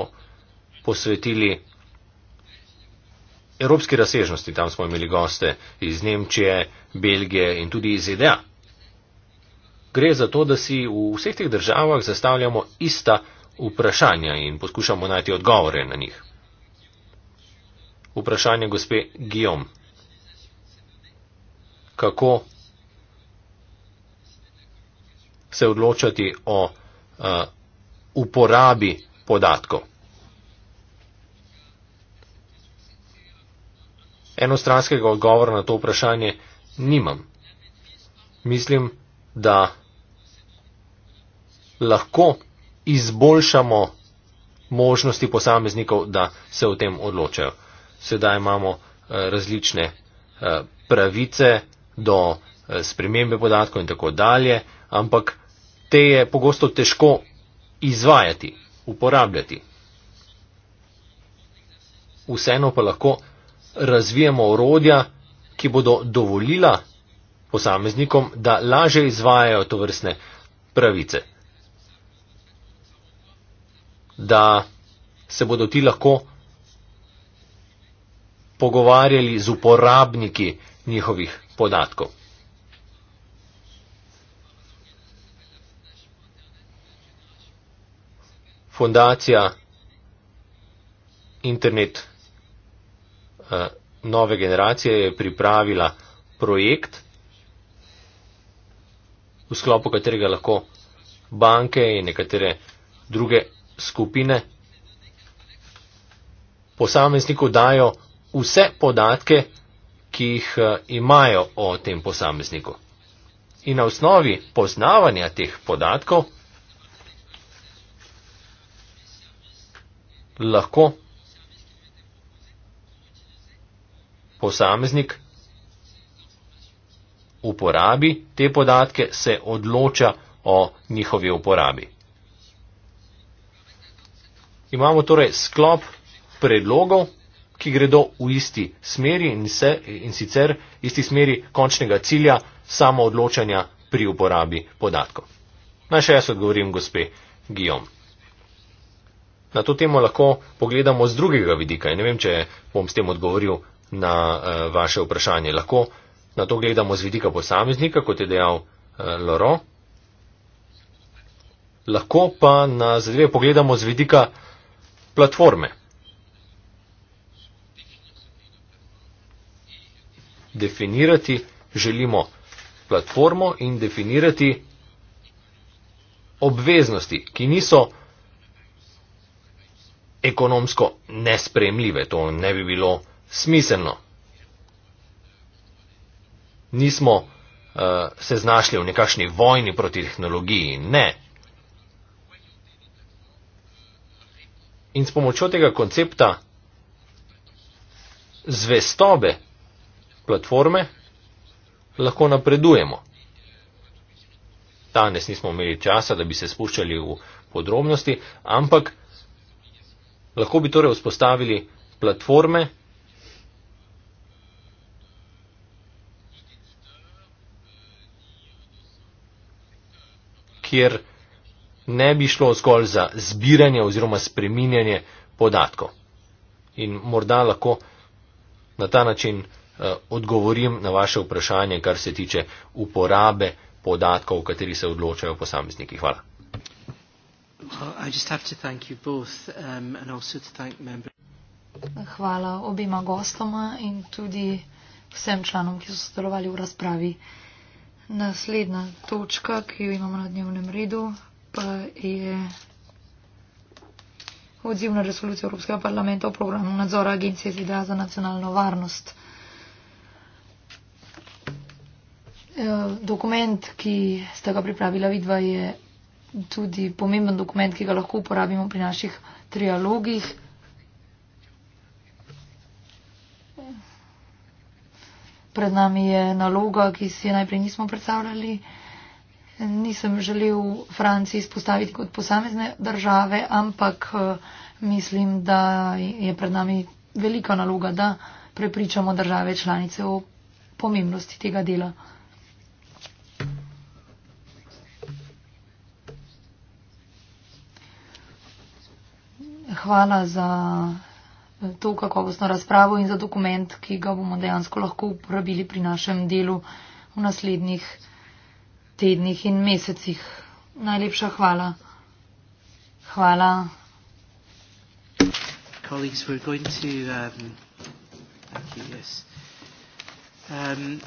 posvetili evropski razsežnosti. Tam smo imeli goste iz Nemčije, Belgije in tudi iz ZDA. Gre za to, da si v vseh teh državah zastavljamo ista vprašanja in poskušamo najti odgovore na njih. Vprašanje gospe Guillaume kako se odločati o uh, uporabi podatkov. Enostranskega odgovora na to vprašanje nimam. Mislim, da lahko izboljšamo možnosti posameznikov, da se o tem odločajo. Sedaj imamo uh, različne uh, pravice, do eh, spremembe podatkov in tako dalje, ampak te je pogosto težko izvajati, uporabljati. Vseeno pa lahko razvijemo orodja, ki bodo dovolila posameznikom, da laže izvajajo to vrstne pravice. Da se bodo ti lahko pogovarjali z uporabniki njihovih podatkov. Fundacija Internet eh, nove generacije je pripravila projekt, v sklopu katerega lahko banke in nekatere druge skupine posamezniku dajo vse podatke, ki so vse podatke, ki jih eh, imajo o tem posamezniku. In na osnovi poznavanja teh podatkov lahko posameznik uporabi te podatke, se odloča o njihovi uporabi. Imamo torej sklop predlogov, ki gredo v isti smeri in, se, in sicer isti smeri končnega cilja samo odločanja pri uporabi podatkov. Naj še jaz odgovorim, gospe Gijom. Na to temo lahko pogledamo z drugega vidika in ne vem, če bom s tem odgovoril na uh, vaše vprašanje. Lahko na to gledamo z vidika posameznika, kot je dejal uh, eh, Loro. Lahko pa na zadeve pogledamo z vidika platforme. definirati, želimo platformo in definirati obveznosti, ki niso ekonomsko nespremljive. To ne bi bilo smiselno. Nismo uh, se znašli v nekašni vojni proti tehnologiji. Ne. In s pomočjo tega koncepta zvestobe platforme, lahko napredujemo. Danes nismo imeli časa, da bi se spuščali v podrobnosti, ampak lahko bi torej vzpostavili platforme, kjer ne bi šlo zgolj za zbiranje oziroma spreminjanje podatkov. In morda lahko na ta način Eh, odgovorim na vaše vprašanje, kar se tiče uporabe podatkov, v kateri se odločajo posamezniki. Hvala. Um, Hvala obima gostoma in tudi vsem članom, ki so sodelovali v razpravi. Naslednja točka, ki jo imamo na dnevnem redu, pa je odziv na resolucijo Evropskega parlamenta o programu nadzora Agencije ZDA za nacionalno varnost. Eh, dokument, ki ste ga pripravila vidva, je tudi pomemben dokument, ki ga lahko uporabimo pri naših trialogih. Pred nami je naloga, ki si je najprej nismo predstavljali. Nisem želel Franciji izpostaviti kot posamezne države, ampak eh, mislim, da je pred nami velika naloga, da prepričamo države članice o pomembnosti tega dela. hvala za to kakovostno razpravo in za dokument, ki ga bomo dejansko lahko uporabili pri našem delu v naslednjih tednih in mesecih. Najlepša hvala. Hvala. Colleagues, we're going to. Um, thank you, yes. Um,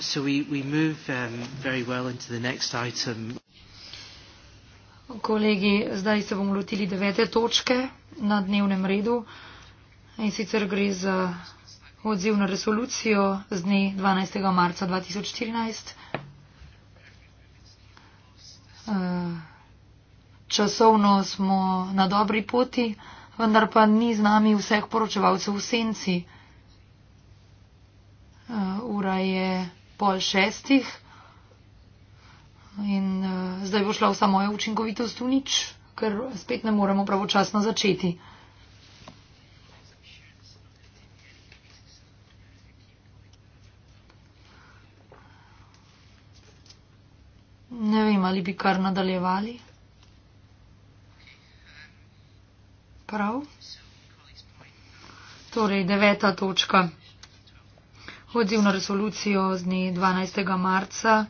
so we, we move um, very well into the next item. Kolegi, zdaj se bomo lotili devete točke na dnevnem redu in sicer gre za odziv na resolucijo z dne 12. marca 2014. Eh, časovno smo na dobri poti, vendar pa ni z nami vseh poročevalcev v senci. Eh, ura je pol šestih in uh, zdaj bo šla vsa moja učinkovitost v nič, ker spet ne moremo pravočasno začeti. Ne vem, ali bi kar nadaljevali. Prav? Torej, deveta točka. Odziv na resolucijo z dne 12. marca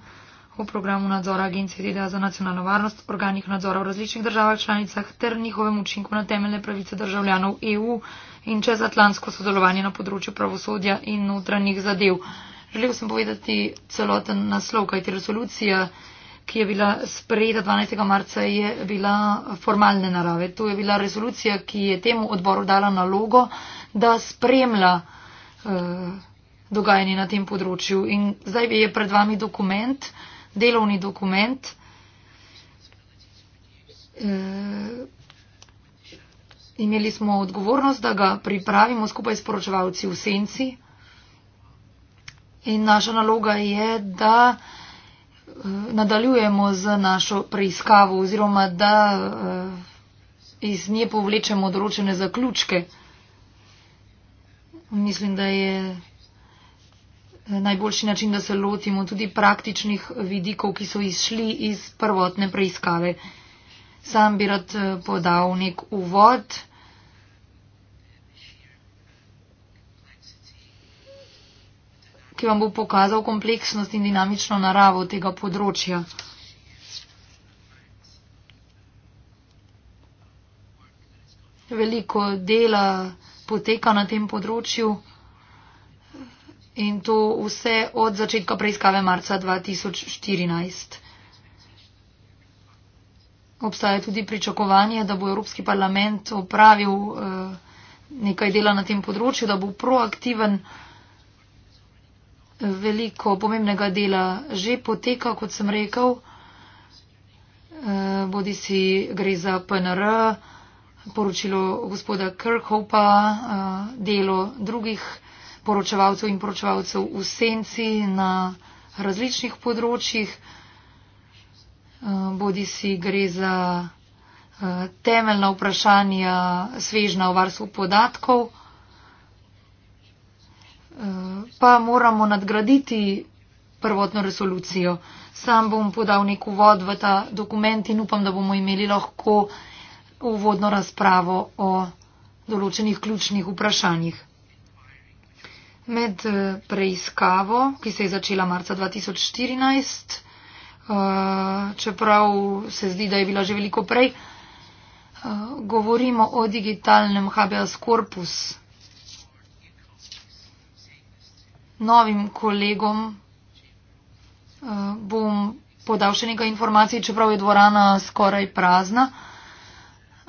v programu nadzora agencije DDA za nacionalno varnost, organih nadzora v različnih državah članicah ter njihovem učinku na temeljne pravice državljanov EU in čez atlantsko sodelovanje na področju pravosodja in notranjih zadev. Želel sem povedati celoten naslov, kajti resolucija, ki je bila sprejeta 12. marca, je bila formalne narave. To je bila resolucija, ki je temu odboru dala nalogo, da spremlja eh, dogajanje na tem področju. In zdaj je pred vami dokument, eh, delovni dokument. E, imeli smo odgovornost, da ga pripravimo skupaj s poročevalci v senci. In naša naloga je, da e, nadaljujemo z našo preiskavo oziroma da e, iz nje povlečemo določene zaključke. Mislim, da je najboljši način, da se lotimo tudi praktičnih vidikov, ki so izšli iz prvotne preiskave. Sam bi rad eh, podal nek uvod. ki vam bo pokazal kompleksnost in dinamično naravo tega področja. Veliko dela poteka na tem področju in to vse od začetka preiskave marca 2014. Obstaja tudi pričakovanje, da bo Evropski parlament opravil eh, nekaj dela na tem področju, da bo proaktiven. Veliko pomembnega dela že poteka, kot sem rekel, eh, bodi si gre za PNR, poročilo gospoda Kirkhopa, eh, delo drugih poročevalcev in poročevalcev v senci na različnih področjih, eh, bodi si gre za eh, temeljna vprašanja svežna o varstvu podatkov, eh, pa moramo nadgraditi prvotno resolucijo. Sam bom podal nek uvod v ta dokument in upam, da bomo imeli lahko uvodno razpravo o določenih ključnih vprašanjih. Med eh, preiskavo, ki se je začela marca 2014, eh, čeprav se zdi, da je bila že veliko prej, eh, govorimo o digitalnem habeas corpus. Novim kolegom bom podal še nekaj informacij, čeprav je dvorana skoraj prazna.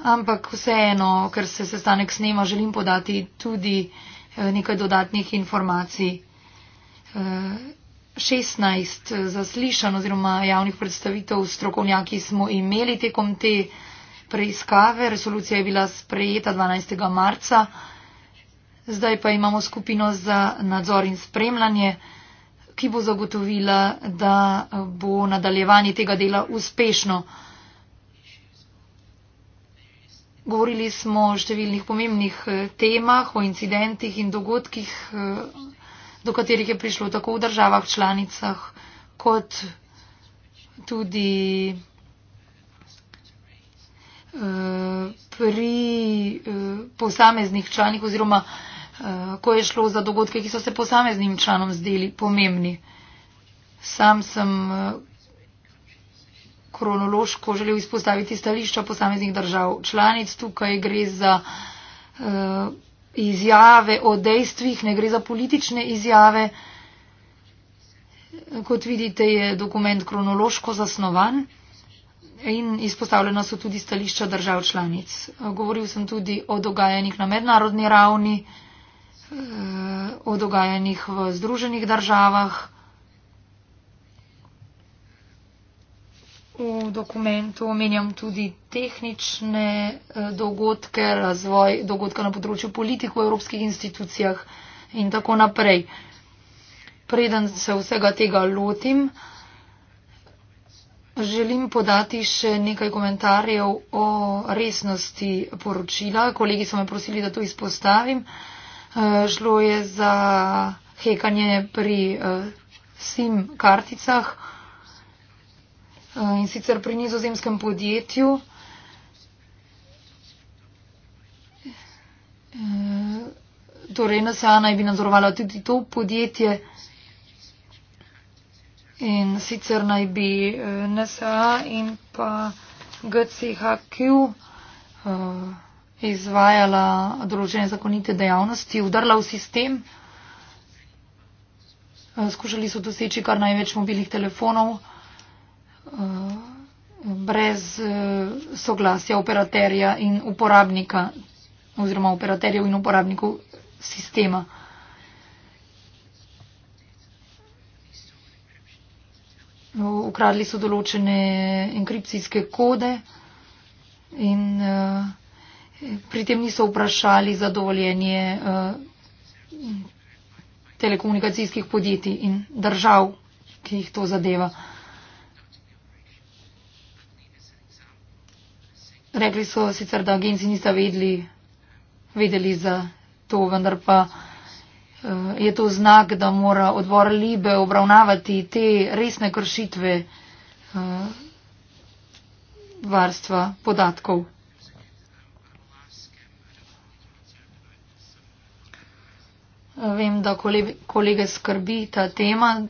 Ampak vseeno, ker se sestanek snema, želim podati tudi uh, Eh, nekaj dodatnih informacij. 16 eh, zaslišanj oziroma javnih predstavitev strokovnjaki smo imeli tekom te preiskave. Resolucija je bila sprejeta 12. marca. Zdaj pa imamo skupino za nadzor in spremljanje, ki bo zagotovila, da bo nadaljevanje tega dela uspešno. Govorili smo o številnih pomembnih eh, temah, o incidentih in dogodkih, eh, do katerih je prišlo tako v državah članicah, kot tudi eh, pri posameznih članih oziroma ko je šlo za dogodke, ki so se posameznim članom zdeli pomembni. Sam sem kronološko želel izpostaviti stališča posameznih držav članic. Tukaj gre za uh, izjave o dejstvih, ne gre za politične izjave. Kot vidite, je dokument kronološko zasnovan in izpostavljena so tudi stališča držav članic. Govoril sem tudi o dogajanjih na mednarodni ravni, eh, o dogajanjih v združenih državah. v dokumentu omenjam tudi tehnične eh, dogodke, razvoj dogodka na področju politik v evropskih institucijah in tako naprej. Preden se vsega tega lotim, želim podati še nekaj komentarjev o resnosti poročila. Kolegi so me prosili, da to izpostavim. Eh, šlo je za hekanje pri eh, SIM karticah. Eh, in sicer pri nizozemskem podjetju, eh, torej NSA naj bi nadzorovala tudi to podjetje in sicer naj bi eh, NSA in pa GCHQ izvajala določene zakonite dejavnosti, udarla v sistem. Skušali so doseči kar največ mobilnih telefonov, Eh, brez eh, soglasja operaterja in uporabnika oziroma operaterjev in uporabnikov sistema. Ukradli so določene enkripcijske kode in eh, pri tem niso vprašali za dovoljenje telekomunikacijskih podjetij in držav, ki jih to zadeva. Rekli so sicer, da agenci nista vedeli, vedeli za to, vendar pa eh, je to znak, da mora odbor Libe obravnavati te resne kršitve eh, varstva podatkov. Vem, da kolege skrbi ta tema.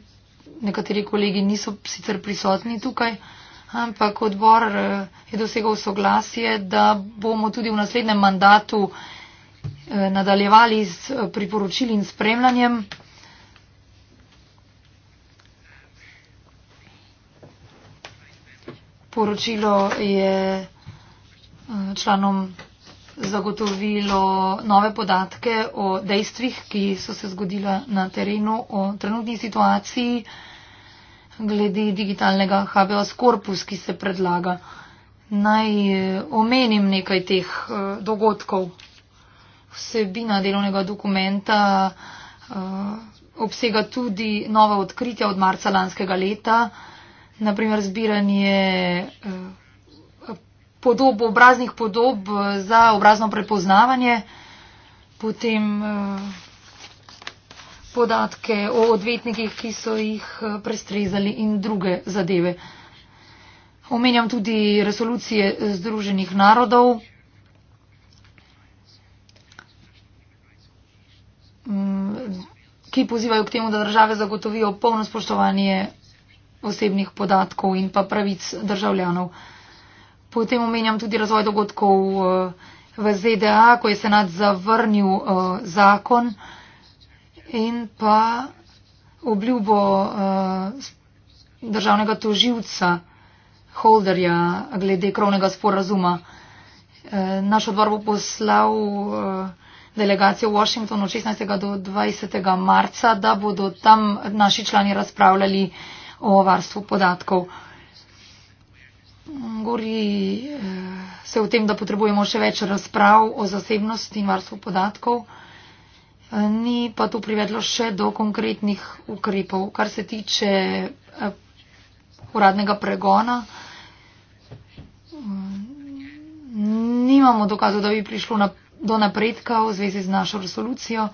Nekateri kolegi niso sicer prisotni tukaj ampak odbor eh, je dosegal soglasje, da bomo tudi v naslednjem mandatu eh, nadaljevali s eh, priporočili in spremljanjem. Poročilo je članom zagotovilo nove podatke o dejstvih, ki so se zgodila na terenu, o trenutni situaciji glede digitalnega HBOS korpus, ki se predlaga. Naj eh, omenim nekaj teh eh, dogodkov. Vsebina delovnega dokumenta eh, obsega tudi nova odkritja od marca lanskega leta, naprimer zbiranje podob, obraznih podob za obrazno prepoznavanje, potem podatke o odvetnikih, ki so jih eh, prestrezali in druge zadeve. Omenjam tudi resolucije Združenih narodov. Mm, ki pozivajo k temu, da države zagotovijo polno spoštovanje osebnih podatkov in pa pravic državljanov. Potem omenjam tudi razvoj dogodkov eh, v ZDA, ko je senat zavrnil eh, zakon, in pa obljubo eh, državnega toživca Holderja glede krovnega sporazuma. Eh, naš odbor bo poslal eh, delegacijo v Washington od 16. do 20. marca, da bodo tam naši člani razpravljali o varstvu podatkov. Gori se v tem, da potrebujemo še več razprav o zasebnosti in varstvu podatkov. Ni pa to privedlo še do konkretnih ukrepov. Kar se tiče eh, uradnega pregona, mm, nimamo dokazov, da bi prišlo do napredka v zvezi z našo resolucijo.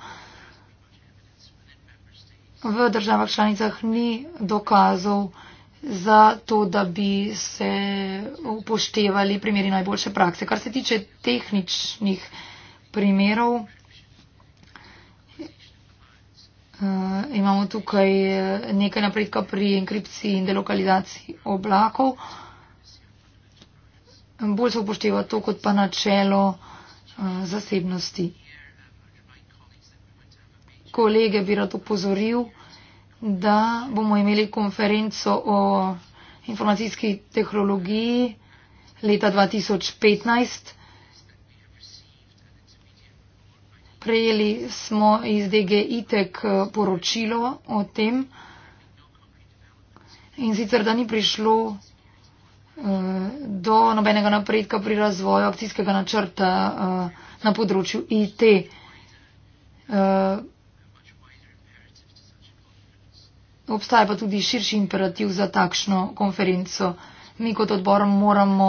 V državah članicah ni dokazov za to, da bi se upoštevali primeri najboljše prakse. Kar se tiče tehničnih primerov, Eh, imamo tukaj eh, nekaj napredka pri enkripciji in delokalizaciji oblakov. Bolj se upošteva to kot pa načelo uh, zasebnosti. Kolege bi rad upozoril, da bomo imeli konferenco o informacijski tehnologiji leta 2015 prejeli smo iz DG ITEK eh, poročilo o tem in sicer, da ni prišlo eh, do nobenega napredka pri razvoju akcijskega načrta eh, na področju IT. Obstaja pa tudi širši imperativ za takšno konferenco. Mi kot odbor moramo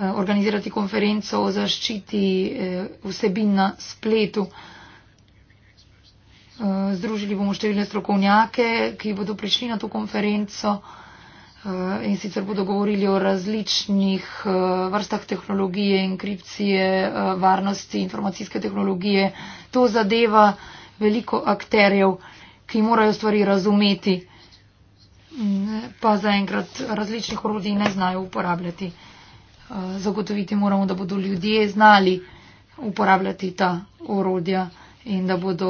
Eh, organizirati konferenco o zaščiti eh, vsebin na spletu. Eh, združili bomo številne strokovnjake, ki bodo prišli na to konferenco in sicer bodo govorili o različnih vrstah tehnologije, enkripcije, varnosti, informacijske tehnologije. To zadeva veliko akterjev, ki morajo stvari razumeti, mm, pa zaenkrat različnih orodij ne znajo uporabljati. Eh, zagotoviti moramo, da bodo ljudje znali uporabljati ta orodja in da bodo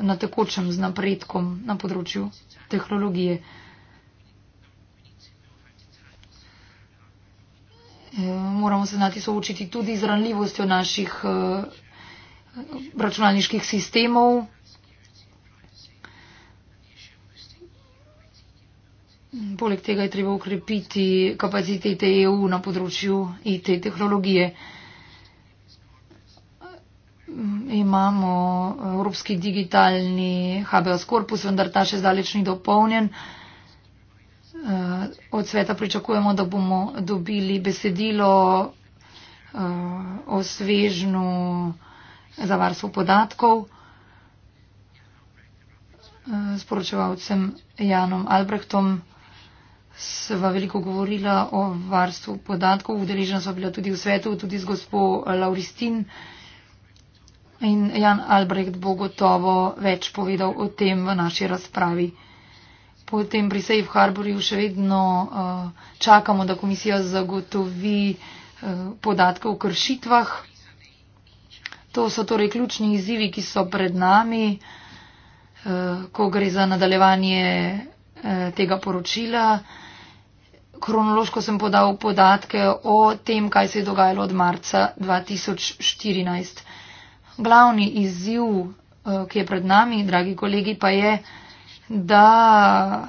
na tekočem z napredkom na področju tehnologije. Eh, moramo se znati soočiti tudi z ranljivostjo naših eh, računalniških sistemov, Poleg tega je treba ukrepiti kapacitete EU na področju IT tehnologije. Imamo Evropski digitalni HBS korpus, vendar ta še zdaleč ni dopolnjen. Eh, od sveta pričakujemo, da bomo dobili besedilo eh, o svežnu za varstvo podatkov. Eh, Sporočevalcem Janom Albrechtom. Sva veliko govorila o varstvu podatkov, udeležena sva bila tudi v svetu, tudi z gospod Lauristin. In Jan Albrecht bo gotovo več povedal o tem v naši razpravi. Potem pri Safe Harborju še vedno uh, čakamo, da komisija zagotovi uh, podatke o kršitvah. To so torej ključni izzivi, ki so pred nami, uh, ko gre za nadaljevanje uh, tega poročila. Uh, kronološko sem podal podatke o tem, kaj se je dogajalo od marca 2014. Glavni izziv, eh, ki je pred nami, dragi kolegi, pa je, da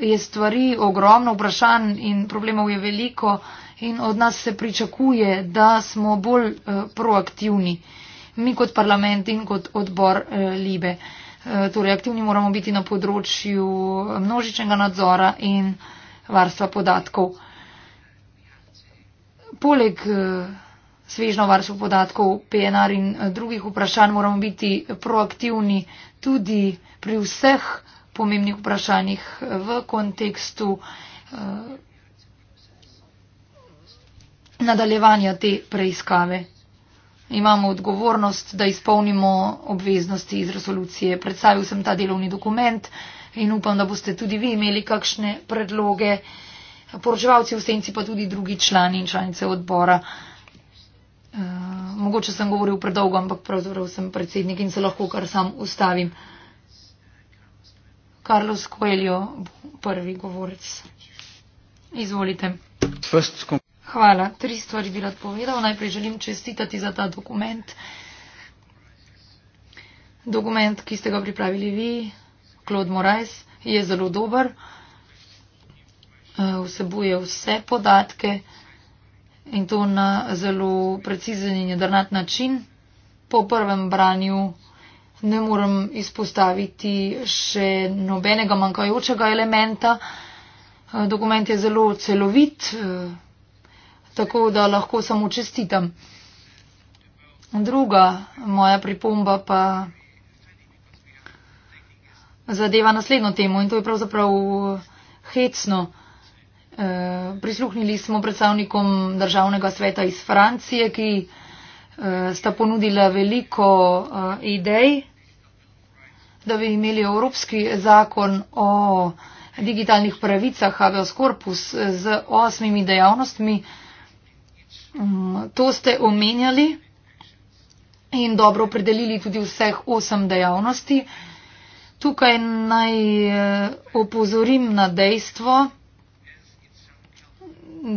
je stvari ogromno vprašanj in problemov je veliko in od nas se pričakuje, da smo bolj eh, proaktivni. Mi kot parlament in kot odbor eh, Libe. Torej, aktivni moramo biti na področju množičnega nadzora in varstva podatkov. Poleg eh, svežno varstvo podatkov PNR in eh, drugih vprašanj moramo biti proaktivni tudi pri vseh pomembnih vprašanjih eh, v kontekstu nadaljevanja te preiskave imamo odgovornost, da izpolnimo obveznosti iz resolucije. Predstavil sem ta delovni dokument in upam, da boste tudi vi imeli kakšne predloge, poročevalci v senci pa tudi drugi člani in članice odbora. Uh, mogoče sem govoril predolgo, ampak pravzaprav sem predsednik in se lahko kar sam ustavim. Carlos Coelho, prvi govorec. Izvolite. First, Hvala. Tri stvari bi rad povedal. Najprej želim čestitati za ta dokument. Dokument, ki ste ga pripravili vi, Claude Morais, je zelo dober. Eh, vsebuje vse podatke in to na zelo precizen in jedrnat način. Po prvem branju ne moram izpostaviti še nobenega manjkajočega elementa. Eh, dokument je zelo celovit. Eh, tako da lahko samo čestitam. Druga moja pripomba pa zadeva naslednjo temo in to je pravzaprav eh, hecno. Eh, prisluhnili smo predstavnikom državnega sveta iz Francije, ki eh, sta ponudila veliko idej, da bi imeli evropski zakon o digitalnih pravicah, habeas corpus, z osmimi dejavnostmi, Mm, to ste omenjali in dobro opredelili tudi vseh osem dejavnosti. Tukaj naj eh, opozorim na dejstvo,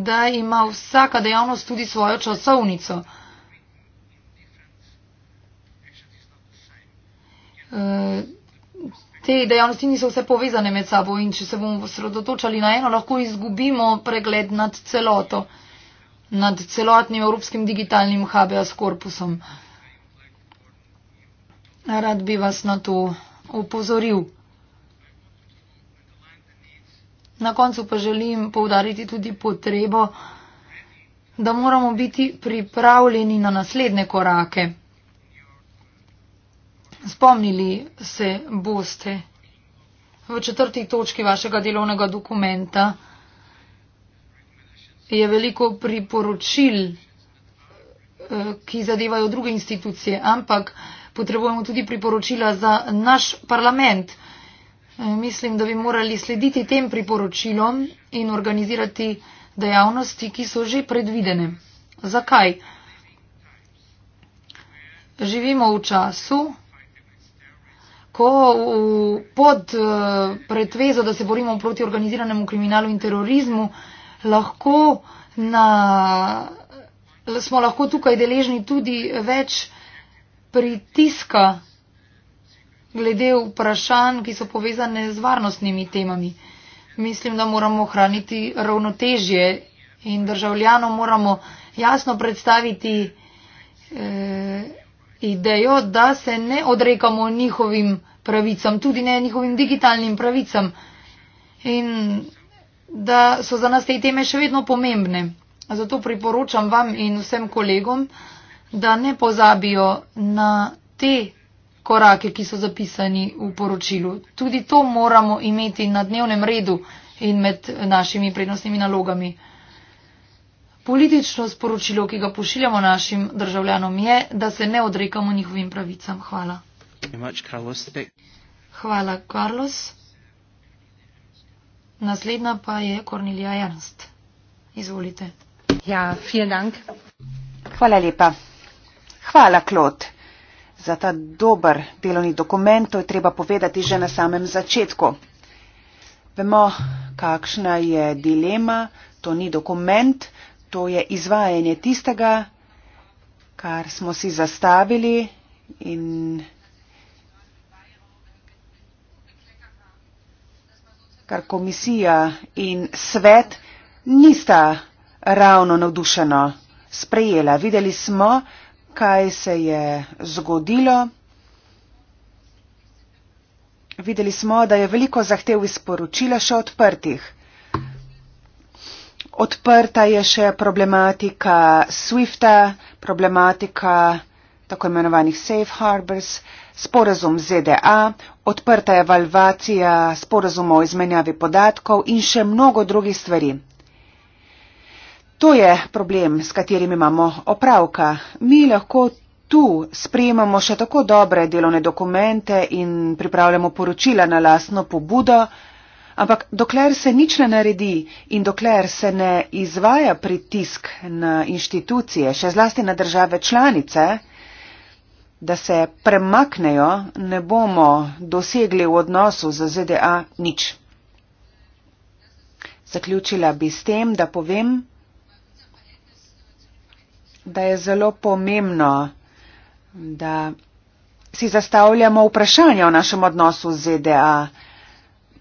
da ima vsaka dejavnost tudi svojo časovnico. Eh, te dejavnosti niso vse povezane med sabo in če se bomo sredotočali na eno, lahko izgubimo pregled nad celoto nad celotnim evropskim digitalnim habeas korpusom. Rad bi vas na to upozoril. Na koncu pa želim povdariti tudi potrebo, da moramo biti pripravljeni na naslednje korake. Spomnili se boste v četrti točki vašega delovnega dokumenta, je veliko priporočil, eh, ki zadevajo druge institucije, ampak potrebujemo tudi priporočila za naš parlament. Eh, mislim, da bi morali slediti tem priporočilom in organizirati dejavnosti, ki so že predvidene. Zakaj? Živimo v času, ko pod eh, pretvezo, da se borimo proti organiziranemu kriminalu in terorizmu, lahko na, smo lahko tukaj deležni tudi več pritiska glede vprašanj, ki so povezane z varnostnimi temami. Mislim, da moramo ohraniti ravnotežje in državljanom moramo jasno predstaviti eh, idejo, da se ne odrekamo njihovim pravicam, tudi ne njihovim digitalnim pravicam. In da so za nas te teme še vedno pomembne. Zato priporočam vam in vsem kolegom, da ne pozabijo na te korake, ki so zapisani v poročilu. Tudi to moramo imeti na dnevnem redu in med našimi prednostnimi nalogami. Politično sporočilo, ki ga pošiljamo našim državljanom, je, da se ne odrekamo njihovim pravicam. Hvala. Hvala, Carlos. Naslednja pa je Kornilija Ernst. Izvolite. Ja, dank. Hvala lepa. Hvala, Klot. Za ta dober delovni dokument to je treba povedati že na samem začetku. Vemo, kakšna je dilema, to ni dokument, to je izvajanje tistega, kar smo si zastavili in kar komisija in svet nista ravno navdušeno sprejela. Videli smo, kaj se je zgodilo. Videli smo, da je veliko zahtev iz poročila še odprtih. Odprta je še problematika SWIFT-a, problematika tako imenovanih safe harbors, sporazum ZDA, odprta evalvacija, sporazum o izmenjavi podatkov in še mnogo drugih stvari. To je problem, s katerim imamo opravka. Mi lahko tu sprejemamo še tako dobre delovne dokumente in pripravljamo poročila na lasno pobudo, ampak dokler se nič ne naredi in dokler se ne izvaja pritisk na inštitucije, še zlasti na države članice, da se premaknejo, ne bomo dosegli v odnosu za ZDA nič. Zaključila bi s tem, da povem, da je zelo pomembno, da si zastavljamo vprašanje o našem odnosu z ZDA.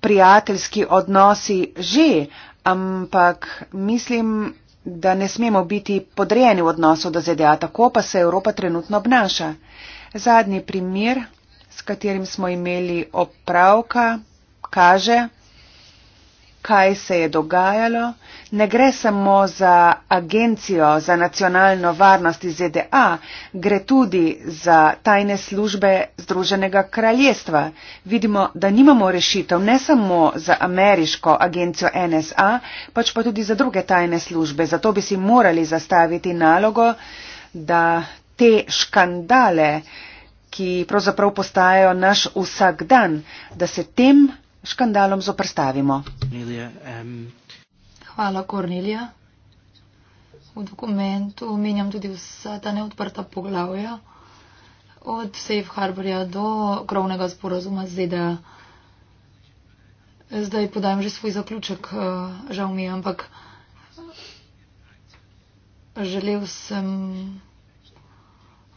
Prijateljski odnosi že, ampak mislim, da ne smemo biti podrejeni v odnosu do ZDA, tako pa se Evropa trenutno obnaša. Zadnji primer, s katerim smo imeli opravka, kaže, kaj se je dogajalo ne gre samo za agencijo za nacionalno varnost iz ZDA, gre tudi za tajne službe Združenega kraljestva. Vidimo, da nimamo rešitev ne samo za ameriško agencijo NSA, pač pa tudi za druge tajne službe. Zato bi si morali zastaviti nalogo, da te škandale, ki pravzaprav postajajo naš vsak dan, da se tem škandalom zoprstavimo. Nelia, um... Hvala, Kornelija. V dokumentu omenjam tudi vsa ta neodprta poglavja, od Safe Harborja do krovnega sporazuma z ZDA. Zdaj podajam že svoj zaključek, eh, žal mi je, ampak eh, želel sem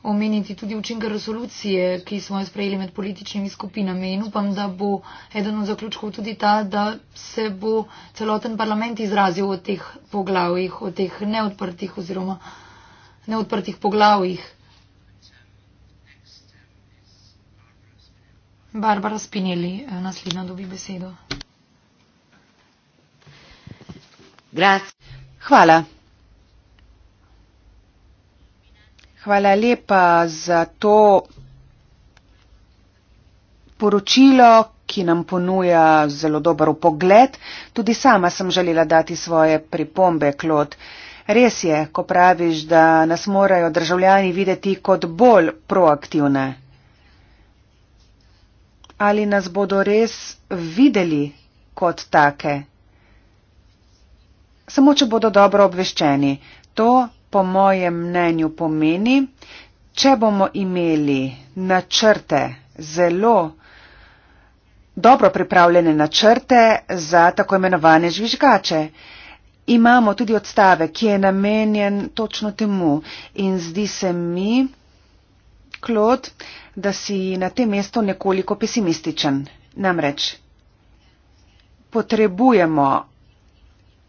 omeniti tudi učinke resolucije, ki smo jo sprejeli med političnimi skupinami in upam, da bo eden od zaključkov tudi ta, da se bo celoten parlament izrazil o teh poglavjih, o teh neodprtih oziroma neodprtih poglavjih. Barbara Spinelli, eh, naslednja dobi besedo. Grazie. Hvala. Hvala lepa za to poročilo, ki nam ponuja zelo dober pogled. Tudi sama sem želela dati svoje pripombe, Klod. Res je, ko praviš, da nas morajo državljani videti kot bolj proaktivne. Ali nas bodo res videli kot take? Samo, če bodo dobro obveščeni. To po mojem mnenju pomeni, če bomo imeli načrte, zelo dobro pripravljene načrte za tako imenovane žvižgače. Imamo tudi odstave, ki je namenjen točno temu in zdi se mi, Klod, da si na tem mestu nekoliko pesimističen. Namreč, potrebujemo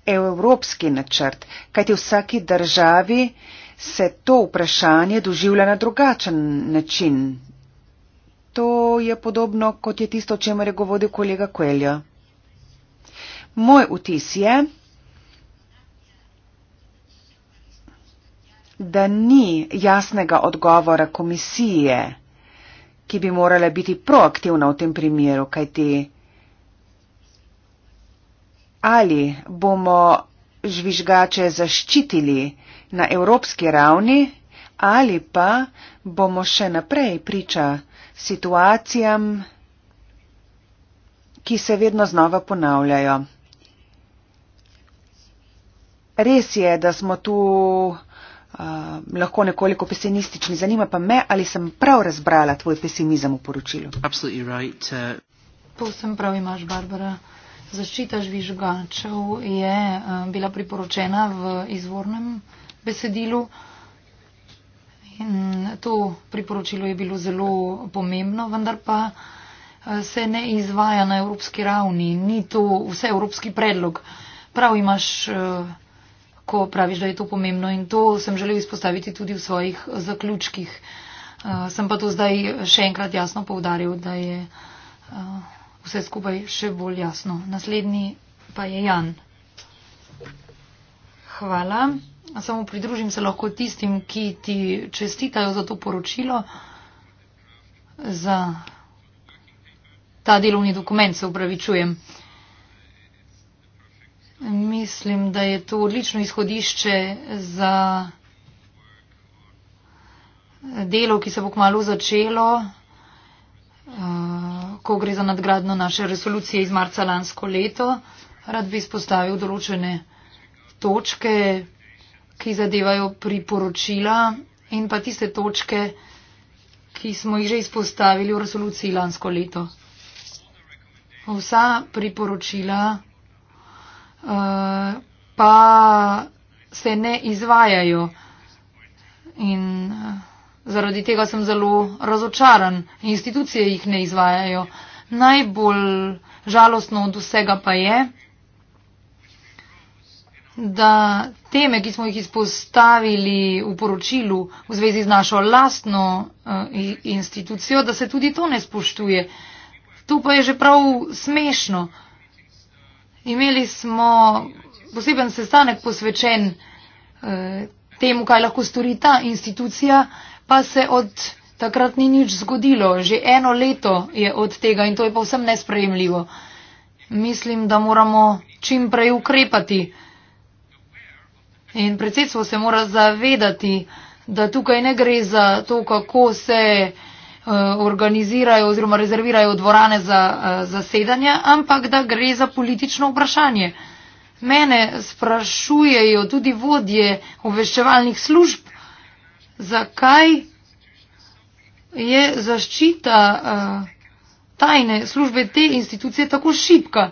evropski načrt, kajti vsaki državi se to vprašanje doživlja na drugačen način. To je podobno, kot je tisto, o čemer je govoril kolega Kueljo. Moj vtis je, da ni jasnega odgovora komisije, ki bi morala biti proaktivna v tem primeru, kajti ali bomo žvižgače zaščitili na evropski ravni ali pa bomo še naprej priča situacijam, ki se vedno znova ponavljajo. Res je, da smo tu uh, lahko nekoliko pesimistični. Zanima pa me, ali sem prav razbrala tvoj pesimizem v poročilu. Absolutno prav. Uh, Povsem prav imaš, Barbara zaščita žvižgačev je eh, bila priporočena v izvornem besedilu. In to priporočilo je bilo zelo pomembno, vendar pa eh, se ne izvaja na evropski ravni. Ni to vse evropski predlog. Prav imaš, eh, ko praviš, da je to pomembno in to sem želel izpostaviti tudi v svojih zaključkih. Sem pa to zdaj še enkrat jasno povdaril, da je vse skupaj še bolj jasno. Naslednji pa je Jan. Hvala. Samo pridružim se lahko tistim, ki ti čestitajo za to poročilo, za ta delovni dokument, se upravičujem. Mislim, da je to odlično izhodišče za delo, ki se bo kmalo začelo. Uh, ko gre za nadgradno naše resolucije iz marca lansko leto, rad bi izpostavil določene točke, ki zadevajo priporočila in pa tiste točke, ki smo jih že izpostavili v resoluciji lansko leto. Vsa priporočila uh, pa se ne izvajajo. In, uh, Zaradi tega sem zelo razočaran. Institucije jih ne izvajajo. Najbolj žalostno od vsega pa je, da teme, ki smo jih izpostavili v poročilu v zvezi z našo lastno uh, institucijo, da se tudi to ne spoštuje. Tu pa je že prav smešno. Imeli smo poseben sestanek posvečen uh, temu, kaj lahko stori ta institucija, pa se od takrat ni nič zgodilo. Že eno leto je od tega in to je povsem nespremljivo. Mislim, da moramo čim prej ukrepati. In predsedstvo se mora zavedati, da tukaj ne gre za to, kako se eh, organizirajo oziroma rezervirajo dvorane za eh, zasedanja, ampak da gre za politično vprašanje. Mene sprašujejo tudi vodje obveščevalnih služb, zakaj je zaščita uh, tajne službe te institucije tako šipka.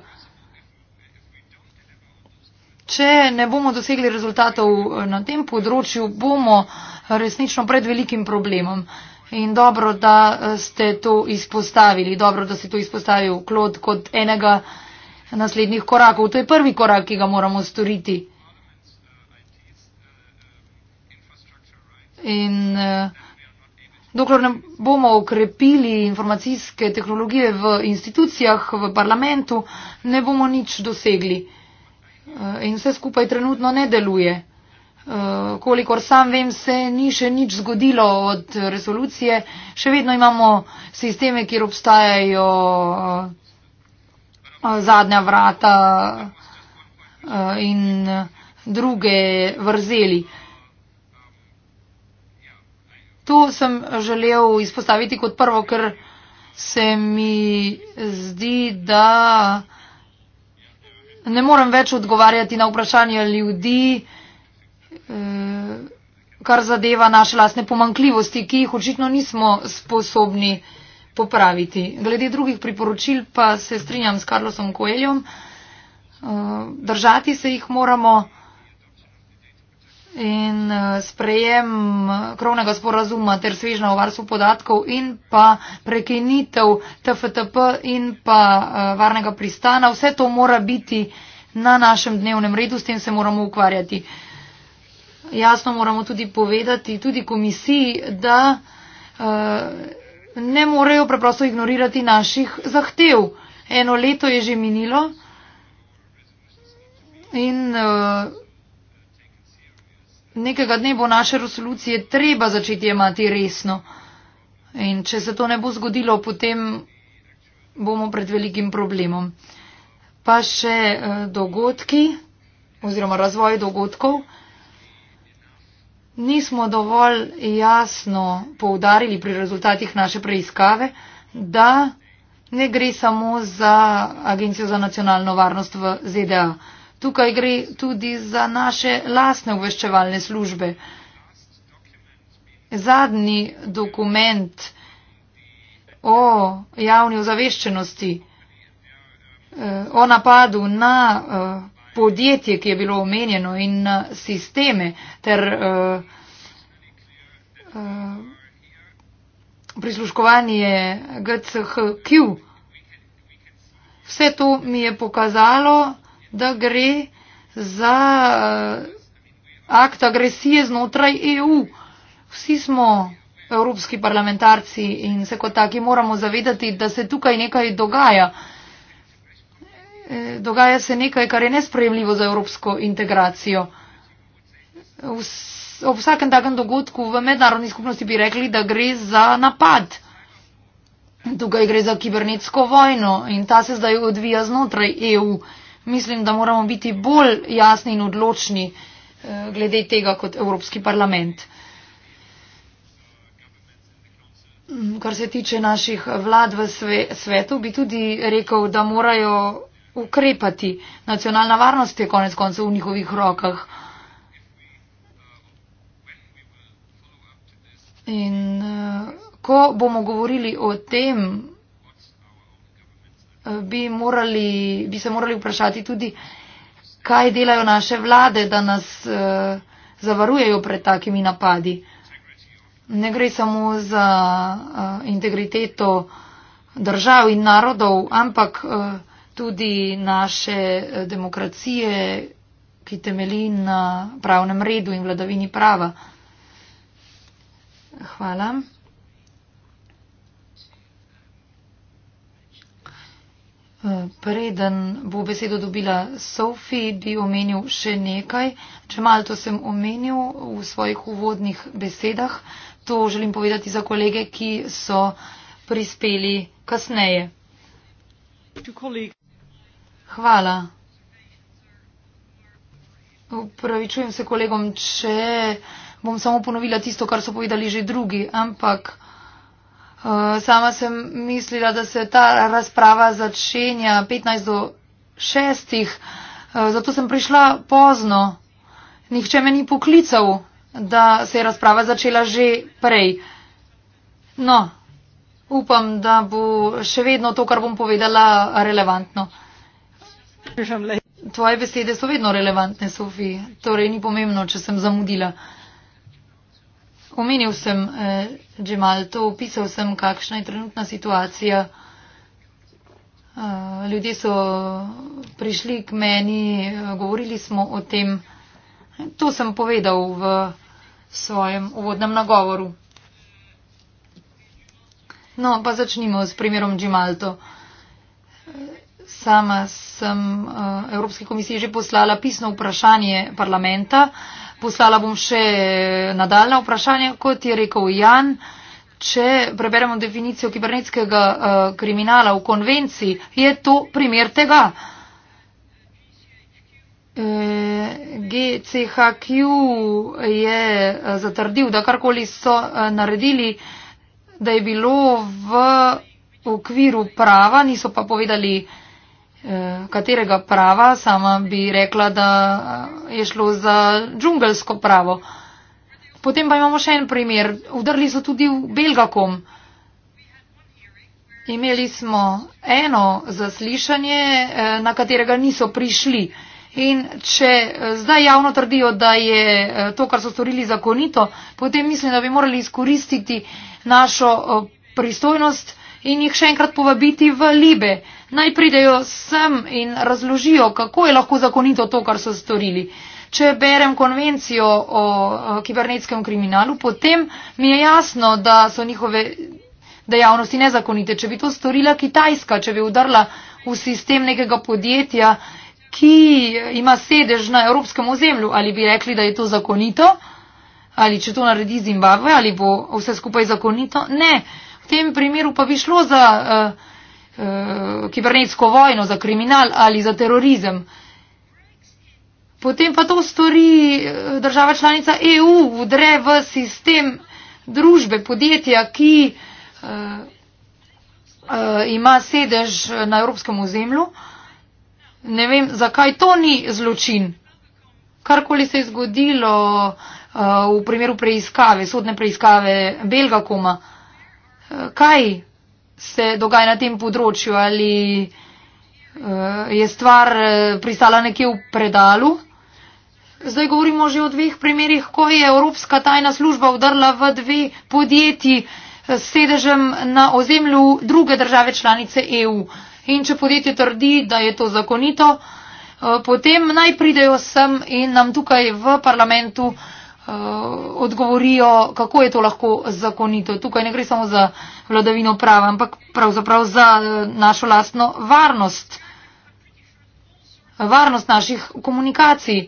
Če ne bomo dosegli rezultatov eh, na tem področju, bomo resnično pred velikim problemom. In dobro, da eh, ste to izpostavili, dobro, da ste to izpostavil Klod kot enega naslednjih korakov. To je prvi korak, ki ga moramo storiti. In eh, dokler ne bomo ukrepili informacijske tehnologije v institucijah, v parlamentu, ne bomo nič dosegli. Eh, in vse skupaj trenutno ne deluje. Eh, kolikor sam vem, se ni še nič zgodilo od resolucije. Še vedno imamo sisteme, kjer obstajajo zadnja vrata in druge vrzeli. To sem želel izpostaviti kot prvo, ker se mi zdi, da ne moram več odgovarjati na vprašanje ljudi, eh, kar zadeva naše lasne pomankljivosti, ki jih očitno nismo sposobni popraviti. Glede drugih priporočil pa se strinjam s Karlosom Koeljom. Eh, držati se jih moramo in eh, sprejem krovnega sporazuma ter svežna o varstvu podatkov in pa prekinitev TFTP in pa eh, varnega pristana. Vse to mora biti na našem dnevnem redu, s tem se moramo ukvarjati. Jasno moramo tudi povedati, tudi komisiji, da eh, ne morejo preprosto ignorirati naših zahtev. Eno leto je že minilo in uh, Nekega dne bo naše resolucije treba začeti imati resno. In če se to ne bo zgodilo, potem bomo pred velikim problemom. Pa še eh, dogodki oziroma razvoj dogodkov. Nismo dovolj jasno poudarili pri rezultatih naše preiskave, da ne gre samo za Agencijo za nacionalno varnost v ZDA. Tukaj gre tudi za naše lasne obveščevalne službe. Zadnji dokument o javni ozaveščenosti, eh, o napadu na eh, podjetje, ki je bilo omenjeno in na eh, sisteme ter prisluškovanje GCHQ. Vse to mi je pokazalo, da gre za eh, akt agresije znotraj EU. Vsi smo evropski parlamentarci in se kot taki moramo zavedati, da se tukaj nekaj dogaja. Eh, dogaja se nekaj, kar je nespremljivo za evropsko integracijo. Ob vsakem takem dogodku v mednarodni skupnosti bi rekli, da gre za napad. Tukaj gre za kibernetsko vojno in ta se zdaj odvija znotraj EU mislim, da moramo biti bolj jasni in odločni eh, glede tega kot Evropski parlament. Mm, kar se tiče naših vlad v svetu, bi tudi rekel, da morajo ukrepati. Nacionalna varnost je konec koncev v njihovih rokah. In eh, ko bomo govorili o tem, bi, morali, bi se morali vprašati tudi, kaj delajo naše vlade, da nas uh, zavarujejo pred takimi napadi. Ne gre samo za uh, integriteto držav in narodov, ampak uh, tudi naše demokracije, ki temeli na pravnem redu in vladavini prava. Hvala. Eh, preden bo besedo dobila Sofi, bi omenil še nekaj. Če malo to sem omenil v svojih uvodnih besedah, to želim povedati za kolege, ki so prispeli kasneje. Hvala. Upravičujem se kolegom, če bom samo ponovila tisto, kar so povedali že drugi, ampak. Eh, sama sem mislila, da se ta razprava začenja 15 do 6, uh, eh, zato sem prišla pozno. Nihče me ni poklical, da se je razprava začela že prej. No, upam, da bo še vedno to, kar bom povedala, relevantno. Tvoje besede so vedno relevantne, Sofi. Torej, ni pomembno, če sem zamudila. Uh, Omenil sem eh, že malo to, opisal sem, kakšna je trenutna situacija. Uh, ljudje so prišli k meni, eh, govorili smo o tem. To sem povedal v svojem uvodnem nagovoru. No, pa začnimo s primerom Džimalto. Sama sem uh, Evropski komisiji že poslala pisno vprašanje parlamenta uh, Poslala bom še nadaljna vprašanja, kot je rekel Jan. Če preberemo definicijo kibernetskega uh, kriminala v konvenciji, je to primer tega. E, eh, GCHQ je eh, zatrdil, da karkoli so uh, naredili, da je bilo v okviru prava, niso pa povedali, uh, Eh, katerega prava, sama bi rekla, da eh, je šlo za džungelsko pravo. Potem pa imamo še en primer. Udrli so tudi v Belgakom. Imeli smo eno zaslišanje, eh, na katerega niso prišli. In če zdaj javno trdijo, da je to, kar so storili zakonito, potem mislim, da bi morali izkoristiti našo pristojnost in jih še enkrat povabiti v Libe naj pridejo sem in razložijo, kako je lahko zakonito to, kar so storili. Če berem konvencijo o kibernetskem kriminalu, potem mi je jasno, da so njihove dejavnosti nezakonite. Če bi to storila Kitajska, če bi udarla v sistem nekega podjetja, ki ima sedež na evropskem ozemlju, ali bi rekli, da je to zakonito, ali če to naredi Zimbabve, ali bo vse skupaj zakonito. Ne, v tem primeru pa bi šlo za. Uh, Eh, kibernetsko vojno, za kriminal ali za terorizem. Potem pa to stori eh, država članica EU, vdre v sistem družbe, podjetja, ki eh, ima sedež na evropskem ozemlju. Ne vem, zakaj to ni zločin. Karkoli se je zgodilo v primeru preiskave, sodne preiskave Belgakoma, kaj se dogaja na tem področju, ali uh, je stvar uh, pristala nekje v predalu. Zdaj govorimo že o dveh primerjih, ko je Evropska tajna služba vdrla v dve podjetji eh, s sedežem na ozemlju druge države članice EU. In če podjetje trdi, da je to zakonito, potem naj pridejo sem in nam tukaj v parlamentu odgovorijo, kako je to lahko zakonito. Tukaj ne gre samo za vladavino prava, ampak pravzaprav za eh, našo lastno varnost, varnost naših komunikacij.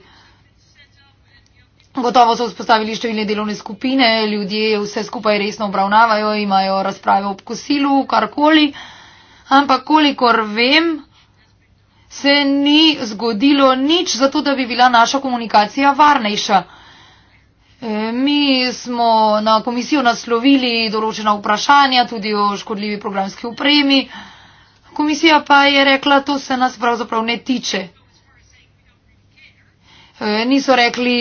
Gotovo so vzpostavili številne delovne skupine, ljudje vse skupaj resno obravnavajo, imajo razprave ob kosilu, karkoli, ampak kolikor vem, se ni zgodilo nič zato, da bi bila naša komunikacija varnejša. Mi smo na komisijo naslovili določena vprašanja tudi o škodljivi programski upremi. Komisija pa je rekla, to se nas pravzaprav ne tiče. E, niso rekli,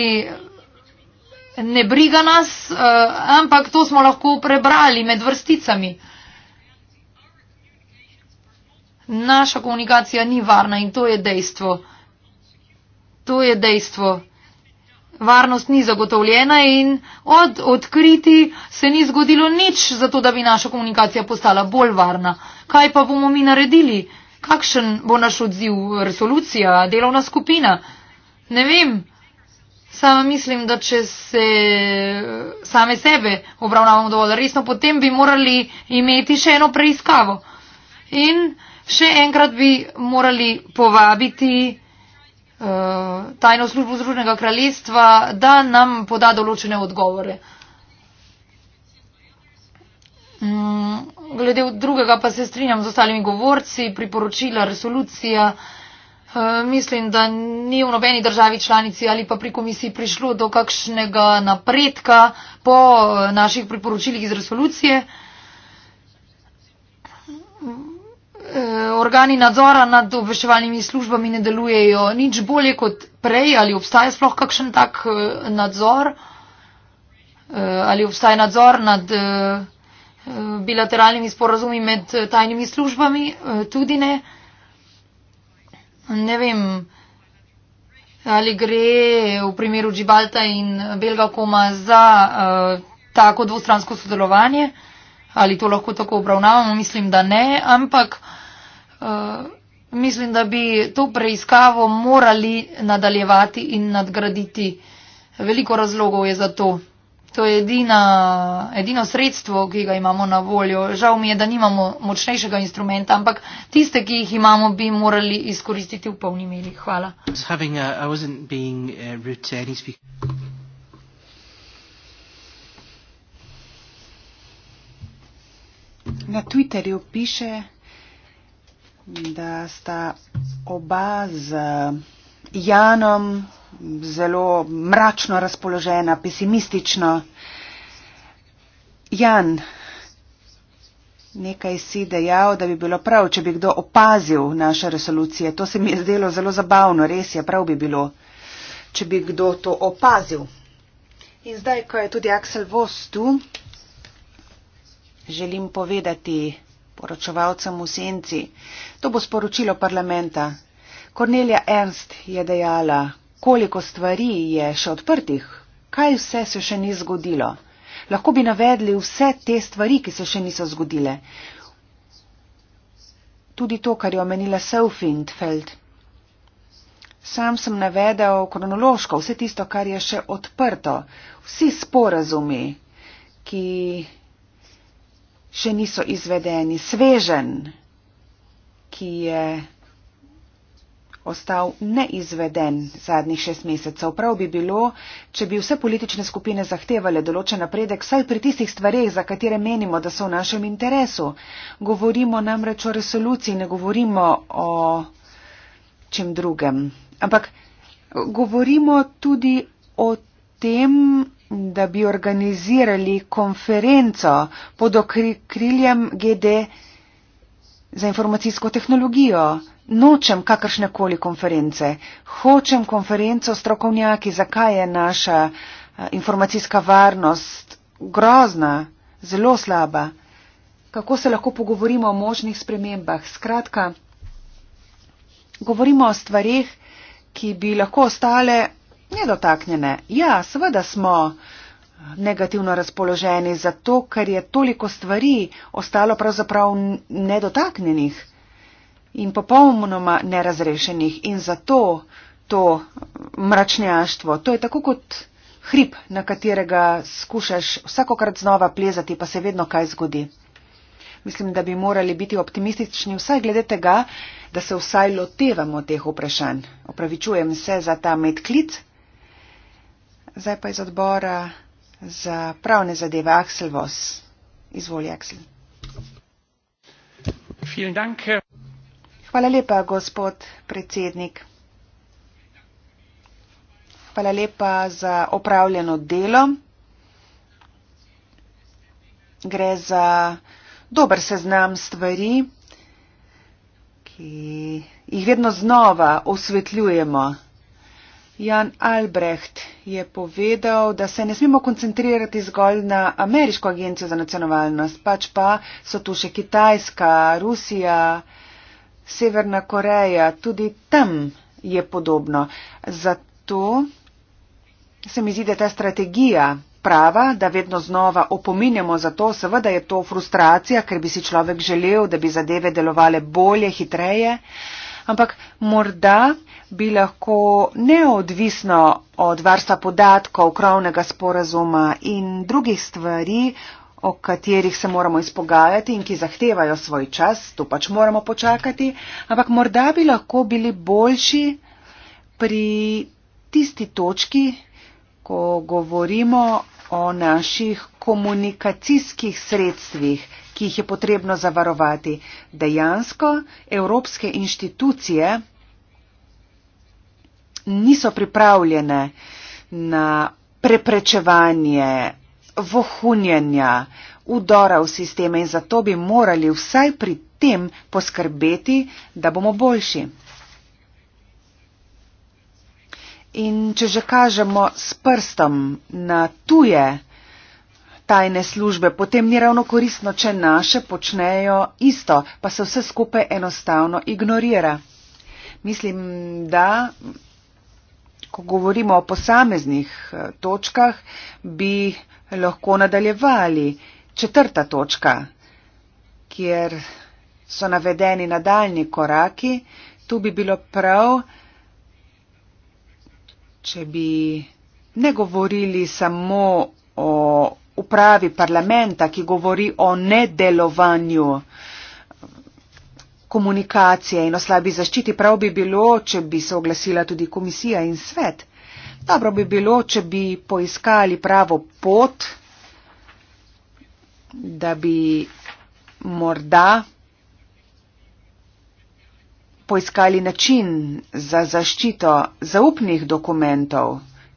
ne briga nas, e, ampak to smo lahko prebrali med vrsticami. Naša komunikacija ni varna in to je dejstvo. To je dejstvo varnost ni zagotovljena in od odkriti se ni zgodilo nič za to, da bi naša komunikacija postala bolj varna. Kaj pa bomo mi naredili? Kakšen bo naš odziv? Resolucija? Delovna skupina? Ne vem. Sama mislim, da če se same sebe obravnavamo dovolj resno, potem bi morali imeti še eno preiskavo. In še enkrat bi morali povabiti uh, tajno službo Združenega kraljestva, da nam poda določene odgovore. Mm, glede od drugega pa se strinjam z ostalimi govorci, priporočila, resolucija. Uh, mislim, da ni v nobeni državi članici ali pa pri komisiji prišlo do kakšnega napredka po eh, naših priporočilih iz resolucije. Eh, organi nadzora nad obveščevalnimi službami ne delujejo nič bolje kot prej, ali obstaja sploh kakšen tak eh, nadzor, eh, ali obstaja nadzor nad bilateralnimi sporazumi med tajnimi službami, tudi ne. Ne vem, ali gre v primeru Džibalta in Belga Koma za tako dvostransko sodelovanje, ali to lahko tako obravnavamo, mislim, da ne, ampak. Eh, mislim, da bi to preiskavo morali nadaljevati in nadgraditi. Veliko razlogov je za to. To je edina, edino sredstvo, ki ga imamo na voljo. Žal mi je, da nimamo močnejšega instrumenta, ampak tiste, ki jih imamo, bi morali izkoristiti v polni meri. Hvala. Uh, na Twitterju piše da sta oba z Janom zelo mračno razpoložena, pesimistično. Jan, nekaj si dejal, da bi bilo prav, če bi kdo opazil naše resolucije. To se mi je zdelo zelo zabavno, res je, prav bi bilo, če bi kdo to opazil. In zdaj, ko je tudi Aksel Vos tu, želim povedati, poročevalcem v senci. To bo sporočilo parlamenta. Kornelija Ernst je dejala, koliko stvari je še odprtih, kaj vse se še ni zgodilo. Lahko bi navedli vse te stvari, ki se še niso zgodile. Tudi to, kar je omenila Seufindfeld. Sam sem navedel kronološko vse tisto, kar je še odprto, vsi sporazumi, ki še niso izvedeni, svežen, ki je ostal neizveden zadnjih šest mesecev. Prav bi bilo, če bi vse politične skupine zahtevale določen napredek, saj pri tistih stvarih, za katere menimo, da so v našem interesu. Govorimo namreč o resoluciji, ne govorimo o čem drugem. Ampak govorimo tudi o tem, da bi organizirali konferenco pod okriljem GD za informacijsko tehnologijo. Nočem kakršnekoli konference. Hočem konferenco strokovnjaki, zakaj je naša eh, informacijska varnost grozna, zelo slaba. Kako se lahko pogovorimo o možnih spremembah. Skratka, govorimo o stvarih, ki bi lahko ostale nedotaknjene. Ja, seveda smo negativno razpoloženi zato, ker je toliko stvari ostalo pravzaprav nedotaknjenih in popolnoma nerazrešenih in zato to mračnjaštvo. To je tako kot hrib, na katerega skušaš vsakokrat znova plezati, pa se vedno kaj zgodi. Mislim, da bi morali biti optimistični vsaj glede tega, da se vsaj lotevamo teh vprašanj. Opravičujem se za ta medklic. Zdaj pa iz odbora za pravne zadeve Aksel Vos. Izvoli, Aksel. Hvala lepa, gospod predsednik. Hvala lepa za opravljeno delo. Gre za dober seznam stvari, ki jih vedno znova osvetljujemo. Jan Albrecht je povedal, da se ne smemo koncentrirati zgolj na ameriško agencijo za nacionalnost, pač pa so tu še Kitajska, Rusija, Severna Koreja, tudi tam je podobno. Zato se mi zdi, da je ta strategija prava, da vedno znova opominjamo za to, seveda je to frustracija, ker bi si človek želel, da bi zadeve delovale bolje, hitreje, ampak morda bi lahko neodvisno od varstva podatkov, krovnega sporazuma in drugih stvari, o katerih se moramo izpogajati in ki zahtevajo svoj čas, tu pač moramo počakati, ampak morda bi lahko bili boljši pri tisti točki, ko govorimo o naših komunikacijskih sredstvih, ki jih je potrebno zavarovati. Dejansko evropske inštitucije niso pripravljene na preprečevanje vohunjenja, udora v sisteme in zato bi morali vsaj pri tem poskrbeti, da bomo boljši. In če že kažemo s prstom na tuje tajne službe, potem ni ravno koristno, če naše počnejo isto, pa se vse skupaj enostavno ignorira. Mislim, da ko govorimo o posameznih eh, točkah, bi lahko nadaljevali. Četrta točka, kjer so navedeni nadaljni koraki, tu bi bilo prav, če bi ne govorili samo o upravi parlamenta, ki govori o nedelovanju komunikacije in o slabi zaščiti. Prav bi bilo, če bi se oglasila tudi komisija in svet. Dobro bi bilo, če bi poiskali pravo pot, da bi morda poiskali način za zaščito zaupnih dokumentov,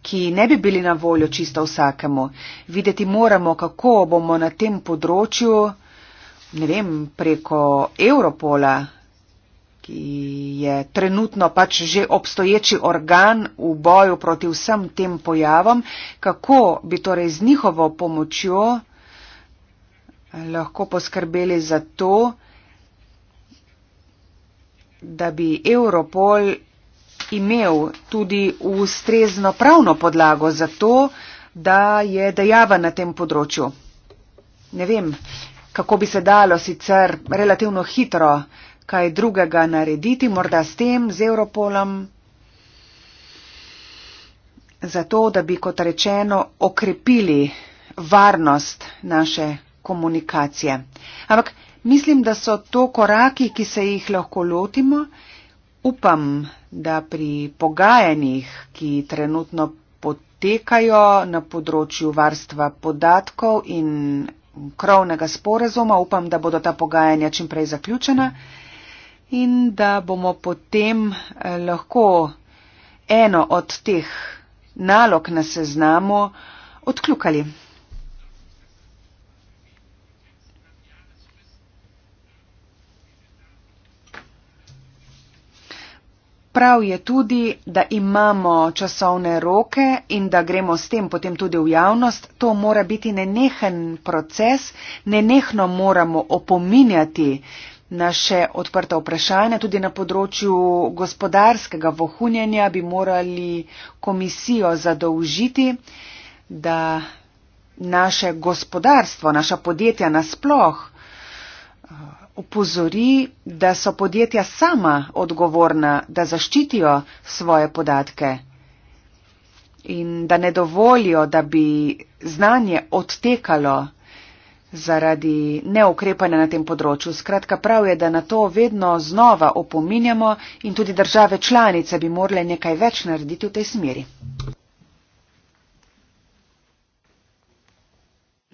ki ne bi bili na voljo čisto vsakemu. Videti moramo, kako bomo na tem področju ne vem, preko Europola, ki je trenutno pač že obstoječi organ v boju proti vsem tem pojavom, kako bi torej z njihovo pomočjo lahko poskrbeli za to, da bi Europol imel tudi ustrezno pravno podlago za to, da je dejava na tem področju. Ne vem, kako bi se dalo sicer relativno hitro kaj drugega narediti, morda s tem, z Europolom, zato da bi, kot rečeno, okrepili varnost naše komunikacije. Ampak mislim, da so to koraki, ki se jih lahko lotimo. Upam, da pri pogajanjih, ki trenutno potekajo na področju varstva podatkov in krovnega sporazuma, upam, da bodo ta pogajanja čim prej zaključena in da bomo potem eh, lahko eno od teh nalog na seznamu odkljukali. prav je tudi, da imamo časovne roke in da gremo s tem potem tudi v javnost. To mora biti nenehen proces, nenehno moramo opominjati naše odprta vprašanja. Tudi na področju gospodarskega vohunjenja bi morali komisijo zadolžiti, da naše gospodarstvo, naša podjetja nasploh upozori, da so podjetja sama odgovorna, da zaščitijo svoje podatke in da ne dovolijo, da bi znanje odtekalo zaradi neukrepanja na tem področju. Skratka, prav je, da na to vedno znova opominjamo in tudi države članice bi morale nekaj več narediti v tej smeri.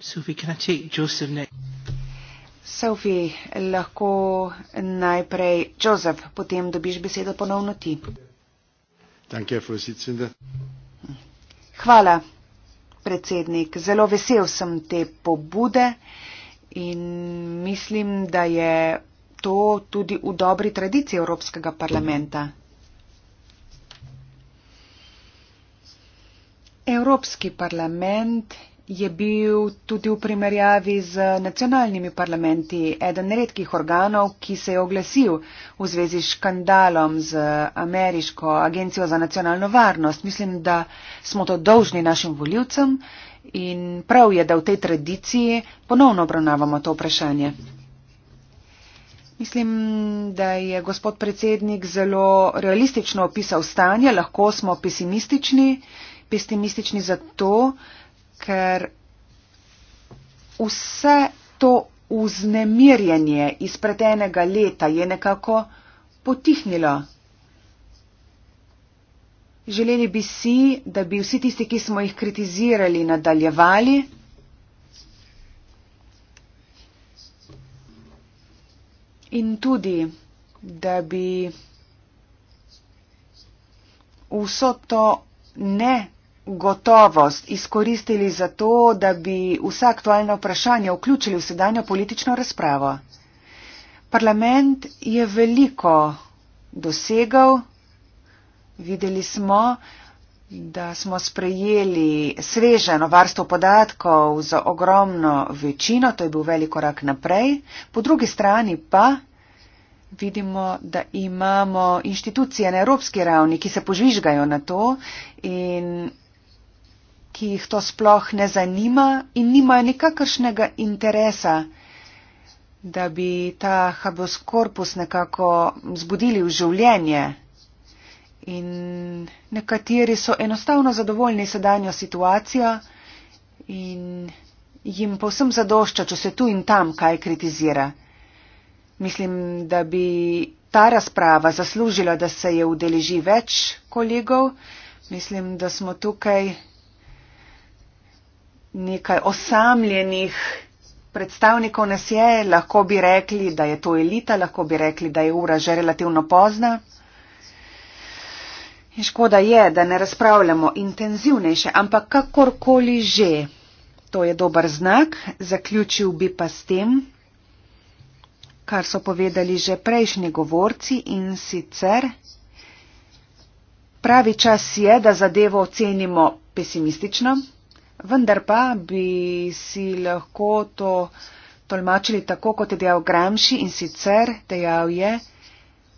So we can take Joseph next. Sophie, lahko najprej Joseph, potem dobiš besedo ponovno ti. Hvala, predsednik. Zelo vesel sem te pobude in mislim, da je to tudi v dobri tradiciji Evropskega parlamenta. Evropski parlament je bil tudi v primerjavi z nacionalnimi parlamenti eden redkih organov, ki se je oglasil v zvezi s škandalom z Ameriško agencijo za nacionalno varnost. Mislim, da smo to dolžni našim voljivcem in prav je, da v tej tradiciji ponovno obravnavamo to vprašanje. Mislim, da je gospod predsednik zelo realistično opisal stanje, lahko smo pesimistični, pesimistični zato, ker vse to uznemirjanje iz pretenega leta je nekako potihnilo. Želeli bi si, da bi vsi tisti, ki smo jih kritizirali, nadaljevali. In tudi, da bi vso to ne gotovost izkoristili za to, da bi vsa aktualna vprašanja vključili v sedanjo politično razpravo. Parlament je veliko dosegal. Videli smo, da smo sprejeli sveženo varstvo podatkov za ogromno večino, to je bil velik korak naprej. Po drugi strani pa vidimo, da imamo inštitucije na evropski ravni, ki se požvižgajo na to in ki jih to sploh ne zanima in nimajo nikakršnega interesa, da bi ta habeus corpus nekako zbudili v življenje. In nekateri so enostavno zadovoljni sedanjo situacijo in jim povsem zadošča, če se tu in tam kaj kritizira. Mislim, da bi ta razprava zaslužila, da se je udeleži več kolegov. Mislim, da smo tukaj nekaj osamljenih predstavnikov nas je, lahko bi rekli, da je to elita, lahko bi rekli, da je ura že relativno pozna. In škoda je, da ne razpravljamo intenzivnejše, ampak kakorkoli že, to je dober znak, zaključil bi pa s tem, kar so povedali že prejšnji govorci in sicer pravi čas je, da zadevo ocenimo pesimistično vendar pa bi si lahko to tolmačili tako, kot je dejal Gramši in sicer dejal je,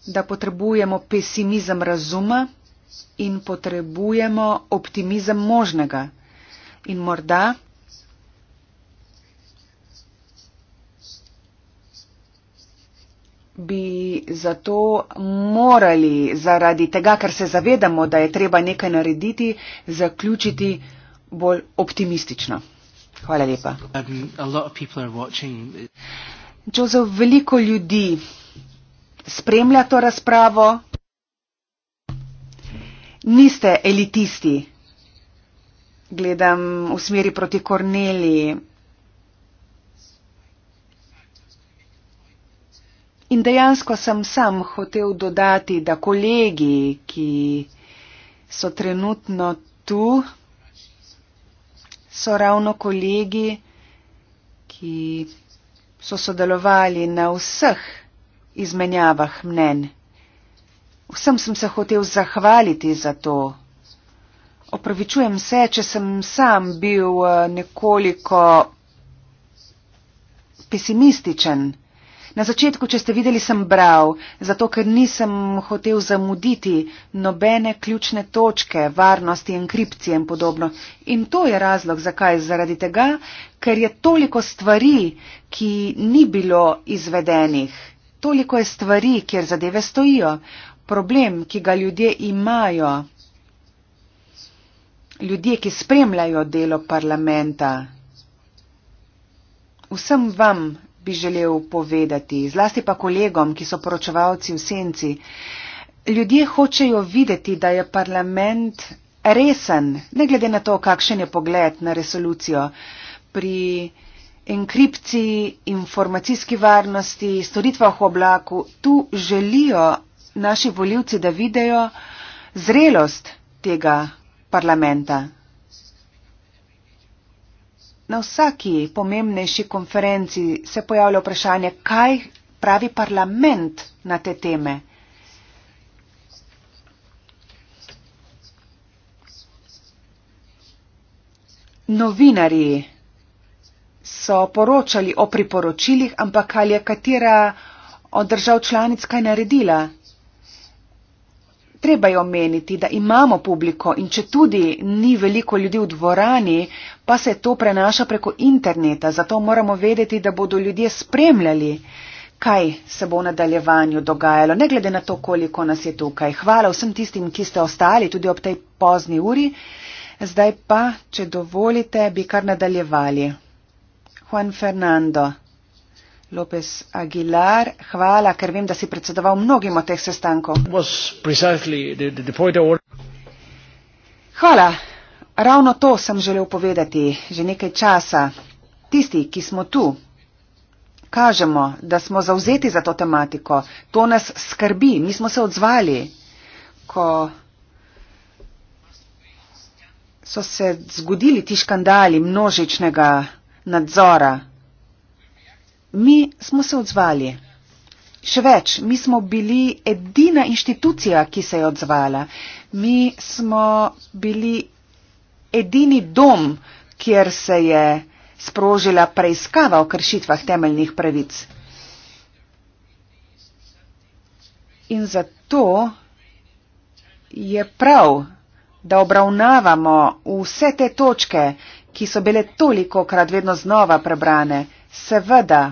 da potrebujemo pesimizem razuma in potrebujemo optimizem možnega. In morda bi zato morali zaradi tega, ker se zavedamo, da je treba nekaj narediti, zaključiti. Mhm bolj optimistično. Hvala lepa. Čozo, um, veliko ljudi spremlja to razpravo. Niste elitisti. Gledam v smeri proti Korneliji. In dejansko sem sam hotel dodati, da kolegi, ki so trenutno tu, so ravno kolegi, ki so sodelovali na vseh izmenjavah mnen. Vsem sem se hotel zahvaliti za to. Opravičujem se, če sem sam bil eh, nekoliko pesimističen. Na začetku, če ste videli, sem bral, zato ker nisem hotel zamuditi nobene ključne točke varnosti, enkripcije in podobno. In to je razlog, zakaj. Zaradi tega, ker je toliko stvari, ki ni bilo izvedenih, toliko je stvari, kjer zadeve stojijo. Problem, ki ga ljudje imajo, ljudje, ki spremljajo delo parlamenta. Vsem vam, bi želel povedati, zlasti pa kolegom, ki so poročevalci v senci. Ljudje hočejo videti, da je parlament resen, ne glede na to, kakšen je pogled na resolucijo. Pri enkripciji, informacijski varnosti, storitvah v oblaku, tu želijo naši voljivci, da vidijo zrelost tega parlamenta na vsaki pomembnejši konferenci se pojavlja vprašanje, kaj pravi parlament na te teme. Novinari so poročali o priporočilih, ampak ali je katera od držav članic kaj naredila? treba je omeniti, da imamo publiko in če tudi ni veliko ljudi v dvorani, pa se to prenaša preko interneta, zato moramo vedeti, da bodo ljudje spremljali, kaj se bo v nadaljevanju dogajalo, ne glede na to, koliko nas je tukaj. Hvala vsem tistim, ki ste ostali tudi ob tej pozni uri. Zdaj pa, če dovolite, bi kar nadaljevali. Juan Fernando. López Aguilar, hvala, ker vem, da si predsedoval mnogim od teh sestankov. Hvala. Ravno to sem želel povedati že nekaj časa. Tisti, ki smo tu, kažemo, da smo zauzeti za to tematiko. To nas skrbi. Mi smo se odzvali, ko so se zgodili ti škandali množičnega nadzora mi smo se odzvali. Še več, mi smo bili edina inštitucija, ki se je odzvala. Mi smo bili edini dom, kjer se je sprožila preiskava o kršitvah temeljnih pravic. In zato je prav, da obravnavamo vse te točke, ki so bile toliko krat vedno znova prebrane. Seveda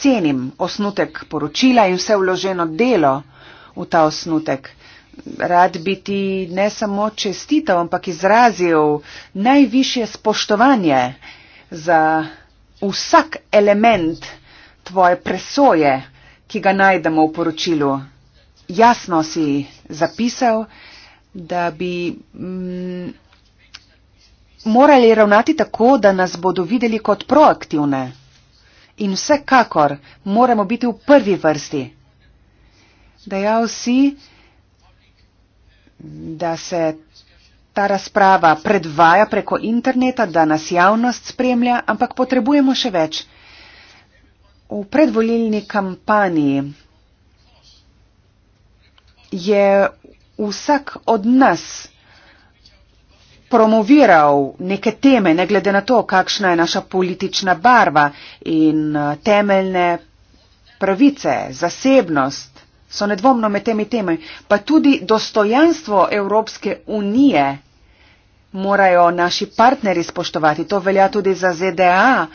cenim osnutek poročila in vse vloženo delo v ta osnutek. Rad bi ti ne samo čestital, ampak izrazil najviše spoštovanje za vsak element tvoje presoje, ki ga najdemo v poročilu. Jasno si zapisal, da bi mm, morali ravnati tako, da nas bodo videli kot proaktivne in vsekakor moramo biti v prvi vrsti. Dejal si, da se ta razprava predvaja preko interneta, da nas javnost spremlja, ampak potrebujemo še več. V predvolilni kampanji je vsak od nas promoviral neke teme, ne glede na to, kakšna je naša politična barva in eh, temeljne pravice, zasebnost, so nedvomno med temi temami, pa tudi dostojanstvo Evropske unije morajo naši partneri spoštovati. To velja tudi za ZDA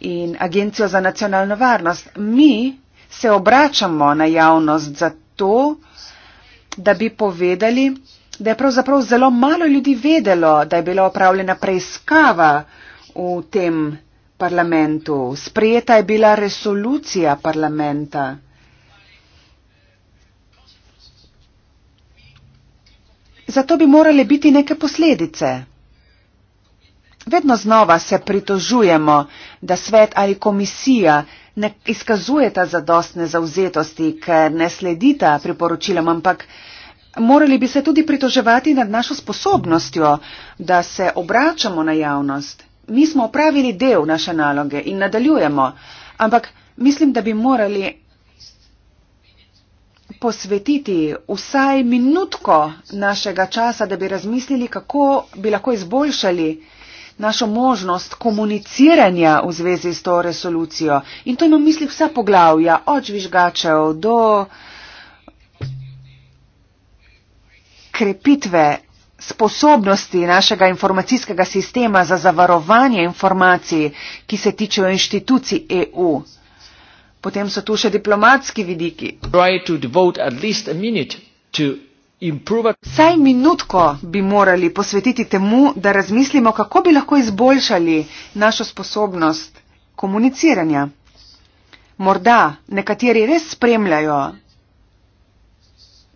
in Agencijo za nacionalno varnost. Mi se obračamo na javnost za to, da bi povedali, da je pravzaprav zelo malo ljudi vedelo, da je bila opravljena preiskava v tem parlamentu. Sprejeta je bila resolucija parlamenta. Zato bi morale biti neke posledice. Vedno znova se pritožujemo, da svet ali komisija ne izkazujeta zadostne zauzetosti, ker ne sledita priporočilom, ampak Morali bi se tudi pritoževati nad našo sposobnostjo, da se obračamo na javnost. Mi smo opravili del naše naloge in nadaljujemo, ampak mislim, da bi morali posvetiti vsaj minutko našega časa, da bi razmislili, kako bi lahko izboljšali našo možnost komuniciranja v zvezi s to resolucijo. In to ima v mislih vsa poglavja, od žvižgačev do. krepitve sposobnosti našega informacijskega sistema za zavarovanje informacij, ki se tičejo inštitucij EU. Potem so tu še diplomatski vidiki. Saj minutko bi morali posvetiti temu, da razmislimo, kako bi lahko izboljšali našo sposobnost komuniciranja. Morda nekateri res spremljajo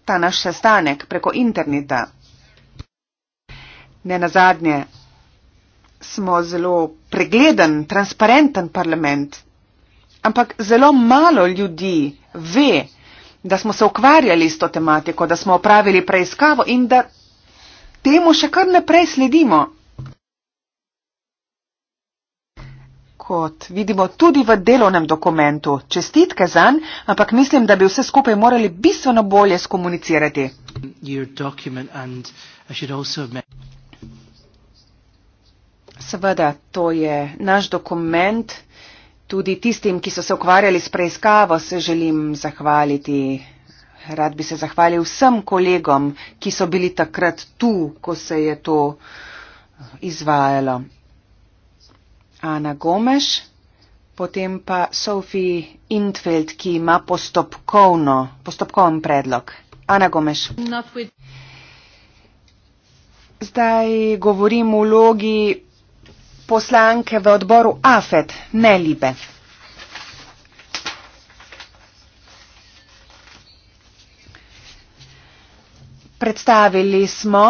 ta naš sestanek preko interneta. Ne na zadnje smo zelo pregleden, transparenten parlament, ampak zelo malo ljudi ve, da smo se ukvarjali s to tematiko, da smo opravili preiskavo in da temu še kar naprej sledimo. kot vidimo tudi v delovnem dokumentu. Čestitke za njega, ampak mislim, da bi vse skupaj morali bistveno bolje skomunicirati. Seveda, to je naš dokument. Tudi tistim, ki so se ukvarjali s preiskavo, se želim zahvaliti. Rad bi se zahvalil vsem kolegom, ki so bili takrat tu, ko se je to eh, izvajalo. Ana Gomes, potem pa Sophie Intfeld, ki ima postopkovno, postopkovni predlog. Ana Gomes. Zdaj govorim v logi poslanke v odboru AFED, ne Libe. Predstavili smo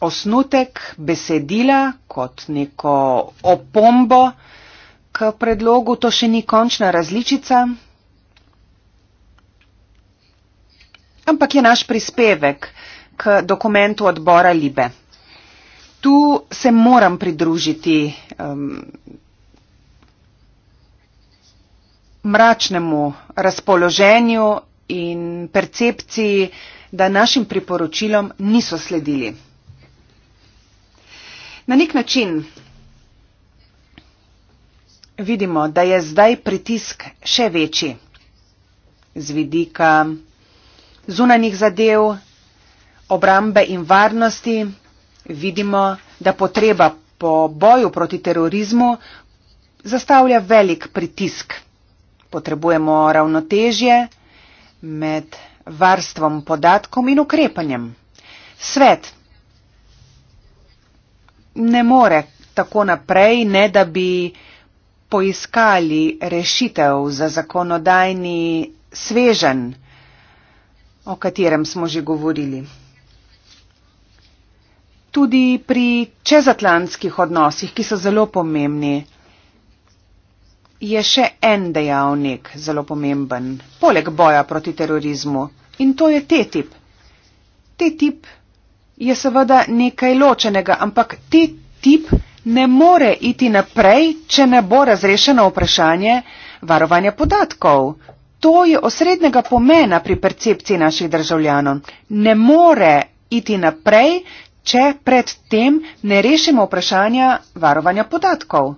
osnutek besedila kot neko opombo k predlogu, to še ni končna različica, ampak je naš prispevek k dokumentu odbora Libe. Tu se moram pridružiti um, mračnemu razpoloženju in percepciji, da našim priporočilom niso sledili na nek način vidimo, da je zdaj pritisk še večji z vidika zunanjih zadev, obrambe in varnosti. Vidimo, da potreba po boju proti terorizmu zastavlja velik pritisk. Potrebujemo ravnotežje med varstvom podatkom in ukrepanjem. Svet ne more tako naprej, ne da bi poiskali rešitev za zakonodajni svežen, o katerem smo že govorili. Tudi pri čezatlantskih odnosih, ki so zelo pomembni, je še en dejavnik zelo pomemben, poleg boja proti terorizmu. In to je TTIP. TTIP je seveda nekaj ločenega, ampak ti tip ne more iti naprej, če ne bo razrešeno vprašanje varovanja podatkov. To je osrednjega pomena pri percepciji naših državljanov. Ne more iti naprej, če predtem ne rešimo vprašanja varovanja podatkov.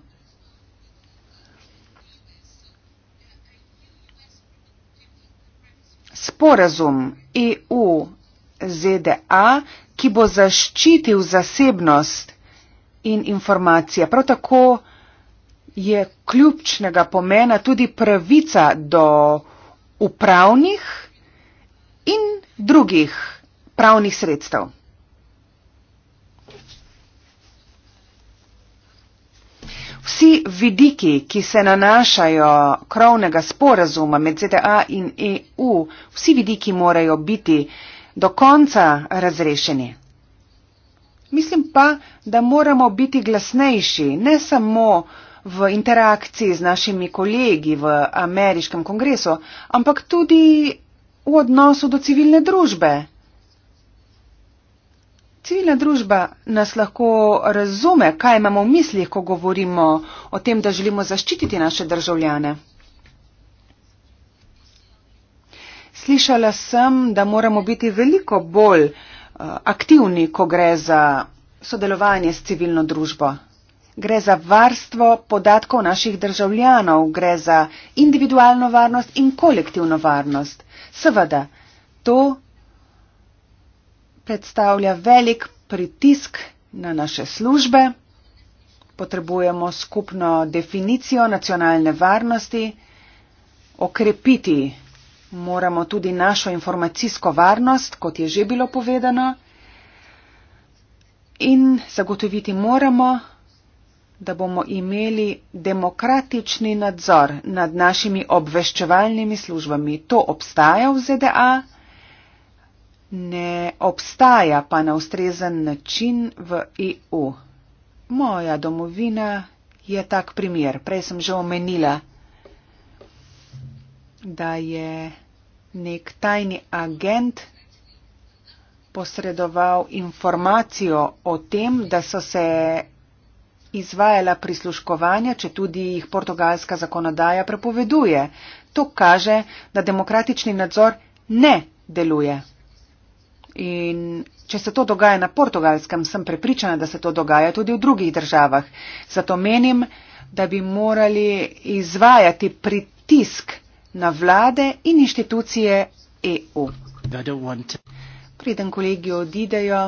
Sporazum EU ZDA, ki bo zaščitil zasebnost in informacije. Prav tako je ključnega pomena tudi pravica do upravnih in drugih pravnih sredstev. Vsi vidiki, ki se nanašajo krovnega sporazuma med ZDA in EU, vsi vidiki morajo biti uh, do konca razrešeni. Mislim pa, da moramo biti glasnejši, ne samo v interakciji z našimi kolegi v ameriškem kongresu, ampak tudi v odnosu do civilne družbe. Civilna družba nas lahko razume, kaj imamo v mislih, ko govorimo o tem, da želimo zaščititi naše državljane. slišala sem, da moramo biti veliko bolj uh, aktivni, ko gre za sodelovanje s civilno družbo. Gre za varstvo podatkov naših državljanov, gre za individualno varnost in kolektivno varnost. Seveda, to predstavlja velik pritisk na naše službe. Potrebujemo skupno definicijo nacionalne varnosti, okrepiti moramo tudi našo informacijsko varnost, kot je že bilo povedano, in zagotoviti moramo, da bomo imeli demokratični nadzor nad našimi obveščevalnimi službami. To obstaja v ZDA, ne obstaja pa na ustrezen način v EU. Moja domovina je tak primer, prej sem že omenila da je nek tajni agent posredoval informacijo o tem, da so se izvajala prisluškovanja, če tudi jih portugalska zakonodaja prepoveduje. To kaže, da demokratični nadzor ne deluje. In če se to dogaja na portugalskem, sem prepričana, da se to dogaja tudi v drugih državah. Zato menim, da bi morali izvajati pritisk na vlade in inštitucije EU. Preden kolegi odidejo,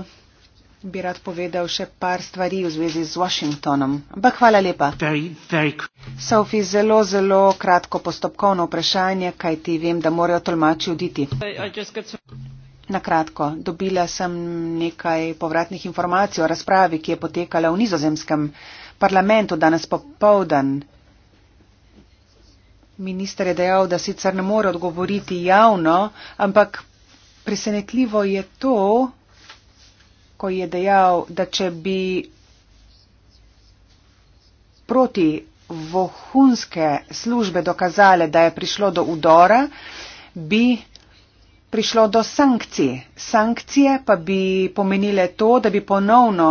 bi rad povedal še par stvari v zvezi z Washingtonom. Ampak hvala lepa. Very, very Sophie, zelo, zelo kratko postopkovno vprašanje, kaj ti vem, da morajo tolmači oditi. Na kratko, dobila sem nekaj povratnih informacij o razpravi, ki je potekala v nizozemskem parlamentu danes popovdan. Minister je dejal, da sicer ne more odgovoriti javno, ampak presenetljivo je to, ko je dejal, da če bi proti vohunske službe dokazale, da je prišlo do udora, bi prišlo do sankcij. Sankcije pa bi pomenile to, da bi ponovno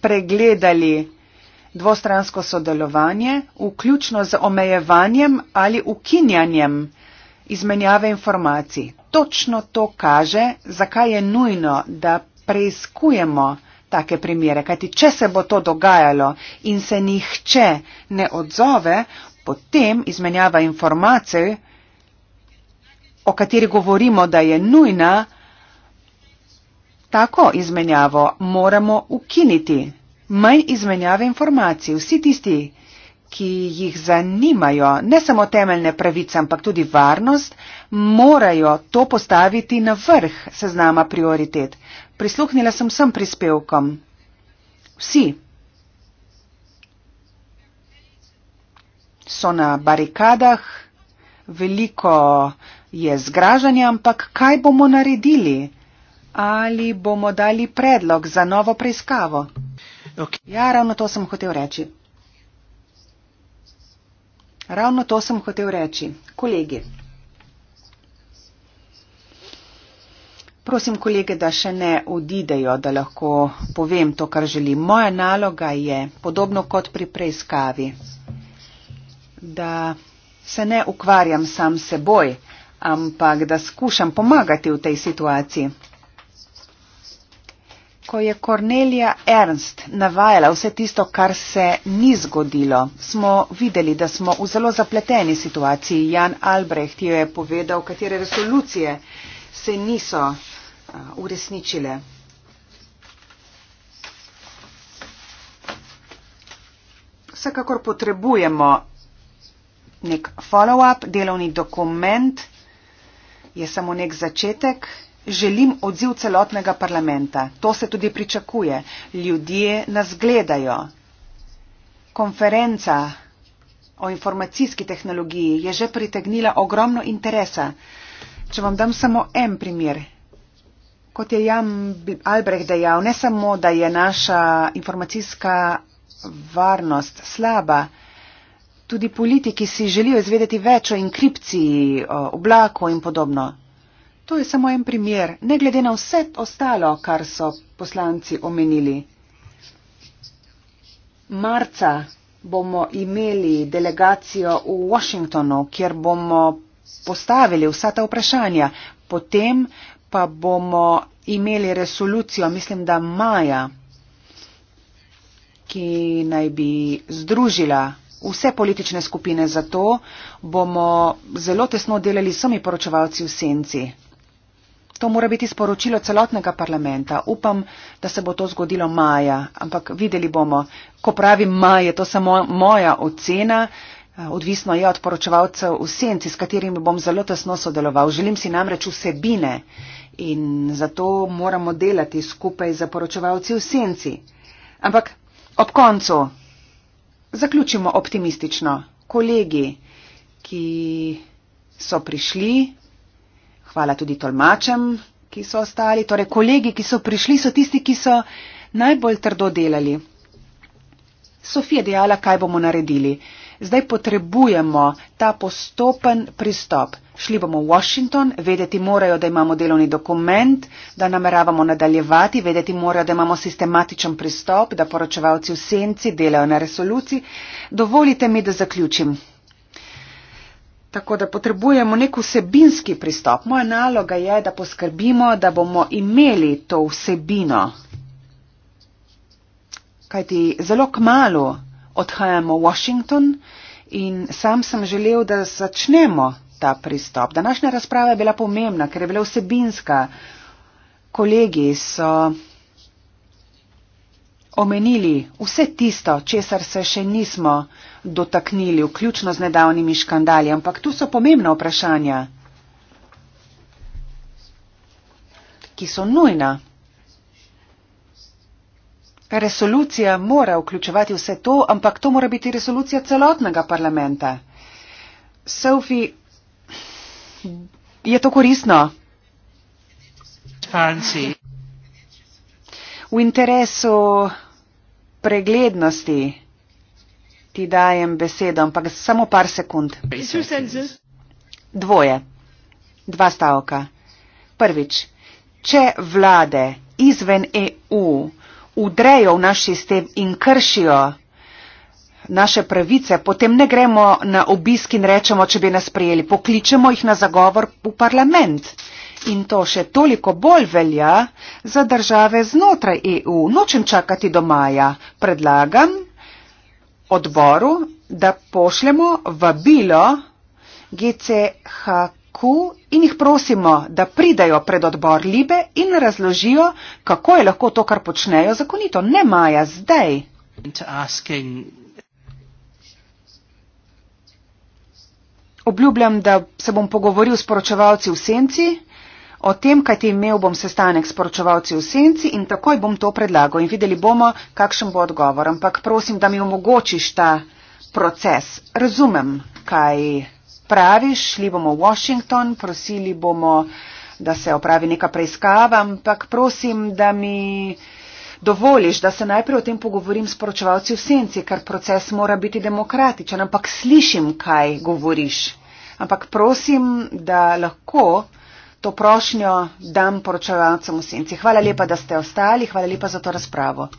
pregledali dvostransko sodelovanje, vključno z omejevanjem ali ukinjanjem izmenjave informacij. Točno to kaže, zakaj je nujno, da preizkujemo take primere, kajti če se bo to dogajalo in se nihče ne odzove, potem izmenjava informacij, o kateri govorimo, da je nujna, tako izmenjavo moramo ukiniti manj izmenjave informacij. Vsi tisti, ki jih zanimajo ne samo temeljne pravice, ampak tudi varnost, morajo to postaviti na vrh seznama prioritet. Prisluhnila sem vsem prispevkom. Vsi so na barikadah, veliko je zgražanja, ampak kaj bomo naredili? Ali bomo dali predlog za novo preiskavo? Okay. Ja, ravno to sem hotel reči. Ravno to sem hotel reči. Kolegi. Prosim kolege, da še ne odidejo, da lahko povem to, kar želim. Moja naloga je, podobno kot pri preiskavi, da se ne ukvarjam sam seboj, ampak da skušam pomagati v tej situaciji ko je Kornelija Ernst navajala vse tisto, kar se ni zgodilo, smo videli, da smo v zelo zapleteni situaciji. Jan Albrecht je povedal, katere resolucije se niso uresničile. Vsekakor potrebujemo nek follow-up, delovni dokument je samo nek začetek, želim odziv celotnega parlamenta. To se tudi pričakuje. Ljudje nas gledajo. Konferenca o informacijski tehnologiji je že pritegnila ogromno interesa. Če vam dam samo en primer. Kot je Jan Albrecht dejal, ne samo, da je naša informacijska varnost slaba, tudi politiki si želijo izvedeti več o inkripciji, o oblaku in podobno. To je samo en primer, ne glede na vse ostalo, kar so poslanci omenili. Marca bomo imeli delegacijo v Washingtonu, kjer bomo postavili vsa ta vprašanja, potem pa bomo imeli resolucijo, mislim, da maja, ki naj bi združila vse politične skupine za to, bomo zelo tesno delali s vsemi poročevalci v senci. To mora biti sporočilo celotnega parlamenta. Upam, da se bo to zgodilo maja, ampak videli bomo. Ko pravim maja, je to samo moja ocena. Eh, odvisno je od poročevalcev v senci, s katerimi bom zelo tesno sodeloval. Želim si namreč vsebine in zato moramo delati skupaj za poročevalci v senci. Ampak ob koncu zaključimo optimistično. Kolegi, ki so prišli Hvala tudi tolmačem, ki so ostali. Torej, kolegi, ki so prišli, so tisti, ki so najbolj trdo delali. Sofija dejala, kaj bomo naredili. Zdaj potrebujemo ta postopen pristop. Šli bomo v Washington, vedeti morajo, da imamo delovni dokument, da nameravamo nadaljevati, vedeti morajo, da imamo sistematičen pristop, da poročevalci v senci delajo na resoluciji. Dovolite mi, da zaključim. Tako da potrebujemo nek vsebinski pristop. Moja naloga je, da poskrbimo, da bomo imeli to vsebino. Kajti zelo k malu odhajamo v Washington in sam sem želel, da začnemo ta pristop. Današnja razprava je bila pomembna, ker je bila vsebinska. Kolegi so omenili vse tisto, česar se še nismo dotaknili, vključno z nedavnimi škandali, ampak tu so pomembna vprašanja, ki so nujna. Resolucija mora vključevati vse to, ampak to mora biti resolucija celotnega parlamenta. Sofi, je to koristno? Fancy. V interesu preglednosti ti dajem besedo, ampak samo par sekund. Dvoje. Dva stavka. Prvič, če vlade izven EU udrejo v naš sistem in kršijo naše pravice, potem ne gremo na obisk in rečemo, če bi nas prijeli. Pokličemo jih na zagovor v parlament. In to še toliko bolj velja za države znotraj EU. Nočem čakati do maja. Predlagam, odboru, da pošljemo vabilo GCHQ in jih prosimo, da pridajo pred odbor Libe in razložijo, kako je lahko to, kar počnejo, zakonito. Ne maja zdaj. Obljubljam, da se bom pogovoril s poročevalci v senci. O tem, kaj ti imel bom sestanek s poročevalci v senci in takoj bom to predlagal in videli bomo, kakšen bo odgovor. Ampak prosim, da mi omogočiš ta proces. Razumem, kaj praviš, šli bomo v Washington, prosili bomo, da se opravi neka preiskava, ampak prosim, da mi dovoliš, da se najprej o tem pogovorim s poročevalci v senci, ker proces mora biti demokratičen, ampak slišim, kaj govoriš. Ampak prosim, da lahko to prošnjo dam poročevalcem v senci. Hvala lepa, da ste ostali, hvala lepa za to razpravo.